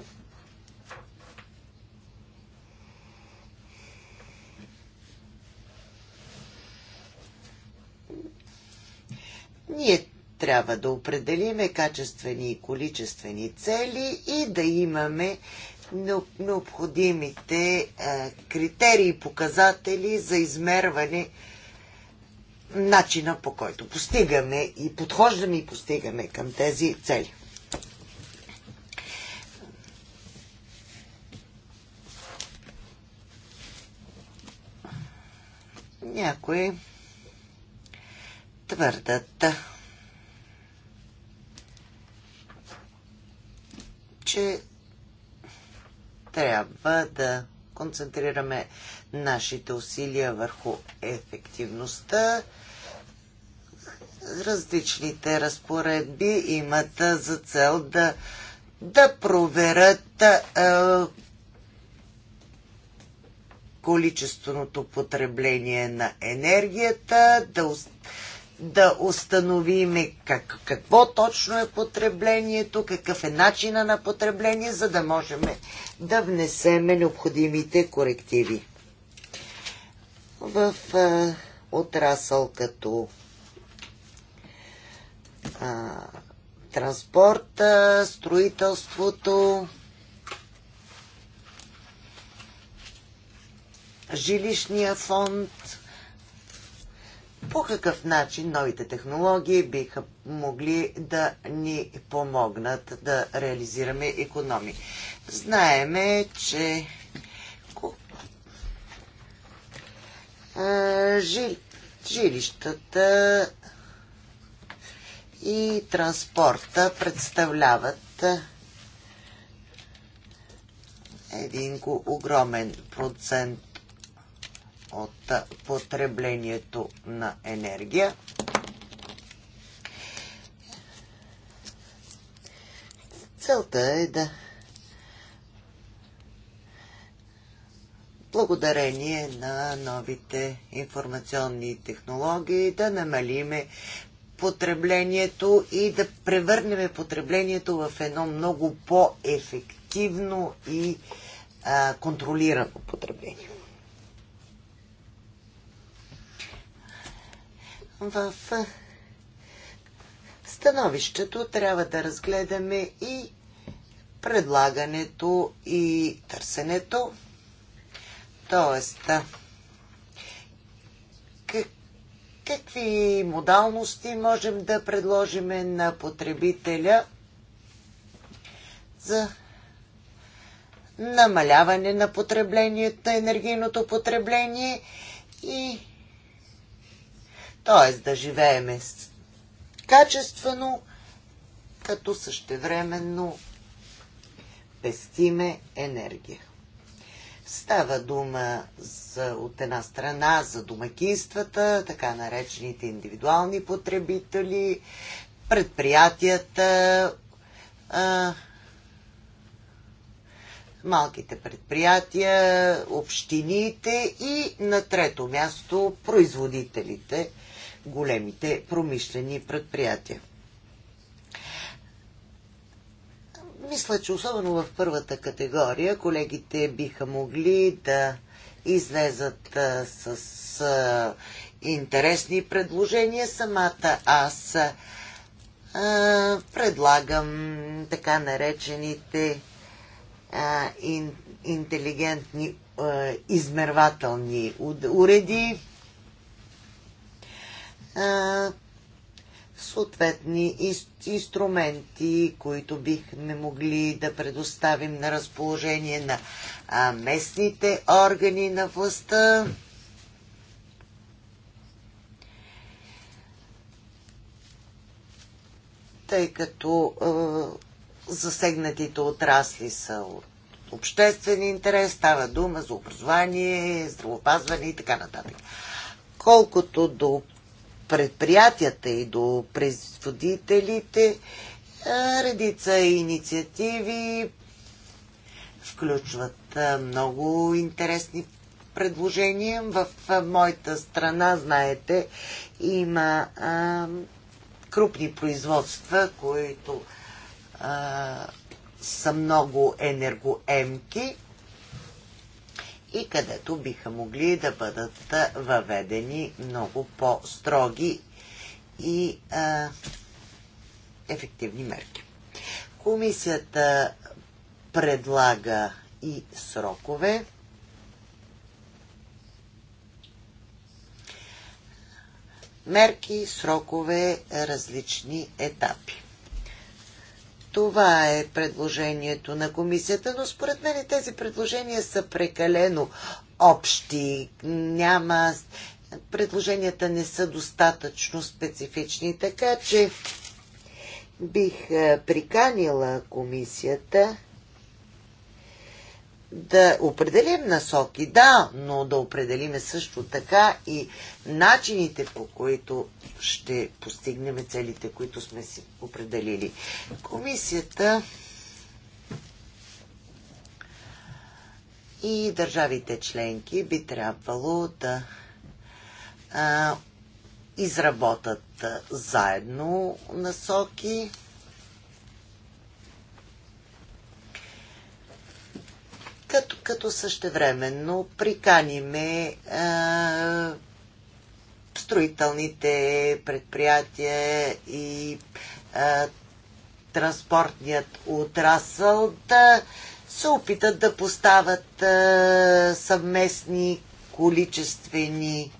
Speaker 5: Ние трябва да определиме качествени и количествени цели и да имаме необходимите критерии и показатели за измерване начина по който постигаме и подхождаме и постигаме към тези цели. Някои твърдат, че трябва да концентрираме нашите усилия върху ефективността. Различните разпоредби имат за цел да, да проверят е, количественото потребление на енергията, да, да установиме как, какво точно е потреблението, какъв е начина на потребление, за да можем да внесеме необходимите корективи. В а, отрасъл като а, транспорта, строителството, жилищния фонд, по какъв начин новите технологии биха могли да ни помогнат да реализираме економи. Знаеме, че жилищата и транспорта представляват един огромен процент от потреблението на енергия. Целта е да благодарение на новите информационни технологии да намалиме потреблението и да превърнем потреблението в едно много по-ефективно и а, контролирано потребление. в становището трябва да разгледаме и предлагането и търсенето. Тоест, какви модалности можем да предложим на потребителя за намаляване на потреблението, на енергийното потребление и т.е. да живееме качествено, като същевременно пестиме енергия. Става дума за, от една страна за домакинствата, така наречените индивидуални потребители, предприятията, а, малките предприятия, общините и на трето място производителите – големите промишлени предприятия. Мисля, че особено в първата категория колегите биха могли да излезат а, с а, интересни предложения. Самата аз а, предлагам така наречените а, ин, интелигентни а, измервателни уреди съответни инструменти, които бихме могли да предоставим на разположение на местните органи на властта. Тъй като засегнатите отрасли са от обществен интерес, става дума за образование, здравопазване и така нататък. Колкото до предприятията и до производителите е, редица инициативи включват е, много интересни предложения. В е, моята страна, знаете, има крупни производства, които са много енергоемки и където биха могли да бъдат въведени много по-строги и а, ефективни мерки. Комисията предлага и срокове. Мерки, срокове, различни етапи. Това е предложението на комисията, но според мен тези предложения са прекалено общи. Няма. Предложенията не са достатъчно специфични, така че бих е, приканила комисията да определим насоки, да, но да определиме също така и начините по които ще постигнем целите, които сме си определили. Комисията и държавите членки би трябвало да а, изработат заедно насоки като, като същевременно приканиме а, строителните предприятия и а, транспортният отрасъл да се опитат да поставят а, съвместни количествени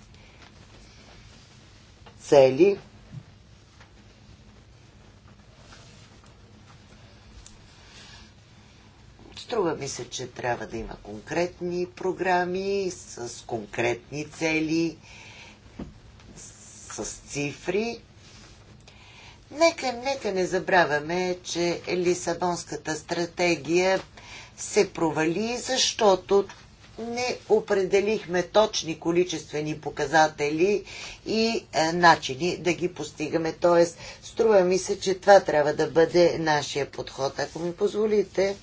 Speaker 5: цели – Струва ми се, че трябва да има конкретни програми с конкретни цели, с цифри. Нека, нека не забравяме, че Лисабонската стратегия се провали, защото не определихме точни количествени показатели и е, начини да ги постигаме. Тоест, струва ми се, че това трябва да бъде нашия подход. Ако ми позволите,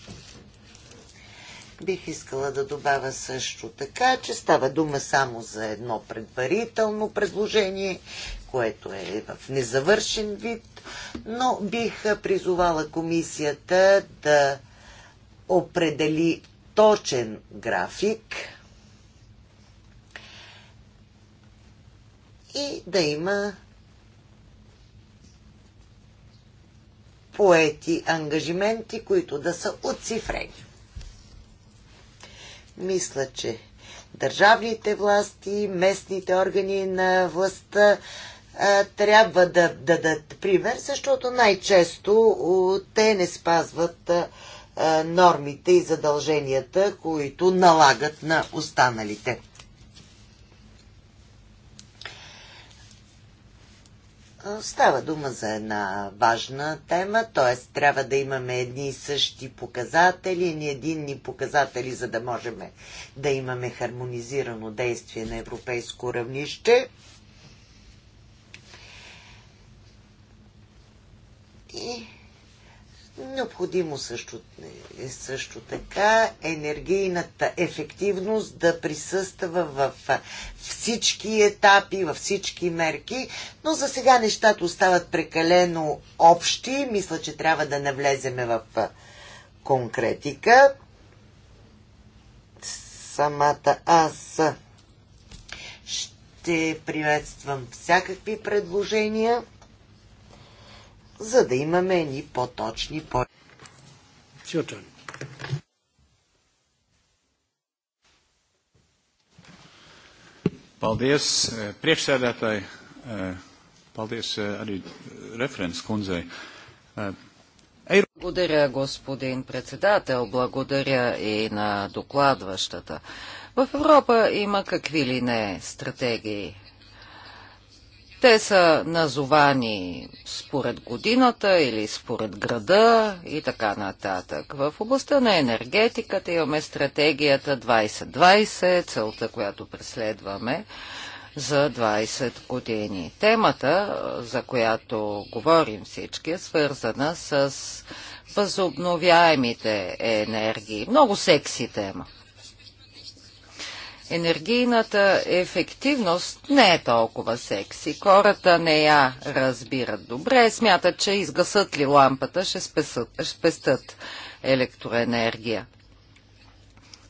Speaker 5: Бих искала да добавя също така, че става дума само за едно предварително предложение, което е в незавършен вид, но бих призовала комисията да определи точен график и да има поети ангажименти, които да са отцифрени. Мисля, че държавните власти, местните органи на властта трябва да, дадат пример, защото най-често те не спазват нормите и задълженията, които налагат на останалите. Става дума за една важна тема, т.е. трябва да имаме едни и същи показатели, едни единни показатели, за да можем да имаме хармонизирано действие на европейско равнище. И Необходимо също, е също така енергийната ефективност да присъства в всички етапи, във всички мерки, но за сега нещата остават прекалено общи. Мисля, че трябва да навлеземе в конкретика. Самата аз ще приветствам всякакви предложения за да имаме ни по-точни по...
Speaker 3: Paldies eh, priekšsēdētāji, eh, paldies eh, arī referents kundzei.
Speaker 1: Благодаря, господин председател. Благодаря и на докладващата. В Европа има какви ли не стратегии. Те са назовани според годината или според града и така нататък. В областта на енергетиката имаме стратегията 2020, целта, която преследваме за 20 години. Темата, за която говорим всички, е свързана с възобновяемите енергии. Много секси тема енергийната ефективност не е толкова секси. Хората не я разбират добре, смятат, че изгасат ли лампата, ще спестат електроенергия.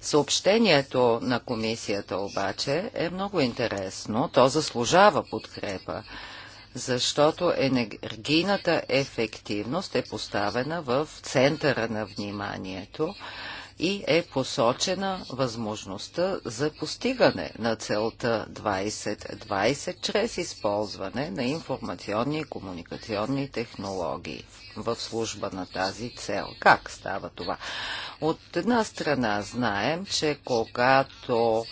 Speaker 1: Съобщението на комисията обаче е много интересно. То заслужава подкрепа, защото енергийната ефективност е поставена в центъра на вниманието и е посочена възможността за постигане на целта 2020 чрез използване на информационни и комуникационни технологии в служба на тази цел. Как става това? От една страна знаем, че когато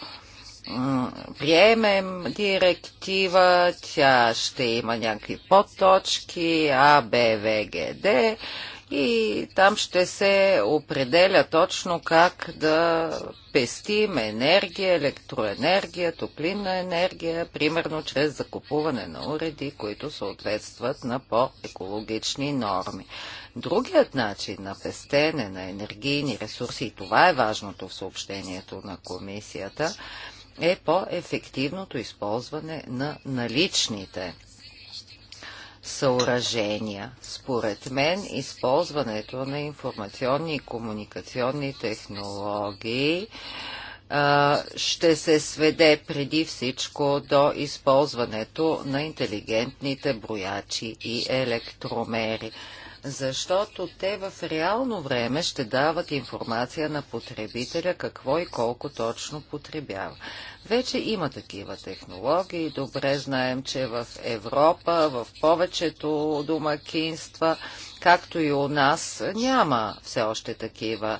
Speaker 1: приемем директива, тя ще има някакви подточки, А, Б, В, Г, Д, и там ще се определя точно как да пестим енергия, електроенергия, топлинна енергия, примерно чрез закупуване на уреди, които съответстват на по-екологични норми. Другият начин на пестене на енергийни ресурси, и това е важното в съобщението на комисията, е по-ефективното използване на наличните съоръжения. Според мен, използването на информационни и комуникационни технологии ще се сведе преди всичко до използването на интелигентните броячи и електромери защото те в реално време ще дават информация на потребителя какво и колко точно потребява. Вече има такива технологии. Добре знаем, че в Европа, в повечето домакинства, както и у нас, няма все още такива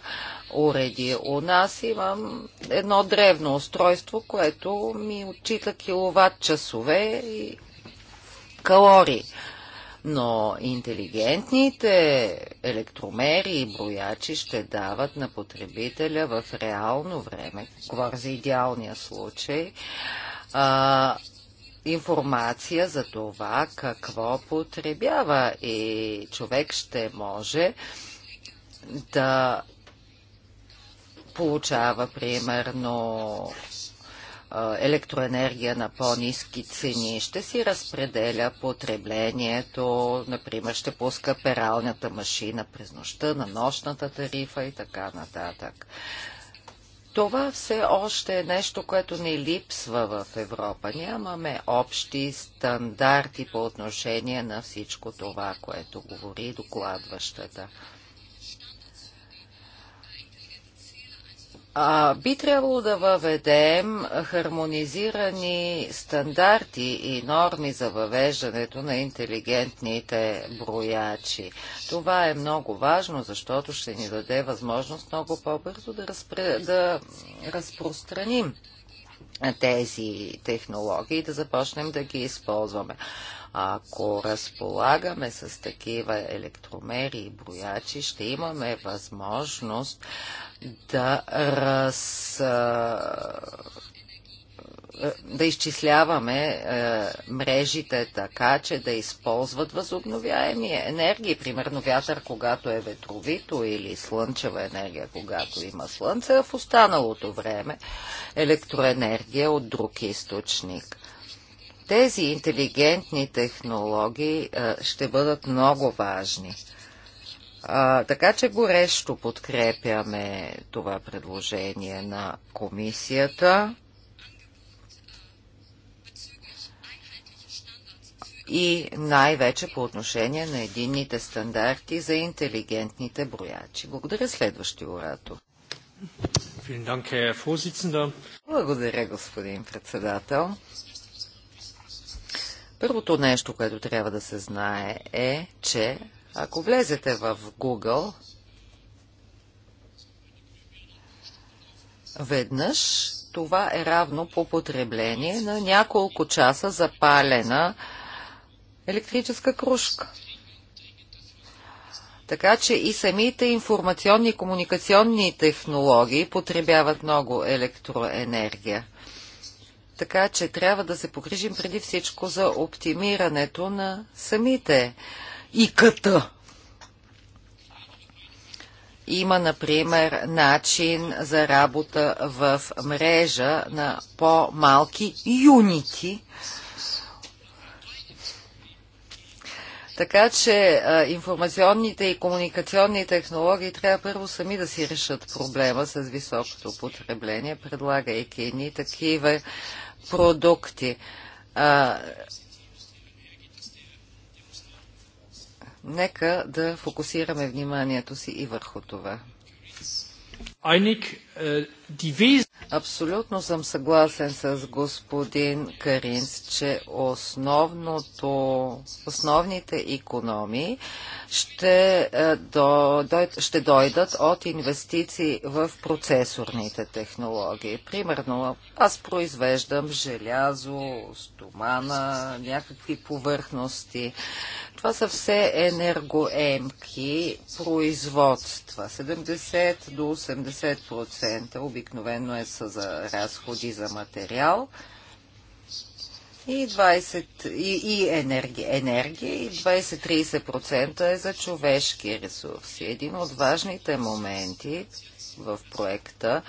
Speaker 1: уреди. У нас имам едно древно устройство, което ми отчита киловатт часове и калории но интелигентните електромери и броячи ще дават на потребителя в реално време, говоря за идеалния случай, а, информация за това какво потребява и човек ще може да получава примерно електроенергия на по-низки цени, ще си разпределя потреблението, например ще пуска пералната машина през нощта, на нощната тарифа и така нататък. Това все още е нещо, което не липсва в Европа. Нямаме общи стандарти по отношение на всичко това, което говори докладващата. а, би трябвало да въведем хармонизирани стандарти и норми за въвеждането на интелигентните броячи. Това е много важно, защото ще ни даде възможност много по-бързо да, разпре... да разпространим тези технологии и да започнем да ги използваме. Ако разполагаме с такива електромери и броячи, ще имаме възможност да раз да изчисляваме е, мрежите така, че да използват възобновяеми енергии, примерно вятър, когато е ветровито или слънчева енергия, когато има слънце, а в останалото време електроенергия е от друг източник тези интелигентни технологии ще бъдат много важни. А, така че горещо подкрепяме това предложение на комисията. И най-вече по отношение на единните стандарти за интелигентните броячи. Благодаря следващия оратор. Благодаря, господин председател. Първото нещо, което трябва да се знае е, че ако влезете в Google, веднъж това е равно по потребление на няколко часа запалена електрическа кружка. Така че и самите информационни и комуникационни технологии потребяват много електроенергия. Така че трябва да се погрижим преди всичко за оптимирането на самите ИКТ. Има, например, начин за работа в мрежа на по-малки юнити, Така че а, информационните и комуникационни технологии трябва първо сами да си решат проблема с високото потребление, предлагайки ни такива продукти. А, нека да фокусираме вниманието си и върху това. Е, Абсолютно съм съгласен с господин Каринс, че основното, основните економии ще, е, ще дойдат от инвестиции в процесорните технологии. Примерно, аз произвеждам желязо, стомана, някакви повърхности. Това са все енергоемки производства. 70 до 80 70% обикновено е са за разходи за материал и, 20, и, и енергия, енергия и 20-30% е за човешки ресурси. Един от важните моменти в проекта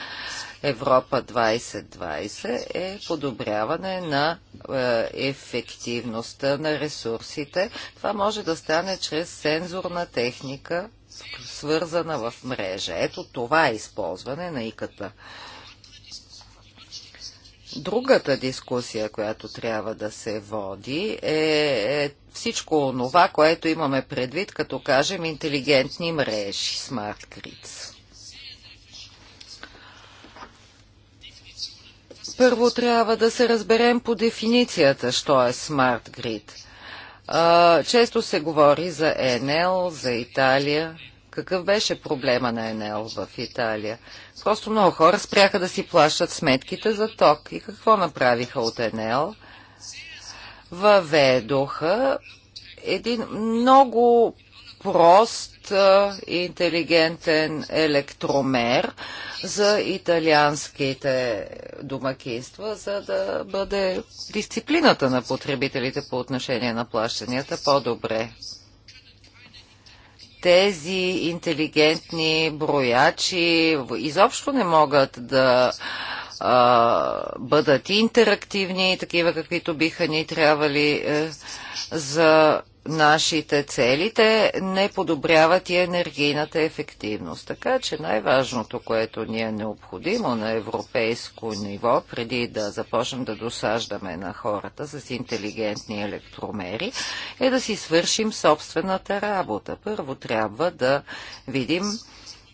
Speaker 1: Европа 2020 е подобряване на е, ефективността на ресурсите. Това може да стане чрез сензорна техника свързана в мрежа. Ето това е използване на иката. Другата дискусия, която трябва да се води, е, е всичко това, което имаме предвид, като кажем интелигентни мрежи, Smart Grids. Първо трябва да се разберем по дефиницията, що е Smart Grid – често се говори за ЕНЕЛ, за Италия. Какъв беше проблема на ЕНЕЛ в Италия? Просто много хора спряха да си плащат сметките за ток. И какво направиха от ЕНЕЛ? Въведоха един много прост и интелигентен електромер за италианските домакинства, за да бъде дисциплината на потребителите по отношение на плащанията по-добре. Тези интелигентни броячи изобщо не могат да а, бъдат интерактивни, такива каквито биха ни трябвали е, за нашите цели, те не подобряват и енергийната ефективност. Така че най-важното, което ни е необходимо на европейско ниво, преди да започнем да досаждаме на хората с интелигентни електромери, е да си свършим собствената работа. Първо трябва да видим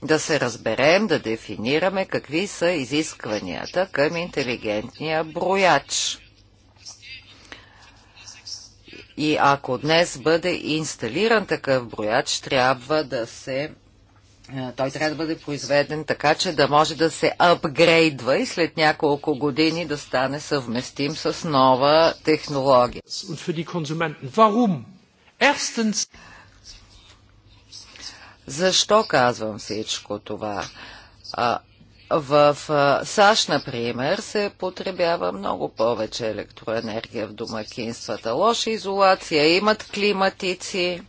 Speaker 1: да се разберем, да дефинираме какви са изискванията към интелигентния брояч и ако днес бъде инсталиран такъв брояч, трябва да се е, той трябва да бъде произведен така, че да може да се апгрейдва и след няколко години да стане съвместим с нова технология. Защо казвам всичко това? В САЩ, например, се потребява много повече електроенергия в домакинствата. Лоша изолация, имат климатици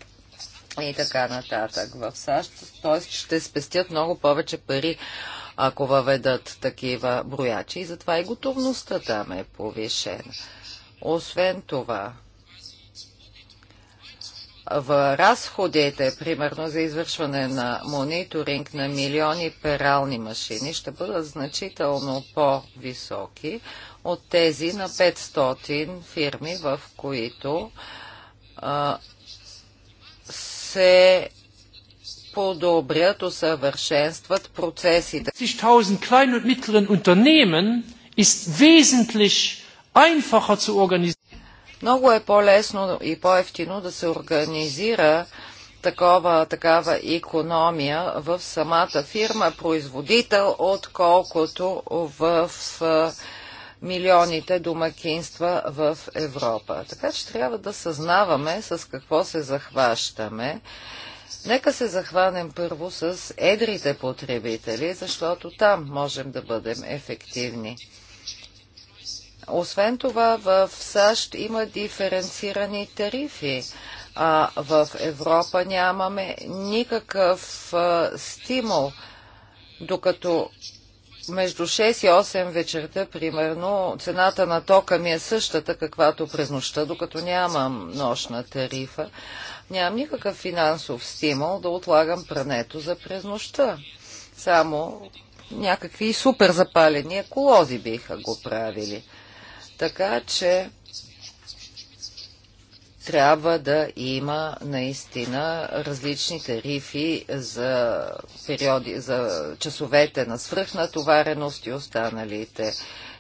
Speaker 1: и така нататък в САЩ. Т.е. ще спестят много повече пари, ако въведат такива броячи. И затова и готовността там е повишена. Освен това, в разходите, примерно за извършване на мониторинг на милиони перални машини, ще бъдат значително по-високи от тези на 500 фирми, в които а, се подобрят, усъвършенстват процесите. 60.000 kleinen und mittleren Unternehmen ist wesentlich einfacher zu organisieren. Много е по-лесно и по-ефтино да се организира такова, такава економия в самата фирма, производител, отколкото в милионите домакинства в Европа. Така че трябва да съзнаваме с какво се захващаме. Нека се захванем първо с едрите потребители, защото там можем да бъдем ефективни. Освен това, в САЩ има диференцирани тарифи, а в Европа нямаме никакъв стимул, докато между 6 и 8 вечерта, примерно, цената на тока ми е същата, каквато през нощта, докато нямам нощна тарифа. Нямам никакъв финансов стимул да отлагам прането за през нощта. Само някакви супер запалени еколози биха го правили. Така че трябва да има наистина различни тарифи за периоди, за часовете на свръхнатовареност и останалите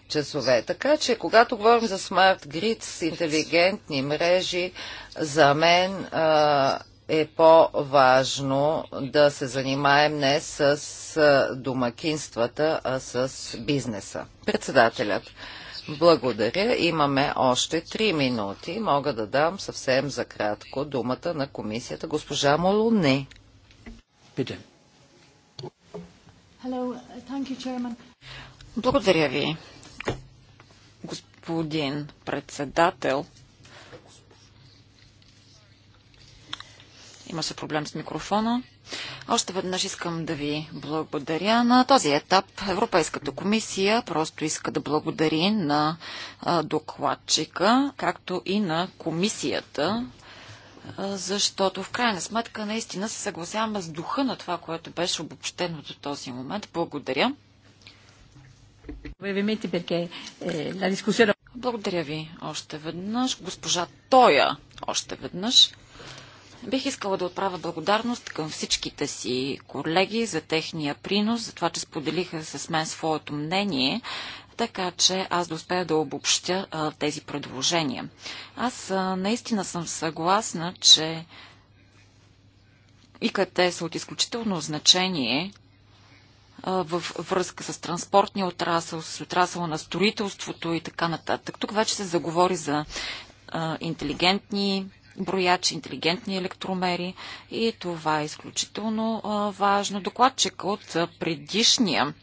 Speaker 1: часове. Така че, когато говорим за смарт грид с интелигентни мрежи, за мен а, е по-важно да се занимаем не с домакинствата, а с бизнеса. Председателят. Благодаря. Имаме още три минути. Мога да дам съвсем за кратко думата на комисията. Госпожа Молуне. Питам. Благодаря ви, господин
Speaker 2: председател. Има се проблем с микрофона. Още веднъж искам да ви благодаря. На този етап Европейската комисия просто иска да благодари на докладчика, както и на комисията, защото в крайна сметка наистина се съгласяваме с духа на това, което беше обобщено до този момент. Благодаря. Eh, благодаря ви още веднъж. Госпожа Тоя още веднъж. Бих искала да отправя благодарност към всичките си колеги за техния принос, за това, че споделиха с мен своето мнение, така че аз да успея да обобщя а, тези предложения. Аз а, наистина съм съгласна, че ИКТ са от изключително значение в връзка с транспортния отрасъл, с отрасъла на строителството и така нататък. Тук вече се заговори за а, интелигентни брояч, интелигентни електромери и това е изключително важно. Докладчик от предишния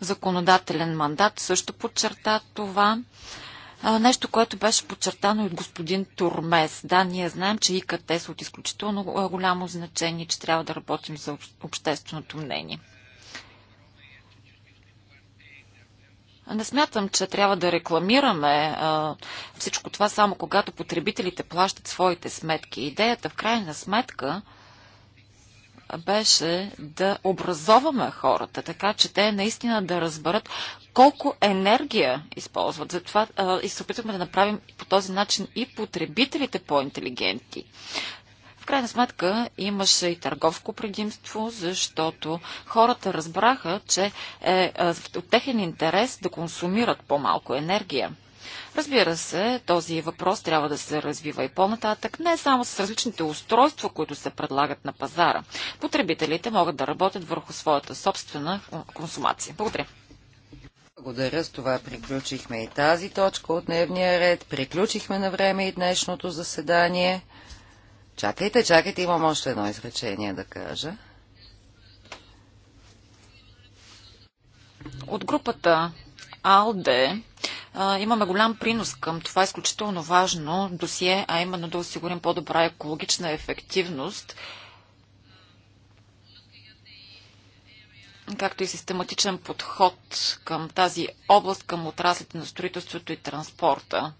Speaker 2: законодателен мандат също подчерта това. Нещо, което беше подчертано от господин Турмес. Да, ние знаем, че ИКТ са от изключително голямо значение, че трябва да работим за общественото мнение. Не смятам, че трябва да рекламираме а, всичко това само когато потребителите плащат своите сметки. Идеята в крайна сметка беше да образоваме хората, така че те наистина да разберат колко енергия използват. Затова а, и се опитваме да направим по този начин и потребителите по-интелигенти крайна сметка имаше и търговско предимство, защото хората разбраха, че е, е от техен интерес да консумират по-малко енергия. Разбира се, този въпрос трябва да се развива и по-нататък, не само с различните устройства, които се предлагат на пазара. Потребителите могат да работят върху своята собствена консумация. Благодаря.
Speaker 1: Благодаря. С това приключихме и тази точка от дневния ред. Приключихме на време и днешното заседание. Чакайте, чакайте, имам още едно изречение да кажа. От групата АЛДЕ
Speaker 2: имаме голям принос към това изключително важно досие, а именно да осигурим по-добра екологична ефективност, както и систематичен подход към тази област, към отраслите на строителството и транспорта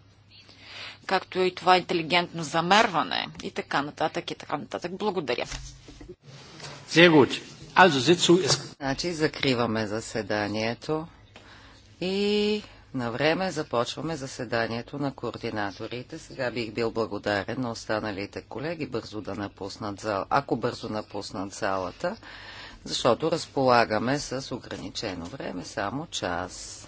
Speaker 2: както и това интелигентно замерване и така нататък и така нататък. Благодаря.
Speaker 1: Значи закриваме заседанието и на време започваме заседанието на координаторите. Сега бих бил благодарен на останалите колеги бързо да напуснат зал, ако бързо напуснат залата, защото разполагаме с ограничено време, само час.